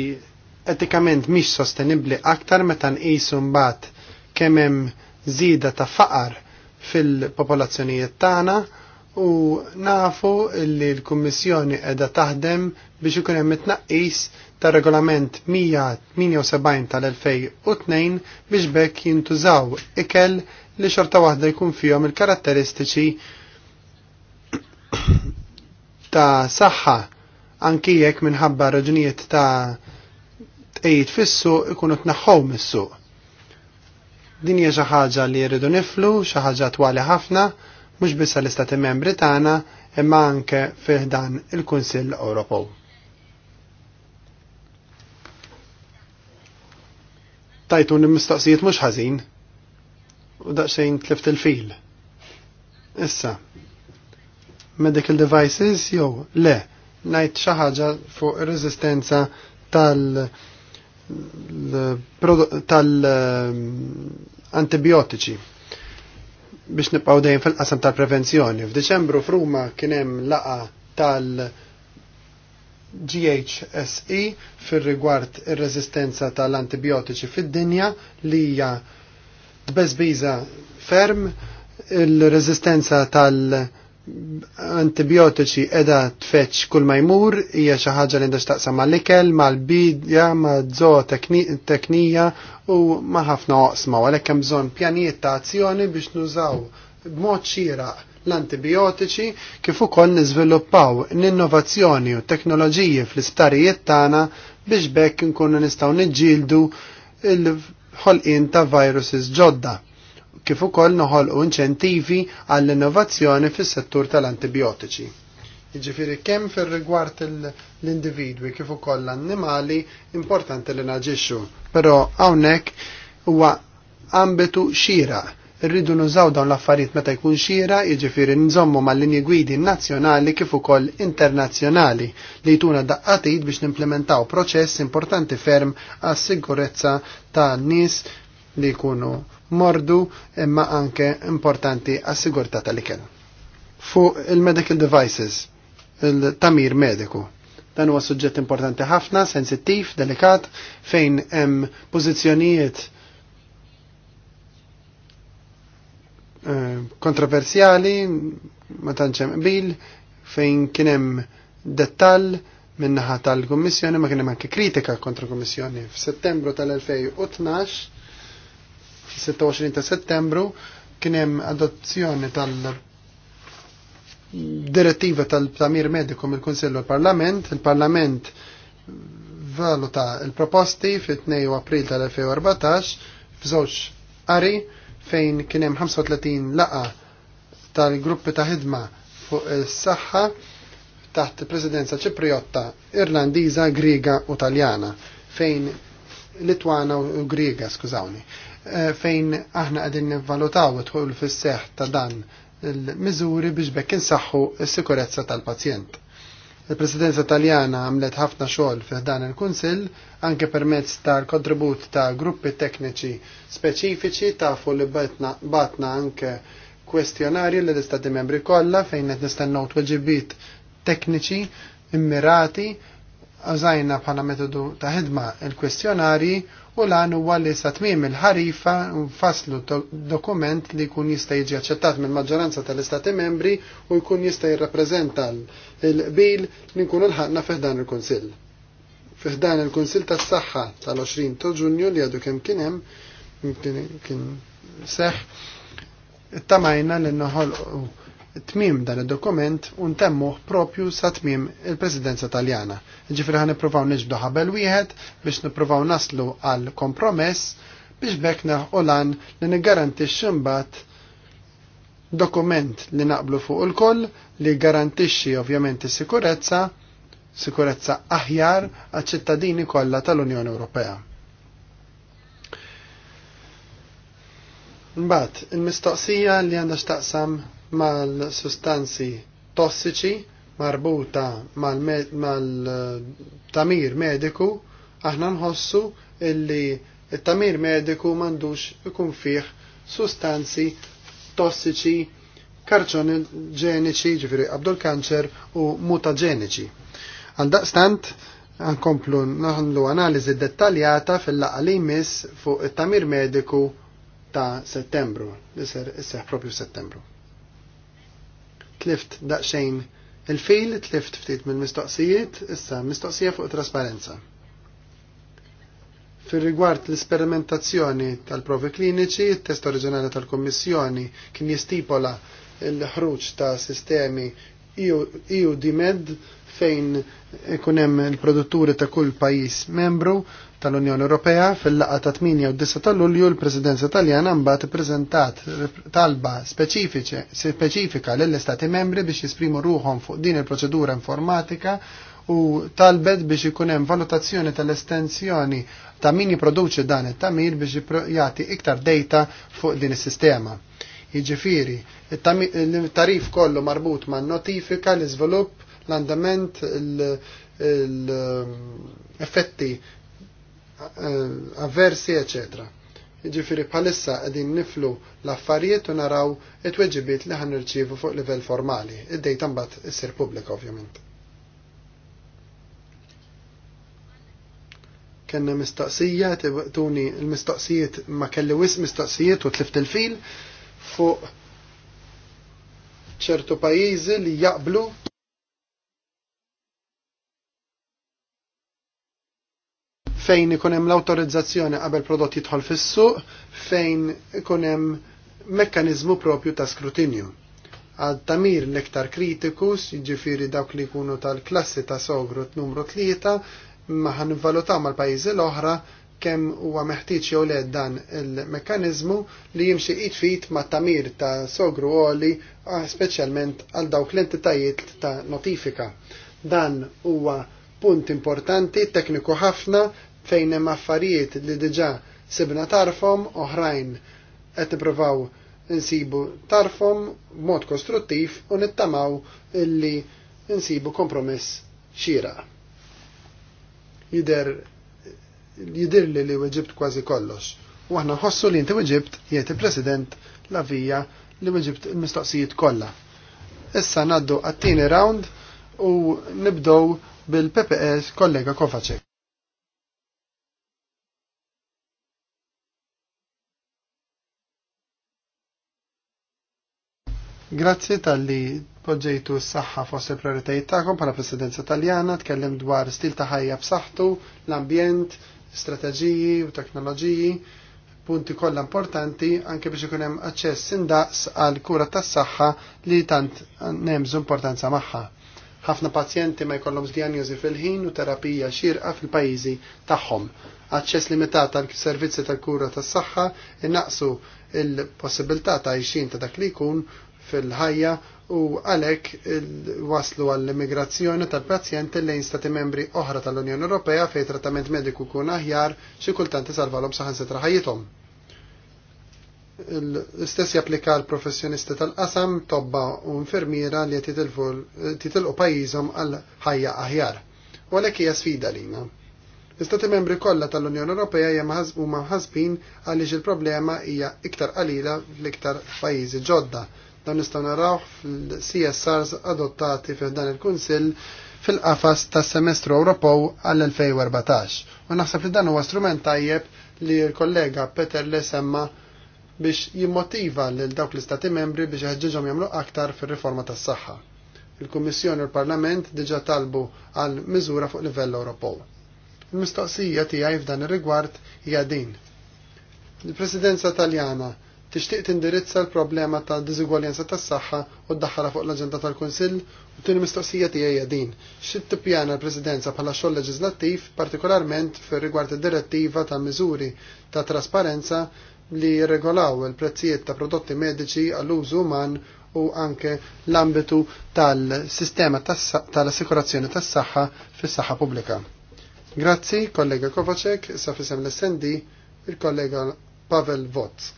etikament mhix sostenibbli aktar meta nqisu mbagħad kemm hemm żieda ta' faqar fil-popolazzjonijiet tagħna u nafu li l-Kummissjoni qiegħda taħdem biex ikun hemm itnaqqis tar regolament 178 tal-2002 biex bekk jintużaw ikel li xorta waħda jkun fihom il-karatteristiċi ta' saħħa anki jekk minħabba raġunijiet ta' tqejjed fis-suq ikunu tnaħħow mis-suq. Din hija xi ħaġa li jridu niflu, xi ħaġa twali ħafna, mhux biss l istati Membri tagħna imma anke fih dan il-Kunsill Ewropew. tajtu n-mistaqsijiet mux ħazin u daqxejn tlift il-fil. Issa, medical devices jew le, najt xaħġa fuq resistenza tal- tal-antibiotiċi biex nibqgħu dejjem fil-qasam tal-prevenzjoni. F'Diċembru f'Ruma kien hemm laqa tal-, -tal GHSE fir-rigward ir-reżistenza tal-antibiotiċi fid-dinja li hija tbeżbiża ferm il-reżistenza tal- antibiotiċi edha tfeċ kull ma jmur, hija xi ħaġa li ndaxtaqsam mal-ikel, mal-bidja, mal mal-zo-teknija, u ma ħafna oqsma, għalhekk hemm bżonn pjanijiet ta' azzjoni biex nużaw b'mod xieraq l-antibiotiċi kif ukoll niżviluppaw l-innovazzjoni u teknoloġiji fl-isptarijiet tagħna biex bekk nkunu nistgħu niġġieldu l-ħolqien ta' viruses ġodda kif ukoll noħolqu inċentivi għall-innovazzjoni fis-settur tal-antibiotiċi. Jiġifieri kemm fir-rigward l-individwi kif ukoll l-annimali importanti li naġixxu, però hawnhekk huwa ambitu xieraq rridu nużaw dawn l-affarijiet meta jkun xira, jiġifieri nżommu mal-linji gwidi nazzjonali kif ukoll internazzjonali li jtuna daqqatid biex nimplementaw proċess importanti ferm għas sigurezza ta' nies li jkunu mordu imma anke importanti għas sigurtà tal-ikel. Fuq il-medical devices, il-tamir mediku. Dan huwa suġġett importanti ħafna, sensittiv, delikat, fejn hemm pożizzjonijiet Eh, kontroversjali ma tantx hemm qbil fejn kien hemm minnaħa tal-Kummissjoni ma kien hemm anke kritika kontra Kummissjoni. F'Settembru tal-2012, 26 ta' Settembru, kien hemm adozzjoni tal- direttiva tal-Tamir Mediku mill kunsillu l-Parlament. Il-Parlament valuta il-proposti fit-2 April tal-2014 f'żewġ qari fejn kien hemm 35 laqa tal-gruppi ta' ħidma fuq is-saħħa taħt il presidenza ċipriotta, irlandiża, Griga u Taljana fejn Litwana u Griga, skużawni, eh, fejn aħna qegħdin nivvalutaw tħol fis-seħħ ta' dan il-miżuri biex bekk insaħħu s-sikurezza tal-pazjent. Il-Presidenza Taljana għamlet ħafna xogħol fih dan il-Kunsill anke permezz tal-kontribut ta' gruppi tekniċi speċifiċi tafu li batna anke kwestjonarju li l-istati membri kollha fejn qed nistennew tweġibiet tekniċi immirati għazajna bħala metodu ta' ħidma il-kwestjonari u lan huwa li sa tmiem il-ħarifa nfasslu dokument li jkun jista' jiġi aċċettat mill-maġġoranza tal-Istati membri u jkun jista' jirrappreżenta l bil li nkunu l ħanna fiħdan il-Kunsill. Fiħdan il-Kunsil tas saħħa tal-20 ta' ġunju li għadu kem kienem, kien seħ, tamajna li noħol tmim dan il-dokument un temmu propju sa tmim il-presidenza taljana. Ġifri ħan niprofaw nġbdu ħabel wieħed biex niprofaw naslu għal kompromess biex bekna u lan li nigaranti ximbat dokument li naqblu fuq il-koll li garantixxi ovvjament is-sikurezza sikurezza aħjar għal-ċittadini kollha tal-Unjoni Ewropea. Mbagħad, il-mistoqsija li għandha x'taqsam mal-sustanzi tossiċi marbuta mal-tamir mediku, aħna nħossu illi il-tamir mediku m'għandux ikun fih sustanzi tossiċi ġeniċi, ġifiri, abdul kanċer u mutaġeniċi. Għaldaqstant, għankomplu naħlu analiżi dettaljata fil-laqa li jmiss fuq it-tamir mediku ta' settembru, li ser isseħ propju settembru. Tlift daqxejn il-fil, tlift ftit mill-mistoqsijiet, issa mistoqsija fuq trasparenza. Fil rigward l-isperimentazzjoni tal-provi kliniċi, il-test oriġinali tal-Kommissjoni kien jistipola l ħruġ ta' sistemi EU-DMED EU fejn ikun hemm il-produtturi ta' kull pajjiż membru tal-Unjoni Ewropea fil-laqgħa ta' 8 u 9 ta' Lulju l-Presidenza Taljana mbagħad ippreżentat talba speċifika lill-Istati membri biex jisprimu ruhom fuq din il-proċedura informatika u talbet biex ikun hemm valutazzjoni tal-estensjoni ta' min jipproduċi dan it-tamir biex jagħti iktar data fuq din is-sistema. Jiġifieri, il-tarif kollu marbut ma' notifika l-iżvilupp l-andament, l-effetti um, eh, avversi, ecc. Ġifiri bħalissa għedin niflu l-affarijiet u naraw it-weġibiet li ħan irċivu fuq livell formali. Id-dejta mbagħad issir pubblika ovvjament. Kenna mistoqsija tuni l mistoqsijiet ma kelli wis mistoqsijiet u tlift il-fil fuq ċertu pajjiżi li jaqblu fejn ikun hemm l-awtorizzazzjoni qabel prodott jidħol fis-suq, fejn ikun hemm mekkaniżmu propju ta' skrutinju. Għad tamir l-iktar kritikus, jiġifieri dawk li jkunu tal-klassi ta' sogru t-numru tlieta, ma ħan valutaw mal-pajjiżi l-oħra kemm huwa meħtieġ jew le dan il-mekkaniżmu li jimxi qid fit ma' tamir ta' sogru għoli, speċjalment għal dawk l-entitajiet ta' notifika. Dan huwa punt importanti, tekniku ħafna fejn hemm affarijiet li diġà sibna tarfhom oħrajn qed nippruvaw insibu tarfhom b'mod kostruttiv u nittamaw illi insibu kompromiss xira. Jider jidir li li weġibt kważi kollox. U aħna nħossu li inti weġibt jgħid il-President Lavija li weġibt il-mistoqsijiet kollha. Issa naddu għat-tieni round u nibdow bil-PPS kollega Kovacek. Grazzi tal-li poġġejtu s-saħħa fosse il-prioritajiet tagħkom bħala Presidenza Taljana tkellem dwar stil ta' ħajja b'saħħtu, l-ambjent, strateġiji u teknoloġiji, punti kollha importanti anke biex ikun hemm aċċess indaqs għal kura tas-saħħa li tant nemżu importanza magħha. Ħafna pazjenti ma jkollhom dijanjosi fil-ħin u terapija xirqa fil-pajjiżi tagħhom. Aċċess limitat għal servizzi tal-kura tas-saħħa innaqsu il-possibilità ta' ixin ta' dak li jkun fil-ħajja u għalhekk waslu għall-immigrazzjoni tal-pazjenti lejn stati membri oħra tal-Unjoni Ewropea fejn trattament mediku kun aħjar xi kultant isalvalhom setra ħajjithom. L-istess japplika l-professjonisti tal-qasam, tobba u infermiera li titilqu pajjiżhom għal ħajja aħjar. U għalhekk hija sfida lina. L-istati membri kollha tal-Unjoni Ewropea huma mħasbin għaliex il-problema hija iktar qalila fl-iktar pajjiżi ġodda Dan nistgħu naraw fil-CSRs adottati fil dan il-Kunsill fil-qafas tas-semestru Ewropew għall-2014. U naħseb li dan huwa strument tajjeb li l-kollega Peter Lesemma biex jimmotiva lil dawk l-istati membri biex jħeġġiġhom jagħmlu aktar fir-riforma tas-saħħa. Il-Kummissjoni u l-Parlament diġà talbu għal miżura fuq livell Ewropew. Il-mistoqsija tiegħi f'dan ir-rigward hija din. Il-Presidenza Taljana tixtieq tindirizza l-problema ta' diżugwaljanza tas-saħħa u ddaħħala fuq l-aġenda tal-Kunsill u tieni mistoqsija tiegħi din. X'id tippjana l-Presidenza bħala xogħol leġislattiv partikolarment fir-rigward id-direttiva ta' miżuri ta' trasparenza li jirregolaw il-prezzijiet ta' prodotti mediċi għall-użu uman u anke l-ambitu tal-sistema tal-assikurazzjoni tas-saħħa fis-saħħa pubblika. Grazzi, kollega Kovacek, sa' fisem l-SND, il-kollega Pavel Votz.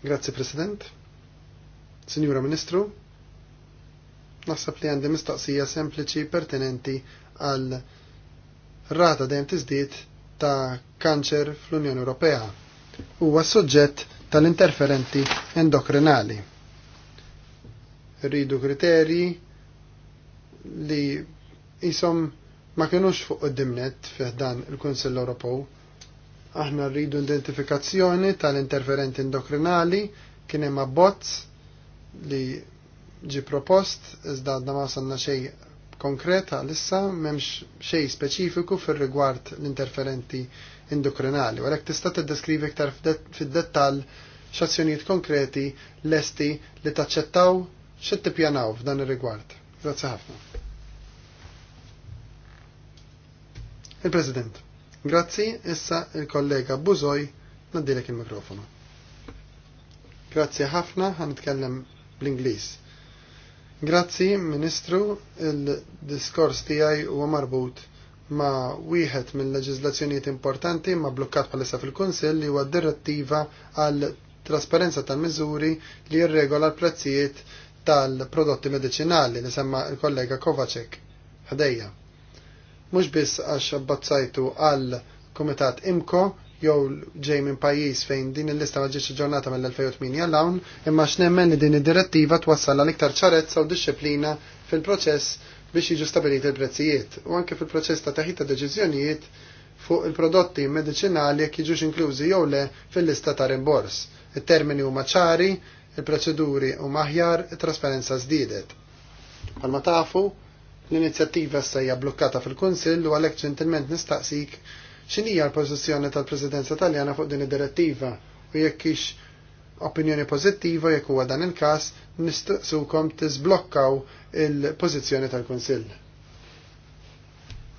Grazzi President. Signora Ministru, naħseb li għandi mistoqsija sempliċi pertinenti għal rata dejjem tiżdied ta' kanċer fl-Unjoni Ewropea. Huwa suġġett tal-interferenti endokrinali. Rridu kriterji li jisom ma kienux fuq id-dimnet fih dan il-Kunsill Ewropew Aħna rridu identifikazzjoni tal-interferenti endokrinali kien hemm abbozz li ġi propost iżda għadna ma sanna xej konkreta lissa m'hemmx xej speċifiku fir-rigward l-interferenti endokrinali. U għalhekk tista' tiddeskrivi iktar fid-dettall x'azzjonijiet konkreti lesti li taċċettaw xi tippjanaw f'dan ir-rigward. Grazzi ħafna. Il-President. Grazzi, issa il-kollega Buzoj naddilek il-mikrofonu. Grazzi ħafna, għan nitkellem bl-Inglis. Grazzi, Ministru, il-diskors tijaj u marbut ma wieħed mill-leġizlazzjonijiet importanti ma blokkat palissa fil-Kunsill li huwa direttiva għal trasparenza tal-miżuri li jirregola l-prezzijiet tal-prodotti medicinali li semma il-kollega Kovacek ħdejja mhux biss għax abbozzajtu għal Kumitat Imko jew ġej minn pajjiż fejn din il-lista ma ġietx ġurnata mill-2008 għal hawn, imma x'nemmen li din id-direttiva twassal għal iktar ċarezza u disċiplina fil-proċess biex jiġu stabiliti l-prezzijiet u anke fil-proċess ta' taħita deċiżjonijiet fuq il-prodotti medicinali jekk jiġux inklużi jew le fil-lista ta' rimbors. Il-termini huma ċari, il-proċeduri huma aħjar, it-trasparenza żdiedet. Palma tafu, L-inizjattiva stajja blokkata fil-Kunsill u għalhekk ġentilment nistaqsik x'inhija l-pożizzjoni tal-Presidenza Taljana fuq din id-direttiva u jekk hix opinjoni pożittiva jekk huwa dan il-każ nistaqsukom tiżblokkaw il-pożizzjoni tal-Kunsill.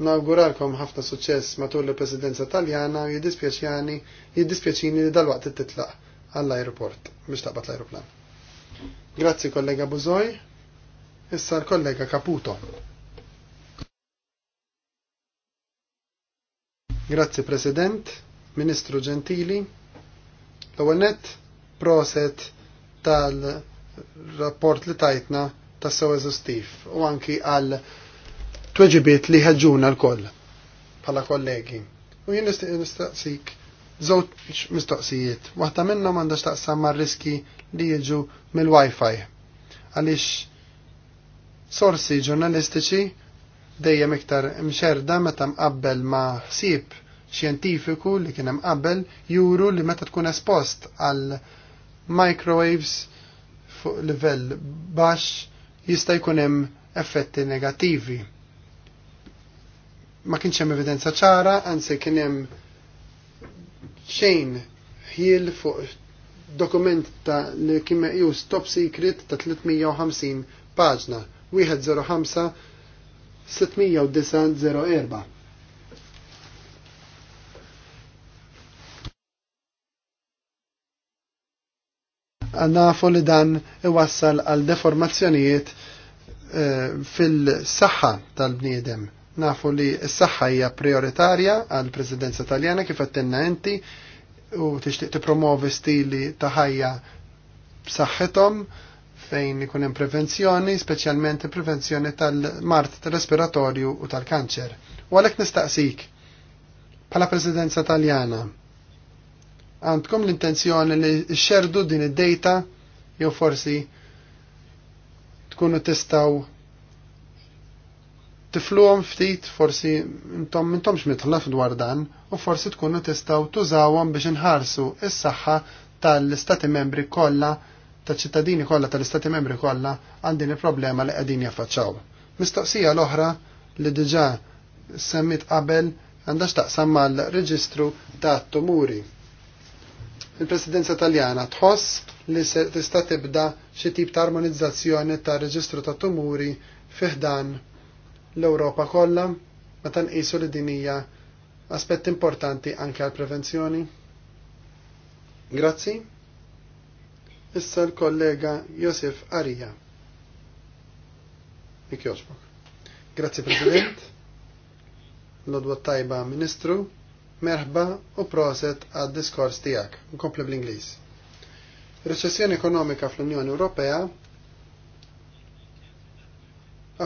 Nawguralkom ħafna suċċess matul il-Presidenza Taljana u jiddispjaċjani jiddispjaċini li dalwaqt titlaq għall-aeroport biex taqbad l-aeroplan. Grazzi kollega Buzoj, issa l-kollega Caputo. Grazzi President, Ministru Gentili, l-għonet proset tal-rapport li tajtna tas sew eżustif u anki għal tweġibiet li ħagġuna l-koll bħala kollegi. U jien nistaqsik żewġ mistoqsijiet. Waħda minnhom għandax taqsam mar-riski li jiġu mill-Wi-Fi. Għaliex sorsi ġurnalistiċi dejjem iktar mxerda meta mqabbel ma' ħsieb xjentifiku li kien hemm qabel juru li meta tkun espost għal microwaves fuq livell baxx jista' jkun hemm effetti negattivi. Ma kienx hemm evidenza ċara, anzi kien hemm xejn ħiel fuq dokument ta' li kien meqjus top secret ta' 350 paġna, 105 609-04. Nafu li dan iwassal għal deformazzjonijiet fil-saħħa tal-bniedem. Nafu li s-saħħa hija prioritarja għal presidenza taljana kif għattenna inti u tixtieq tippromovi stili ta' ħajja b'saħħithom fejn ikun hemm prevenzjoni, speċjalment prevenzjoni tal-mart respiratorju u tal-kanċer. U għalhekk nistaqsik bħala Presidenza Taljana għandkom l-intenzjoni li xerdu din id-data jew forsi tkunu tistaw tifluhom ftit forsi intom intomx mitħlaf dwar dan u forsi tkunu tistaw tużawhom biex inħarsu is-saħħa tal-istati membri kollha ta' ċittadini kollha tal-Istati Membri kollha għandin il-problema li qegħdin jaffaċċaw. Mistoqsija l-oħra li diġà semmit qabel għandax taqsam mal-reġistru ta' tumuri. Il-Presidenza Taljana tħoss li se tista' tibda xi tip ta' armonizzazzjoni ta' reġistru ta' tumuri fiħdan l-Ewropa kollha meta nqisu li din hija aspett importanti anke għall prevenzjoni. Grazzi. Issa l-kollega Josef Arija. Mik joġbok. Grazzi President, Lodwa tajba Ministru, merħba u proset għad diskors tijak, Nkomple bl-Inglis. Recessjoni ekonomika fl-Unjoni Ewropea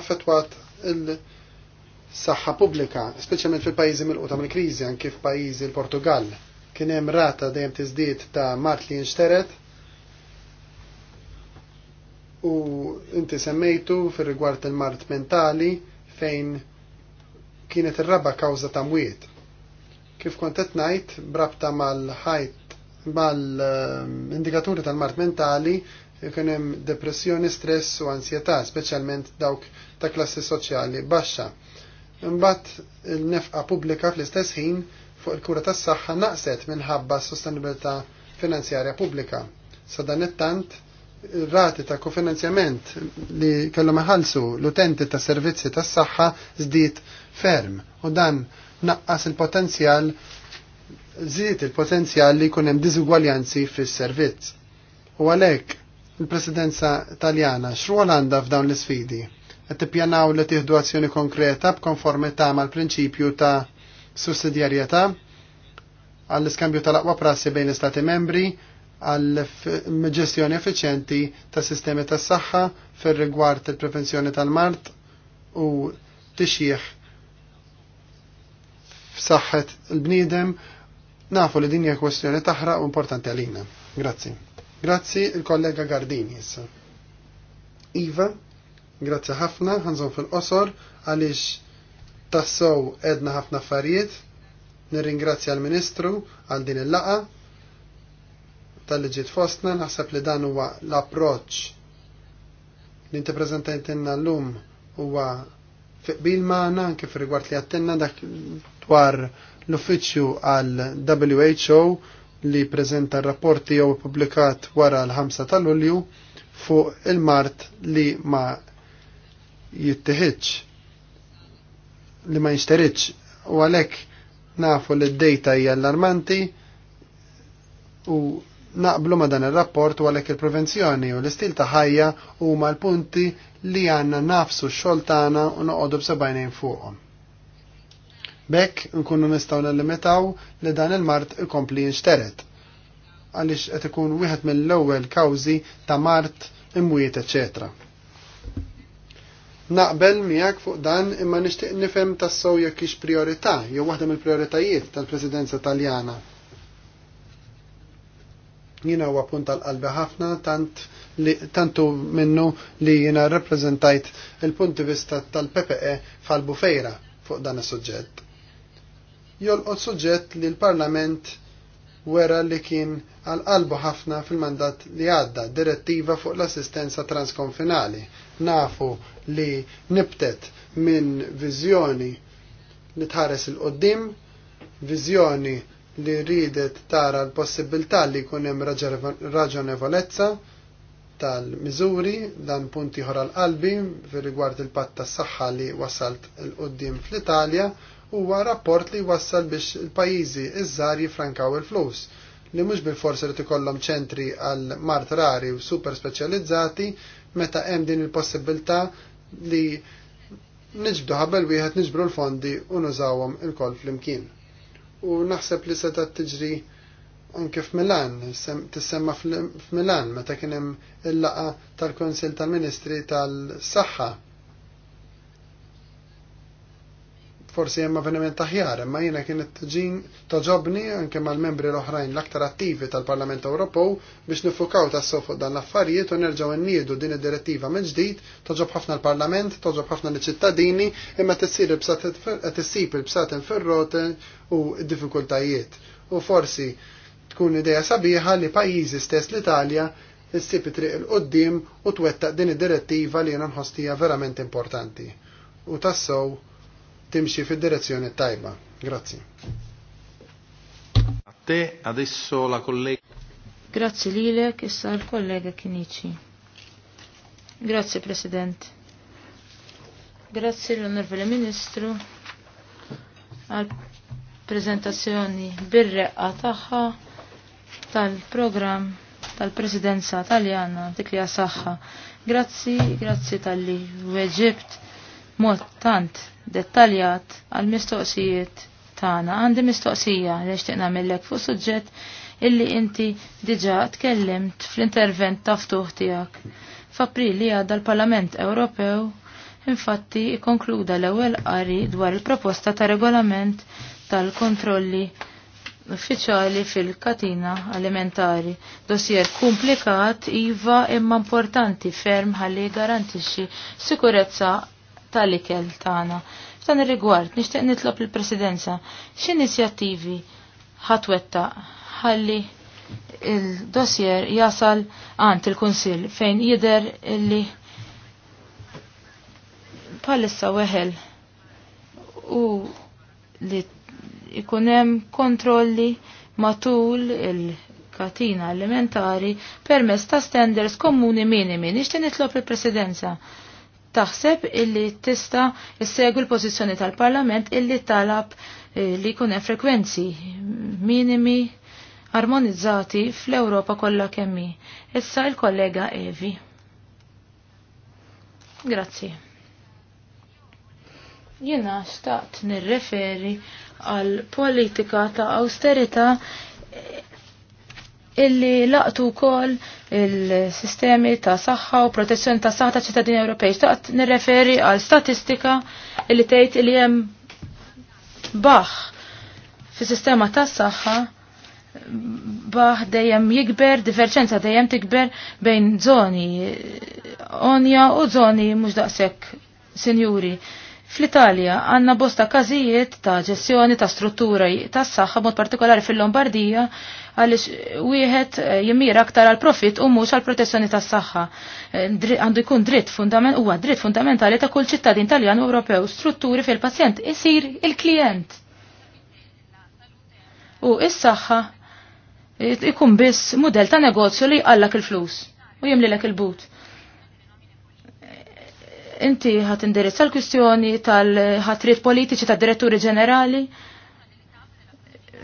affettwat il-saħħa pubblika, speċjalment fil-pajjiżi mill-quta mill-kriżi, anki f'pajjiżi l-Portugal. Kien hemm rata dejjem tiżdied ta' mart li nxteret u inti semmejtu fir rigward il-mart mentali fejn kienet il raba kawża ta' mwiet. Kif kont qed ngħid brabta mal-ħajt mal-indikaturi tal-mart mentali kien hemm depressjoni, stress u ansjetà, speċjalment dawk ta' klassi soċjali baxxa. Imbagħad il-nefqa pubblika fl-istess ħin fuq il-kura tas-saħħa naqset minħabba s-sostenibilità finanzjarja pubblika. Sa dan it-tant rati ta' kofinanzjament li kellhom maħalsu l-utenti ta' servizzi tas saħħa żdied ferm u dan naqqas il-potenzjal żied il-potenzjal li jkun hemm diżugwaljanzi fis-servizz. U għalhekk il-Presidenza Taljana x'rwol għandha f'dawn l-isfidi? Qed tippjanaw li tieħdu azzjoni konkreta b'konformità mal-prinċipju ta' sussidjarjetà għall-iskambju tal-aqwa prassi bejn l istati membri għal ġestjoni effiċjenti ta' sistemi tas saħħa fir rigward il-prevenzjoni tal-mart u tixjih f'saħħet l-bniedem nafu li din hija kwestjoni taħra u importanti għalina. Grazzi. Grazzi il-kollega Gardini issa. Iva, grazzi ħafna, ħanżon fil-qosor għaliex tassow edna ħafna affarijiet. Nirringrazzja l-Ministru għal din il-laqa tal-li fostna, naħseb li dan huwa l-approċ li inti prezentajtinna l-lum huwa fiqbil maħna anke f'rigward li għattinna dak dwar l-uffiċju għal WHO li prezenta rapporti jew publikat wara l-5 tal-Lulju fuq il-Mart li ma jittiħiċ li ma jinxteriċ u għalek nafu li d-dejta hija allarmanti u Naqblu ma dan il-rapport u għalek il-prevenzjoni u l-istil ta' ħajja u ma l-punti li għanna nafsu xoltana u noqodu b'sebajnejn fuqhom. Bekk nkunu nistaw nalimitaw li dan il-mart ikompli jinxteret għaliex qed ikun wieħed mill-ewwel kawżi ta' mart imwiet etc. Naqbel miegħek fuq dan imma nixtieq nifhem tas-sew jekk hix priorità jew waħda mill-prioritajiet tal-Presidenza Taljana Jina huwa punt tal-qalbi ħafna tant li tantu minnu li jina rappresentajt il-punti vista tal-PPE fal-bufejra fuq dan is-suġġett. Jolqod suġġett li l-Parlament wera li kien għal qalbu ħafna fil-mandat li għadda direttiva fuq l-assistenza transkonfinali. Nafu li nibtet minn viżjoni li tħares il-qoddim, viżjoni li ridet tara l-possibilità li jkun hemm raġonevolezza tal-miżuri dan punti ħora l-qalbi fil rigward il-patt tas-saħħa li wasalt l-qoddim fl-Italja huwa rapport li wassal biex il-pajjiżi iż-żar jifrankaw il-flus li mhux bil-forsi li tikollhom ċentri għal mart rari u super speċjalizzati meta hemm din il-possibilità li niġbdu ħabel wieħed niġbru l-fondi u nużawhom il-kol fl-imkien u naħseb li seta tiġri anke f'Milan, tissemma f'Milan meta kien hemm il-laqa tal-Konsil tal-Ministri tal-Saħħa forsi hemm avveniment aħjar, imma jiena kienet ġin toġobni anke mal-membri l-oħrajn l-aktar attivi tal-Parlament Ewropew biex nifukaw tas fuq dan l-affarijiet u nerġgħu nniedu din id-direttiva minn ġdid, toġob ħafna l-Parlament, toġob ħafna l-ċittadini, imma tissir qed issib il-bsat infirrote u d-diffikultajiet. U forsi tkun ideja sabiħa li pajjiżi stess l-Italja issib triq il-qoddim u twettaq din id-direttiva li jena nħostija verament importanti. U tassew timxi fid-direzzjoni tajba. Grazzi. A te adesso la collega. Grazzi lilek, issa l-kollega Kinici. Grazzi President. Grazzi l-Onorevole Ministru għal prezentazzjoni bir-reqqa tagħha tal-programm tal-Presidenza Taljana dik li saħħa. Grazzi, grazzi tal-li weġibt mod tant dettaljat għal mistoqsijiet tagħna. Għandi mistoqsija li xtieq nagħmellek fuq suġġett illi inti diġà tkellimt fl-intervent ta' ftuħ tiegħek. F'Aprili għadda l-Parlament Ewropew infatti jikkonkluda l-ewwel qari dwar il-proposta ta' regolament tal-kontrolli uffiċjali fil-katina alimentari. Dossier komplikat iva imma importanti ferm ħalli garantixxi sikurezza tal-ikel tagħna. F'dan ir-rigward nixtieq nitlob il-Presidenza x'inizjattivi ħatwetta ħalli il-dossier jasal għand il-Kunsill fejn jidher illi palissa weħel u li ikunem kontrolli matul il-katina alimentari permess ta' standards komuni minimi. Nixtieq nitlob il-presidenza taħseb illi tista' issegwi l-pożizzjoni tal-Parlament illi talab eh, li jkun hemm frekwenzi minimi armonizzati fl-Ewropa kollha kemm hi. Issa il-kollega Evi. Grazzi. Jiena xtaqt nirreferi għal politika ta' austerità illi laqtu kol il-sistemi ta' saħħa u protezzjoni ta' saħħa ta' ċittadini Ewropej. Taqt nirreferi għal statistika illi tgħid illi hemm baħ fis-sistema ta' saħħa baħ dejjem jikber, diverġenza dejjem tikber bejn zoni onja u zoni mhux daqshekk sinjuri. Fl-Italja għanna bosta każijiet ta' ġestjoni ta' struttura ta' saħħa mod partikolari fil-Lombardija għaliex wieħed eh, jimmira aktar għal profit u mhux għal protezzjoni tas saħħa. Eh, għandu jkun dritt fundament huwa dritt fundamentali ta' kull ċittadin Taljan u Ewropew strutturi fil-pazjent isir il-klient. U s saħħa jkun eh, biss mudell ta' negozju li għallak il flus u jimlilek il but inti ħat indirizza l-kwistjoni tal-ħatrit politiċi tad diretturi ġenerali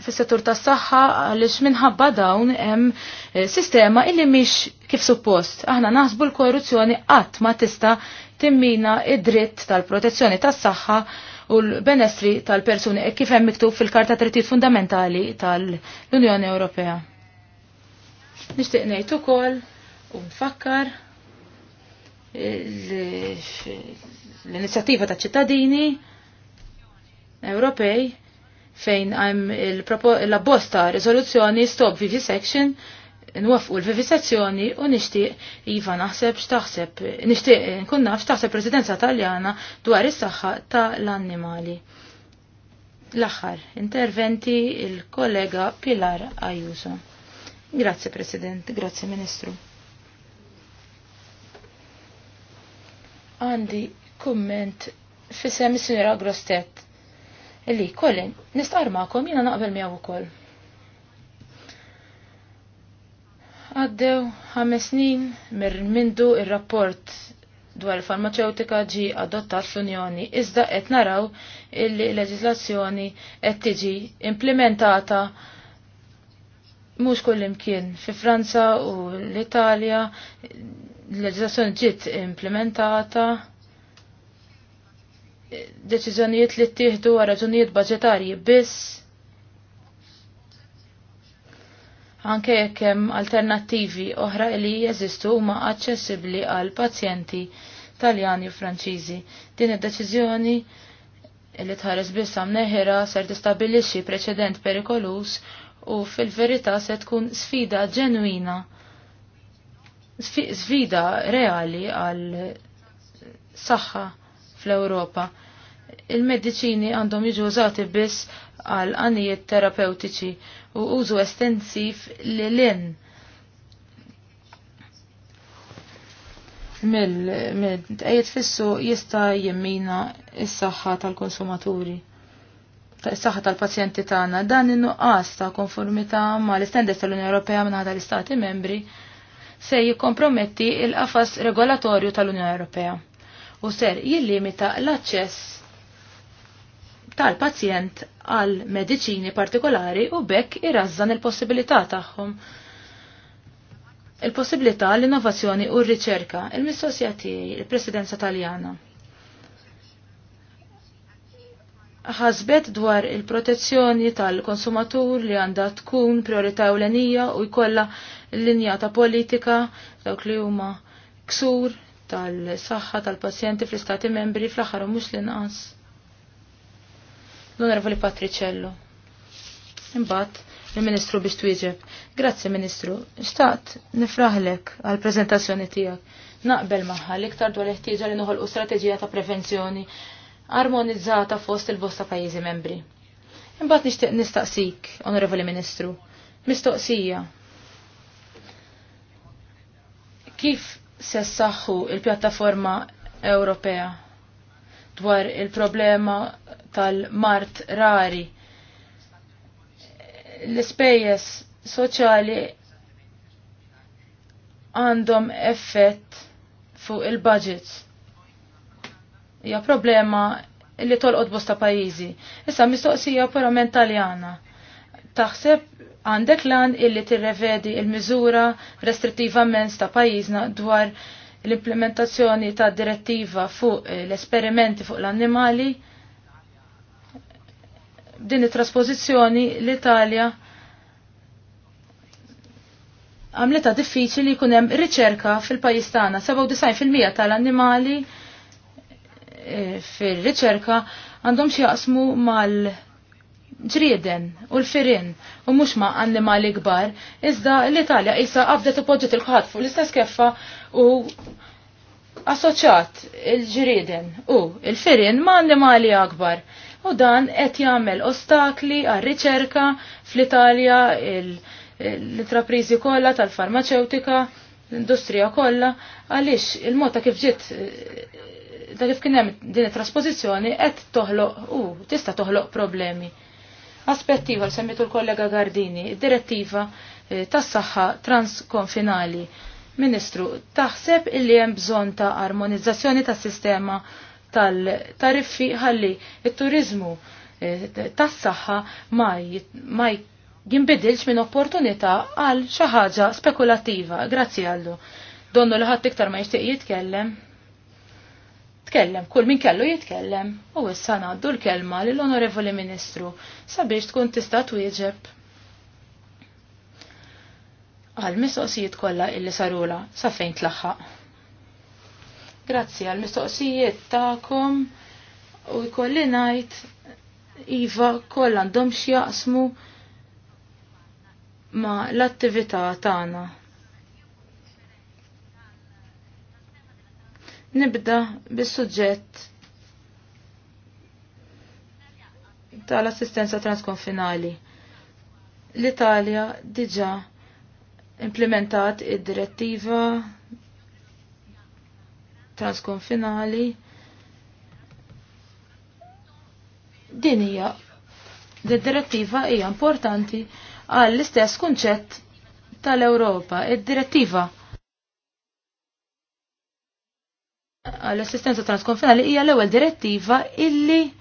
fis-settur tas-saħħa għaliex minħabba dawn hemm eh, sistema illi mhix kif suppost. Aħna naħsbu l-korruzzjoni qatt ma tista' timmina id-dritt tal-protezzjoni tas-saħħa u l-benestri tal-persuni e kif hemm miktub fil-Karta Trittijiet Fundamentali tal-Unjoni Ewropea. Nixtieq ngħid ukoll u nfakkar l-inizjattiva ta' ċittadini Ewropej fejn għajm l abbosta ta' rizoluzzjoni stop vivisection nwafqu l vivisazzjoni u nixtieq jiva naħseb x'taħseb nixtieq nkun naf x'taħseb Presidenza Taljana dwar is-saħħa tal-annimali. L-aħħar interventi il-kollega Pilar Ayuso. Grazzi President, grazzi Ministru. għandi kumment fissem is sinjera Grostet illi kollin nistqarmakom jina naqbel miegħu ukoll. Għaddew ħames snin mir mindu il rapport dwar il-farmaceutika ġi adottat fl-Unjoni iżda qed naraw illi l-leġiżlazzjoni qed tiġi implementata mhux kullimkien fi Franza u l-Italja l-leġislazzjoni ġiet implementata deċiżjonijiet li ttieħdu għal raġunijiet budġetarji biss anke jekk hemm alternattivi oħra li jeżistu huma aċċessibbli għal pazjenti Taljani u Franċiżi. Din id-deċiżjoni li tħares biss neħira ser tistabilixxi preċedent perikolus u fil-verità se tkun sfida ġenwina sfida reali għal saħħa fl-Ewropa. Il-medicini għandhom jiġu użati biss għal anijiet terapeutiċi u użu estensiv li l-in mill-tqejjed fissu jista' jemmina is-saħħa tal-konsumaturi saħħa tal-pazjenti tagħna dan in-nuqqas ta' konformità mal l tal-Unjoni Ewropea minn l-Istati membri se jikkomprometti il-qafas regolatorju tal-Unjoni Ewropea u ser jillimita l-aċċess tal-pazjent għal mediċini partikolari u bekk irrażan il-possibilità tagħhom. Il-possibilità l-innovazzjoni u r-riċerka, il-mistoqsija tiegħi il-Presidenza Taljana ħasbet dwar il-protezzjoni tal-konsumatur li għandha tkun priorità ewlenija u jkollha linja ta' politika dawk li huma ksur tal-saħħa tal-pazjenti fl-istati membri fl-aħħar mhux l-inqas. L-Onorevoli Patricello. Imbagħad il-Ministru biex twieġeb. Grazzi Ministru, xtaqt nifraħlek għall-preżentazzjoni tiegħek naqbel maħħa l-iktar dwar l-ħtieġa li noħolqu strateġija ta' prevenzjoni armonizzata fost il-bosta pajjiżi membri. Imbagħad nixtieq nistaqsik, Onorevoli Ministru, mistoqsija. Kif se saħħu il-pjattaforma Ewropea dwar il-problema tal-mart rari l-ispejjeż soċjali għandhom effett fuq il-budgets hija problema li tolqod bosta pajjiżi. Issa mistoqsija purament Taljana. Taħseb għandek lan illi tirrevedi il-miżura restrittiva ta' pajjiżna dwar l-implementazzjoni ta' direttiva fuq l-esperimenti fuq l-annimali din it-trasposizzjoni l-Italja għamlita diffiċli jkun hemm riċerka fil-pajjiż tagħna. 97% tal-annimali Eh, fil-riċerka għandhom jaqsmu mal ġrieden u l-firin u mux ma' annimali gbar, iżda l-Italja għabda għabdet podġet il-kħat fuq l-istess keffa u assoċjat il-ġrieden u il-firin ma' annimali akbar. U dan qed jagħmel ostakli għar-riċerka fl-Italja l-intrapriżi kollha tal-farmaceutika l-industrija kollha għaliex il-mod ta' kif ġiet ta' kif kien hemm din it-trasposizzjoni qed toħloq u tista' toħloq problemi. Aspettiva ieħor semmitu l-kollega Gardini, id-direttiva eh, tas-saħħa transkonfinali. Ministru, taħseb illi hemm bżonn ta' armonizzazzjoni tas-sistema tal-tariffi ħalli it-turizmu eh, tas-saħħa ma jinbidilx minn opportunità għal xi ħaġa spekulattiva. Grazzi għallu. Donnu li ħadd iktar ma jixtieq jitkellem jitkellem, kull min kellu jitkellem, u issa ngħaddu l-kelma l onorevoli Ministru sabiex tkun tista' twieġeb għal mistoqsijiet kollha illi sarula sa fejn tlaħħaq. Grazzi għal mistoqsijiet tagħkom u jkolli ngħid iva kollha għandhom x'jaqsmu ma l-attività tagħna Nibda bis-suġġett tal-assistenza transkonfinali. L-Italja diġa implementat id-direttiva transkonfinali din hija direttiva hija importanti għall istess kunċett tal-Ewropa. Id-direttiva l assistenza transkonfinali hija l-ewwel direttiva illi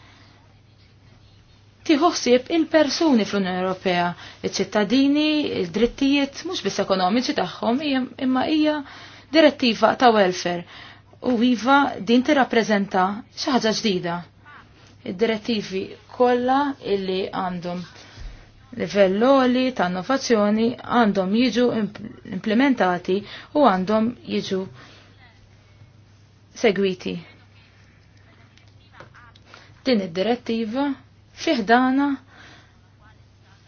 tiħossib il-persuni fl-Unjoni Ewropea, iċ-ċittadini, id-drittijiet mhux biss ekonomiċi tagħhom imma hija direttiva ta' welfare. U iva din tirrappreżenta xi ħaġa ġdida. Id-direttivi kollha illi għandhom livelloli ta' innovazzjoni għandhom jiġu implementati u għandhom jiġu segwiti. Din id-direttiva fiħdana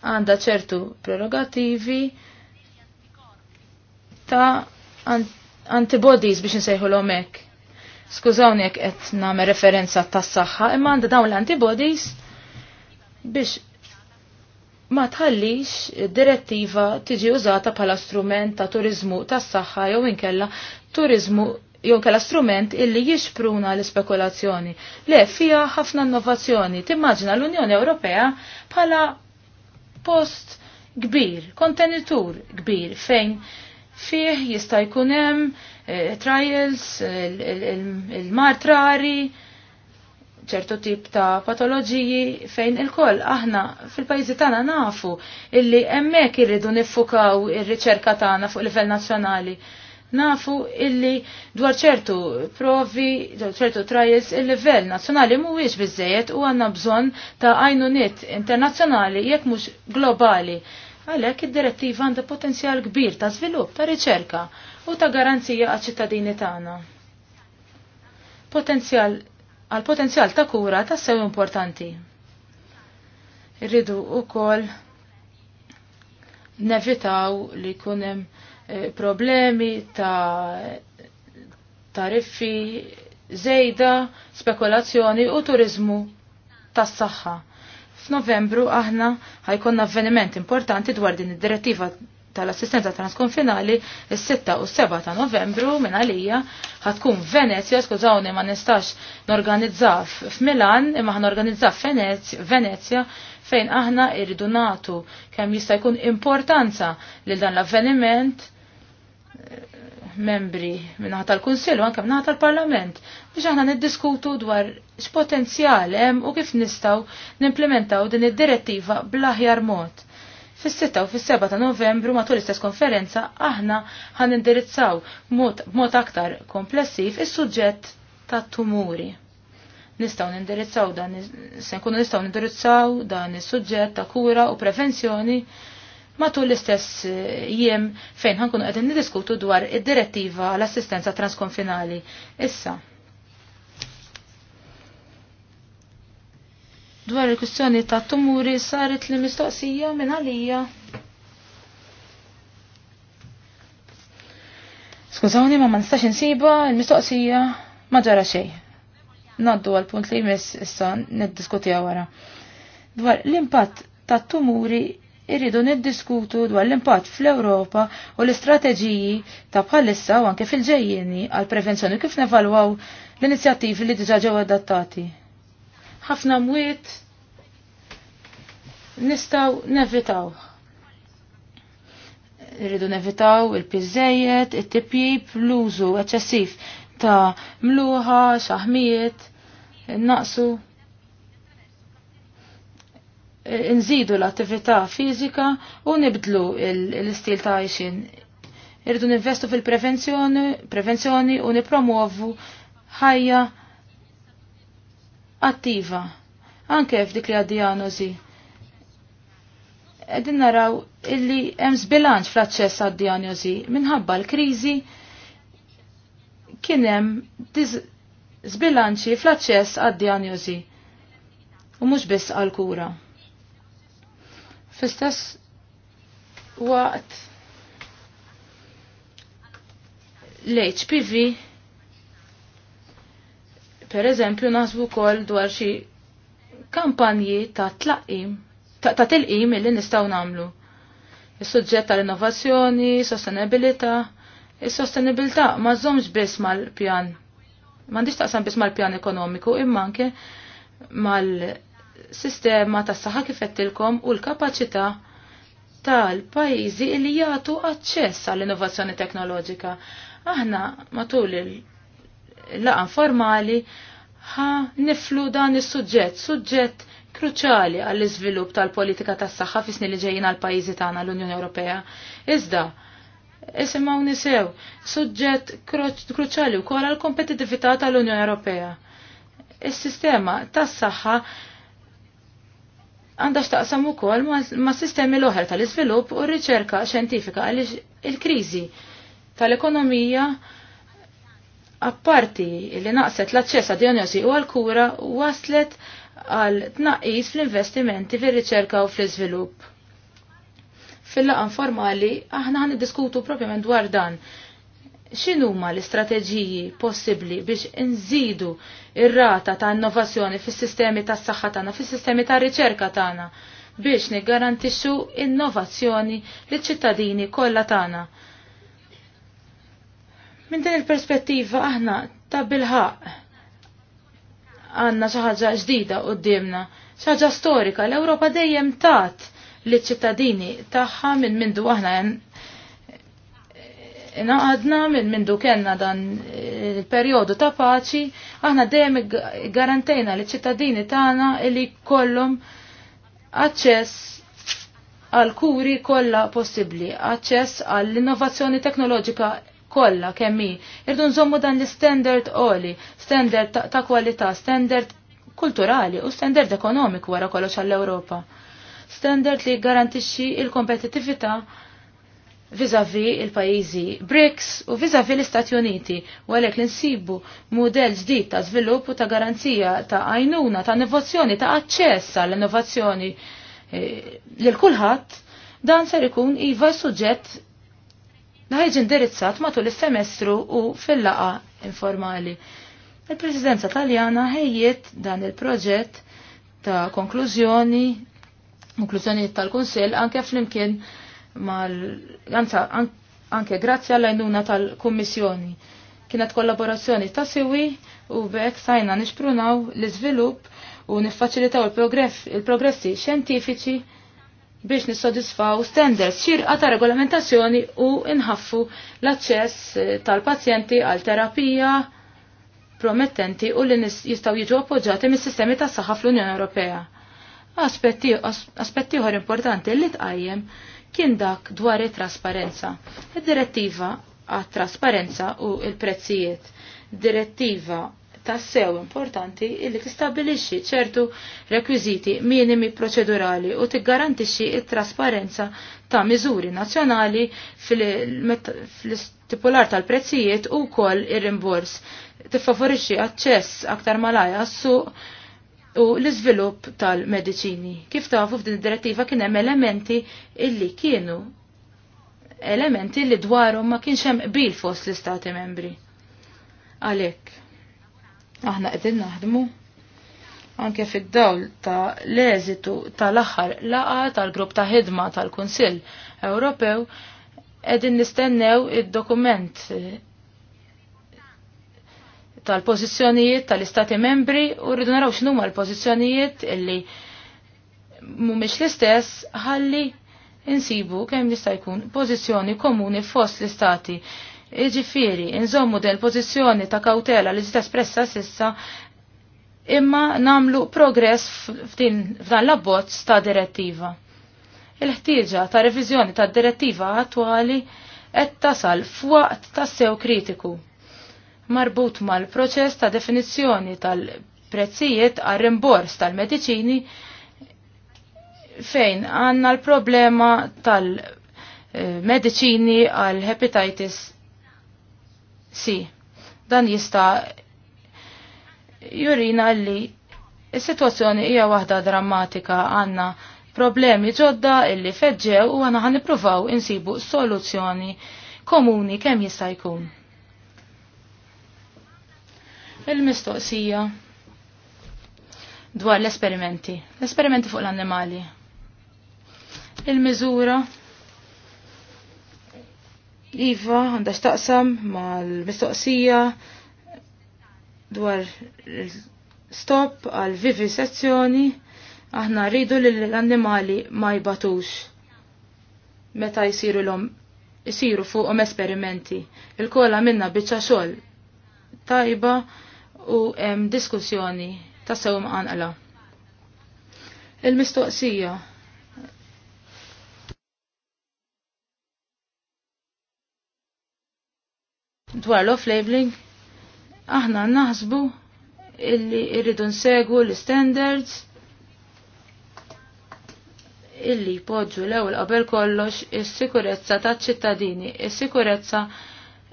għanda ċertu prerogativi ta' antibodies biex nsejħu l-omek. Skużawni jek qed nagħmel referenza tas-saħħa, imma għandha dawn l-antibodies biex ma tħallix direttiva tiġi użata bħala strument ta' turizmu tas saħħa jew inkella turizmu jew kella strument illi jixpruna l-ispekulazzjoni. Le, fija ħafna innovazzjoni. Timmaġina l-Unjoni Ewropea bħala post kbir, kontenitur kbir, fejn fih jista' jkun hemm eh, trials, il-mar trari, ċertu tip ta' patoloġiji fejn il-koll aħna fil-pajjiżi tagħna nafu illi hemmhekk irridu niffukaw ir-riċerka tagħna fuq livell nazzjonali nafu illi dwar ċertu provi, dwar ċertu trials, il-level nazzjonali mhuwiex bizzejet u għandna bżonn ta' għajnuniet internazzjonali jekk mhux globali. Għalhekk id-direttiva għandha potenzjal kbir ta' żvilupp, ta' riċerka u ta' garanzija għal ċittadini tagħna. Potenzjal għal potenzjal ta' kura ta' sew importanti. Irridu wkoll nevitaw li kunem hemm Eh, problemi ta' tariffi zejda, spekulazzjoni u turizmu tas saħħa F'Novembru aħna ħajkonna avveniment importanti dwar din id-direttiva tal-assistenza transkonfinali is-6 u 7 ta' Novembru minn għalija ħatkun Venezia, skużawni ma nistax norganizzaw f'Milan, imma ħan organizza Venezia fejn aħna irridu natu kemm jista' jkun importanza lil dan l-avveniment membri minnaħa tal-Kunsill u anke ħata tal-Parlament biex aħna niddiskutu dwar x'potenzjal hemm u kif nistgħu nimplementaw din id-direttiva bl-aħjar mod. Fis-6 u fis-7 ta' Novembru matul istess konferenza aħna ħan indirizzaw b'mod aktar komplessiv is-suġġett ta' tumuri Nistgħu nindirizzaw dan se nkunu nistgħu nindirizzaw dan is-suġġett ta' kura u prevenzjoni matul l-istess eh, jiem fejn ħankun għedin niddiskutu dwar id-direttiva l-assistenza transkonfinali. Issa. Dwar il-kwistjoni ta' tumuri saret li mistoqsija minn għalija. Skużawni ma ma nistax insiba il-mistoqsija ma ġara xejn. Naddu għal punt li jmiss issa niddiskutija wara. Dwar l-impatt ta' tumuri irridu niddiskutu dwar l-impatt fl-Ewropa u l-istrateġiji ta' bħalissa u anke fil ġejjeni għal prevenzjoni kif nevalwaw l-inizjattivi li diġa ġew adattati. Ħafna mwiet nistaw nevitaw. Irridu nevitaw il-pizzejiet, it-tipjib, l-użu eċċessiv ta' mluħa, xaħmijiet, naqsu nżidu l-attività fizika u nibdlu l-istil ta' għajxin. Irridu ninvestu fil-prevenzjoni prevenzjoni u nipromuovu ħajja attiva anke f'dik li għad-diagnosi. Edin naraw illi hemm bilanċ fl-aċċess għad-diagnosi minħabba l-kriżi kien hemm zbilanċi fl-aċċess għad-diagnosi u mhux biss għal-kura. Fl-istess waqt l-HPV per eżempju nasbu kol dwar xi kampanji ta' tlaqim, ta', ta telqim li nistaw namlu. Is-suġġett tal-innovazzjoni, sostenibilità, is-sostenibilità ma żomx biss mal-pjan. M'għandix taqsam biss mal-pjan ekonomiku imma anke mal sistema tas saħħa kifettilkom u l-kapacità tal-pajjiżi li jagħtu aċċess għall-innovazzjoni teknoloġika. Aħna matul il-laqan formali ħa niflu dan is-suġġett, suġġett kruċali għall-iżvilupp tal-politika tas-saħħa fis-snin li ġejjin għall-pajjiżi tagħna l-Unjoni Ewropea. Iżda, isimgħu nisew, suġġett kruċali wkoll għall kompetitività tal-Unjoni Ewropea. Is-sistema tas-saħħa għandha x'taqsam ukoll ma' sistemi l-oħra tal-iżvilupp u r-riċerka xjentifika għaliex il-kriżi tal-ekonomija apparti li naqset l-aċċess għad diagnosi u għal-kura waslet għal tnaqqis fl-investimenti fil-riċerka u fl-iżvilupp. Fil-laqan formali aħna għan diskutu propjament dwar dan x'inhuma l-istrateġiji possibbli biex inżidu ir-rata ta' innovazzjoni fis-sistemi tas-saħħa tagħna, fis-sistemi tar-riċerka tagħna biex niggarantixxu innovazzjoni liċ-ċittadini kollha tagħna. Minn din il-perspettiva aħna ta' bilħaq għandna xi ħaġa ġdida quddiemna, xi ħaġa storika l-Ewropa dejjem tat liċ-ċittadini tagħha minn mindu aħna naqadna minn mindu kenna dan il-perjodu ta' paċi, aħna dejjem garantejna li ċittadini tagħna li kollhom aċċess għal kuri kollha possibbli, aċċess għall innovazzjoni teknoloġika kollha kemm hi. Irdu nżommu dan l-standard oli, standard ta', kwalità, standard kulturali u standard ekonomiku wara kollox għall-Ewropa. Standard li garantixxi il-kompetittività il kompetittività vizavi il-pajizi BRICS u vizavi l-Istati Uniti u għalek l-insibu model ġdid ta' sviluppu ta' garanzija ta' għajnuna ta' innovazzjoni ta' aċċess għall innovazzjoni eh, lil kulħadd dan ser ikun iva suġġett li ħajġi indirizzat matul is-semestru u fil-laqa informali. Il-Presidenza Taljana ħejjiet dan il-proġett ta' konklużjoni, konklużjoni tal-Kunsill anke flimkien imkien mal anke grazzi għall-għajnuna tal-Kummissjoni. Kienet kollaborazzjoni ta' siwi u bekk sajna nixprunaw l-iżvilupp u niffaċilitaw il-progressi xjentifiċi biex nissodisfaw standards xirqa ta' regolamentazzjoni u inħaffu l-aċċess tal-pazjenti għal terapija promettenti u li jistaw jiġu appoġġati mis-sistemi tas saħħa fl-Unjoni Ewropea. Aspetti oħra importanti li tqajjem kien dak dwar it-trasparenza. Id-direttiva għat trasparenza u il-prezzijiet. Direttiva sew importanti illi tistabilixxi ċertu rekwiżiti minimi proċedurali u tiggarantixxi it-trasparenza ta' miżuri nazzjonali fil istipular tal-prezzijiet u kol ir-rimbors. Tiffavorixxi aċċess aktar malaja għas-suq u l-iżvilupp tal-mediċini. Kif tafu f'din id-direttiva kien hemm elementi illi kienu elementi li dwarhom ma kienx hemm qbil fost l-istati membri. Għalhekk aħna qegħdin naħdmu anke fid-dawl ta' l-eżitu tal-aħħar laqa tal-grupp ta' ħidma tal-Kunsill Ewropew qegħdin nistennew id-dokument tal-pożizzjonijiet tal-istati membri u rridu naraw x'numa l-pożizzjonijiet illi mhumiex l-istess ħalli insibu kemm jista' jkun pożizzjoni komuni fost l-istati. Iġifieri, inżommu del pożizzjoni ta' kawtela li ġiet espressa sissa imma namlu progress f'dan l-abbozz ta' direttiva. Il-ħtieġa ta' reviżjoni ta' direttiva attwali qed tasal f'waqt tassew kritiku marbut mal-proċess ta' definizzjoni tal-prezzijiet għal rimbors tal-mediċini fejn għanna l-problema tal-mediċini għal hepatitis C. Dan jista' jurina li s-situazzjoni hija waħda drammatika għanna problemi ġodda illi feġġew u għana ħan nipruvaw insibu soluzzjoni komuni kemm jista' jkun il-mistoqsija dwar l-esperimenti, l-esperimenti fuq l-annimali. Il-miżura Iva għandha x'taqsam mal-mistoqsija dwar stop għal vivisezzjoni aħna rridu li l-annimali ma jbatux meta jisiru l-om jisiru fuqhom esperimenti. Il-kola minna biċċa xogħol tajba u hemm diskussjoni ta' sew mqanqala. Il-mistoqsija dwar l-off-labeling, aħna naħsbu illi irridu nsegu l-standards illi podġu l ewwel qabel kollox is-sikurezza taċ-ċittadini, is-sikurezza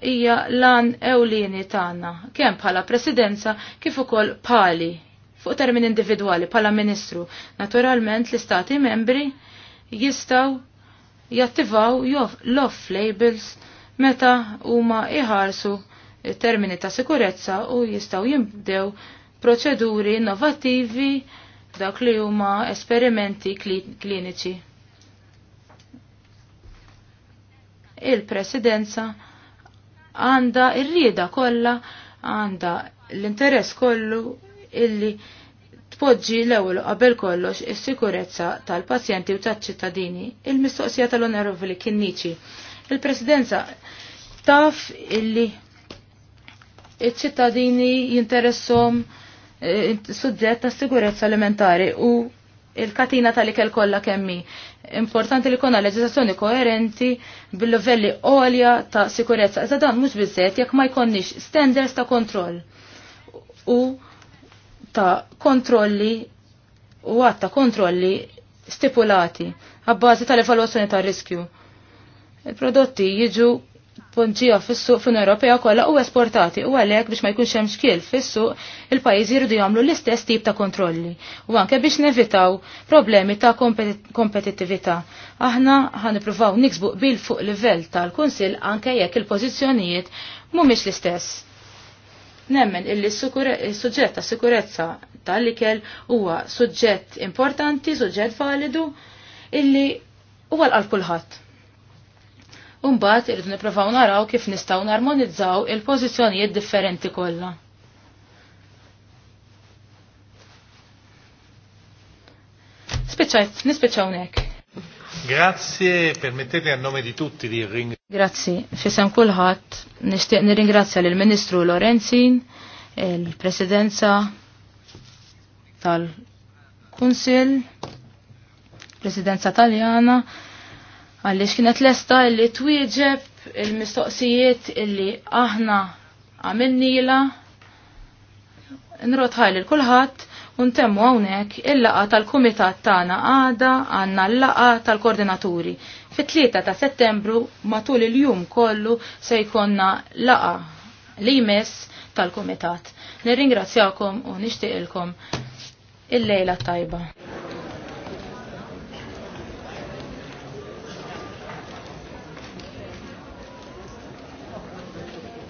hija lan ewlieni tagħna, kemm bħala presidenza kif ukoll pali fuq termin individwali bħala ministru. Naturalment l-istati membri jistaw jattivaw l-off labels meta huma iħarsu termini ta' sikurezza u jistaw jibdew proċeduri innovativi dak li huma esperimenti kliniċi. Il-presidenza għanda ir-rieda kollha, għanda l-interess kollu illi tpoġġi l-ewwel qabel kollox is-sikurezza tal-pazjenti u tal-ċittadini. Il-mistoqsija tal-Onorevoli Kinniċi. Il-Presidenza taf illi iċ-ċittadini jinteressom eh, suġġett tas sigurezza alimentari u il-katina tal-ikel kolla kemmi. Importanti li konna leġislazzjoni koerenti bil-livelli għolja ta' sikurezza. Iżda dan mhux biżżejjed jekk ma jkollniex standards ta' kontroll u ta' kontrolli u għatta kontrolli stipulati għabbażi tal-evaluazzjoni ta' riskju. Il-prodotti jiġu pontġija fis-suq fin Ewropea kollha u esportati u għalhekk biex ma jkunx hemm xkiel fis-suq il-pajjiżi jridu jagħmlu l-istess tip ta' kontrolli u anke biex nevitaw problemi ta' kompetittività. Aħna ħanippruvaw niksbu bil fuq livell tal-Kunsill anke jekk il-pożizzjonijiet mhumiex l-istess. Nemmen illi s-suġġett ta' sikurezza tal-ikel huwa suġġett importanti, suġġett validu illi huwa l-qalb kulħadd Umbat irridu niprofaw naraw kif nistaw narmonizzaw il-pożizzjonijiet differenti kollha. Spiċċajt, nispiċċaw nek. Grazie, permettetemi a nome di tutti di ringraziare. Grazie, fisem kulħadd nixtieq nirringrazzja lill ministru Lorenzin, il-Presidenza tal-Kunsil, Presidenza Taljana, għaliex kienet lesta illi twieġeb il-mistoqsijiet illi aħna għamilnila nrotħaj lil kulħadd untemmu hawnhekk il-laqa tal-kumitat tagħna għada għandna l-laqa tal-koordinaturi. Fit-3 ta' Settembru matul il-jum kollu se jkollna laqa li jmes tal-kumitat. Nirringrazzjakom u nixtieqilkom il-lejla tajba.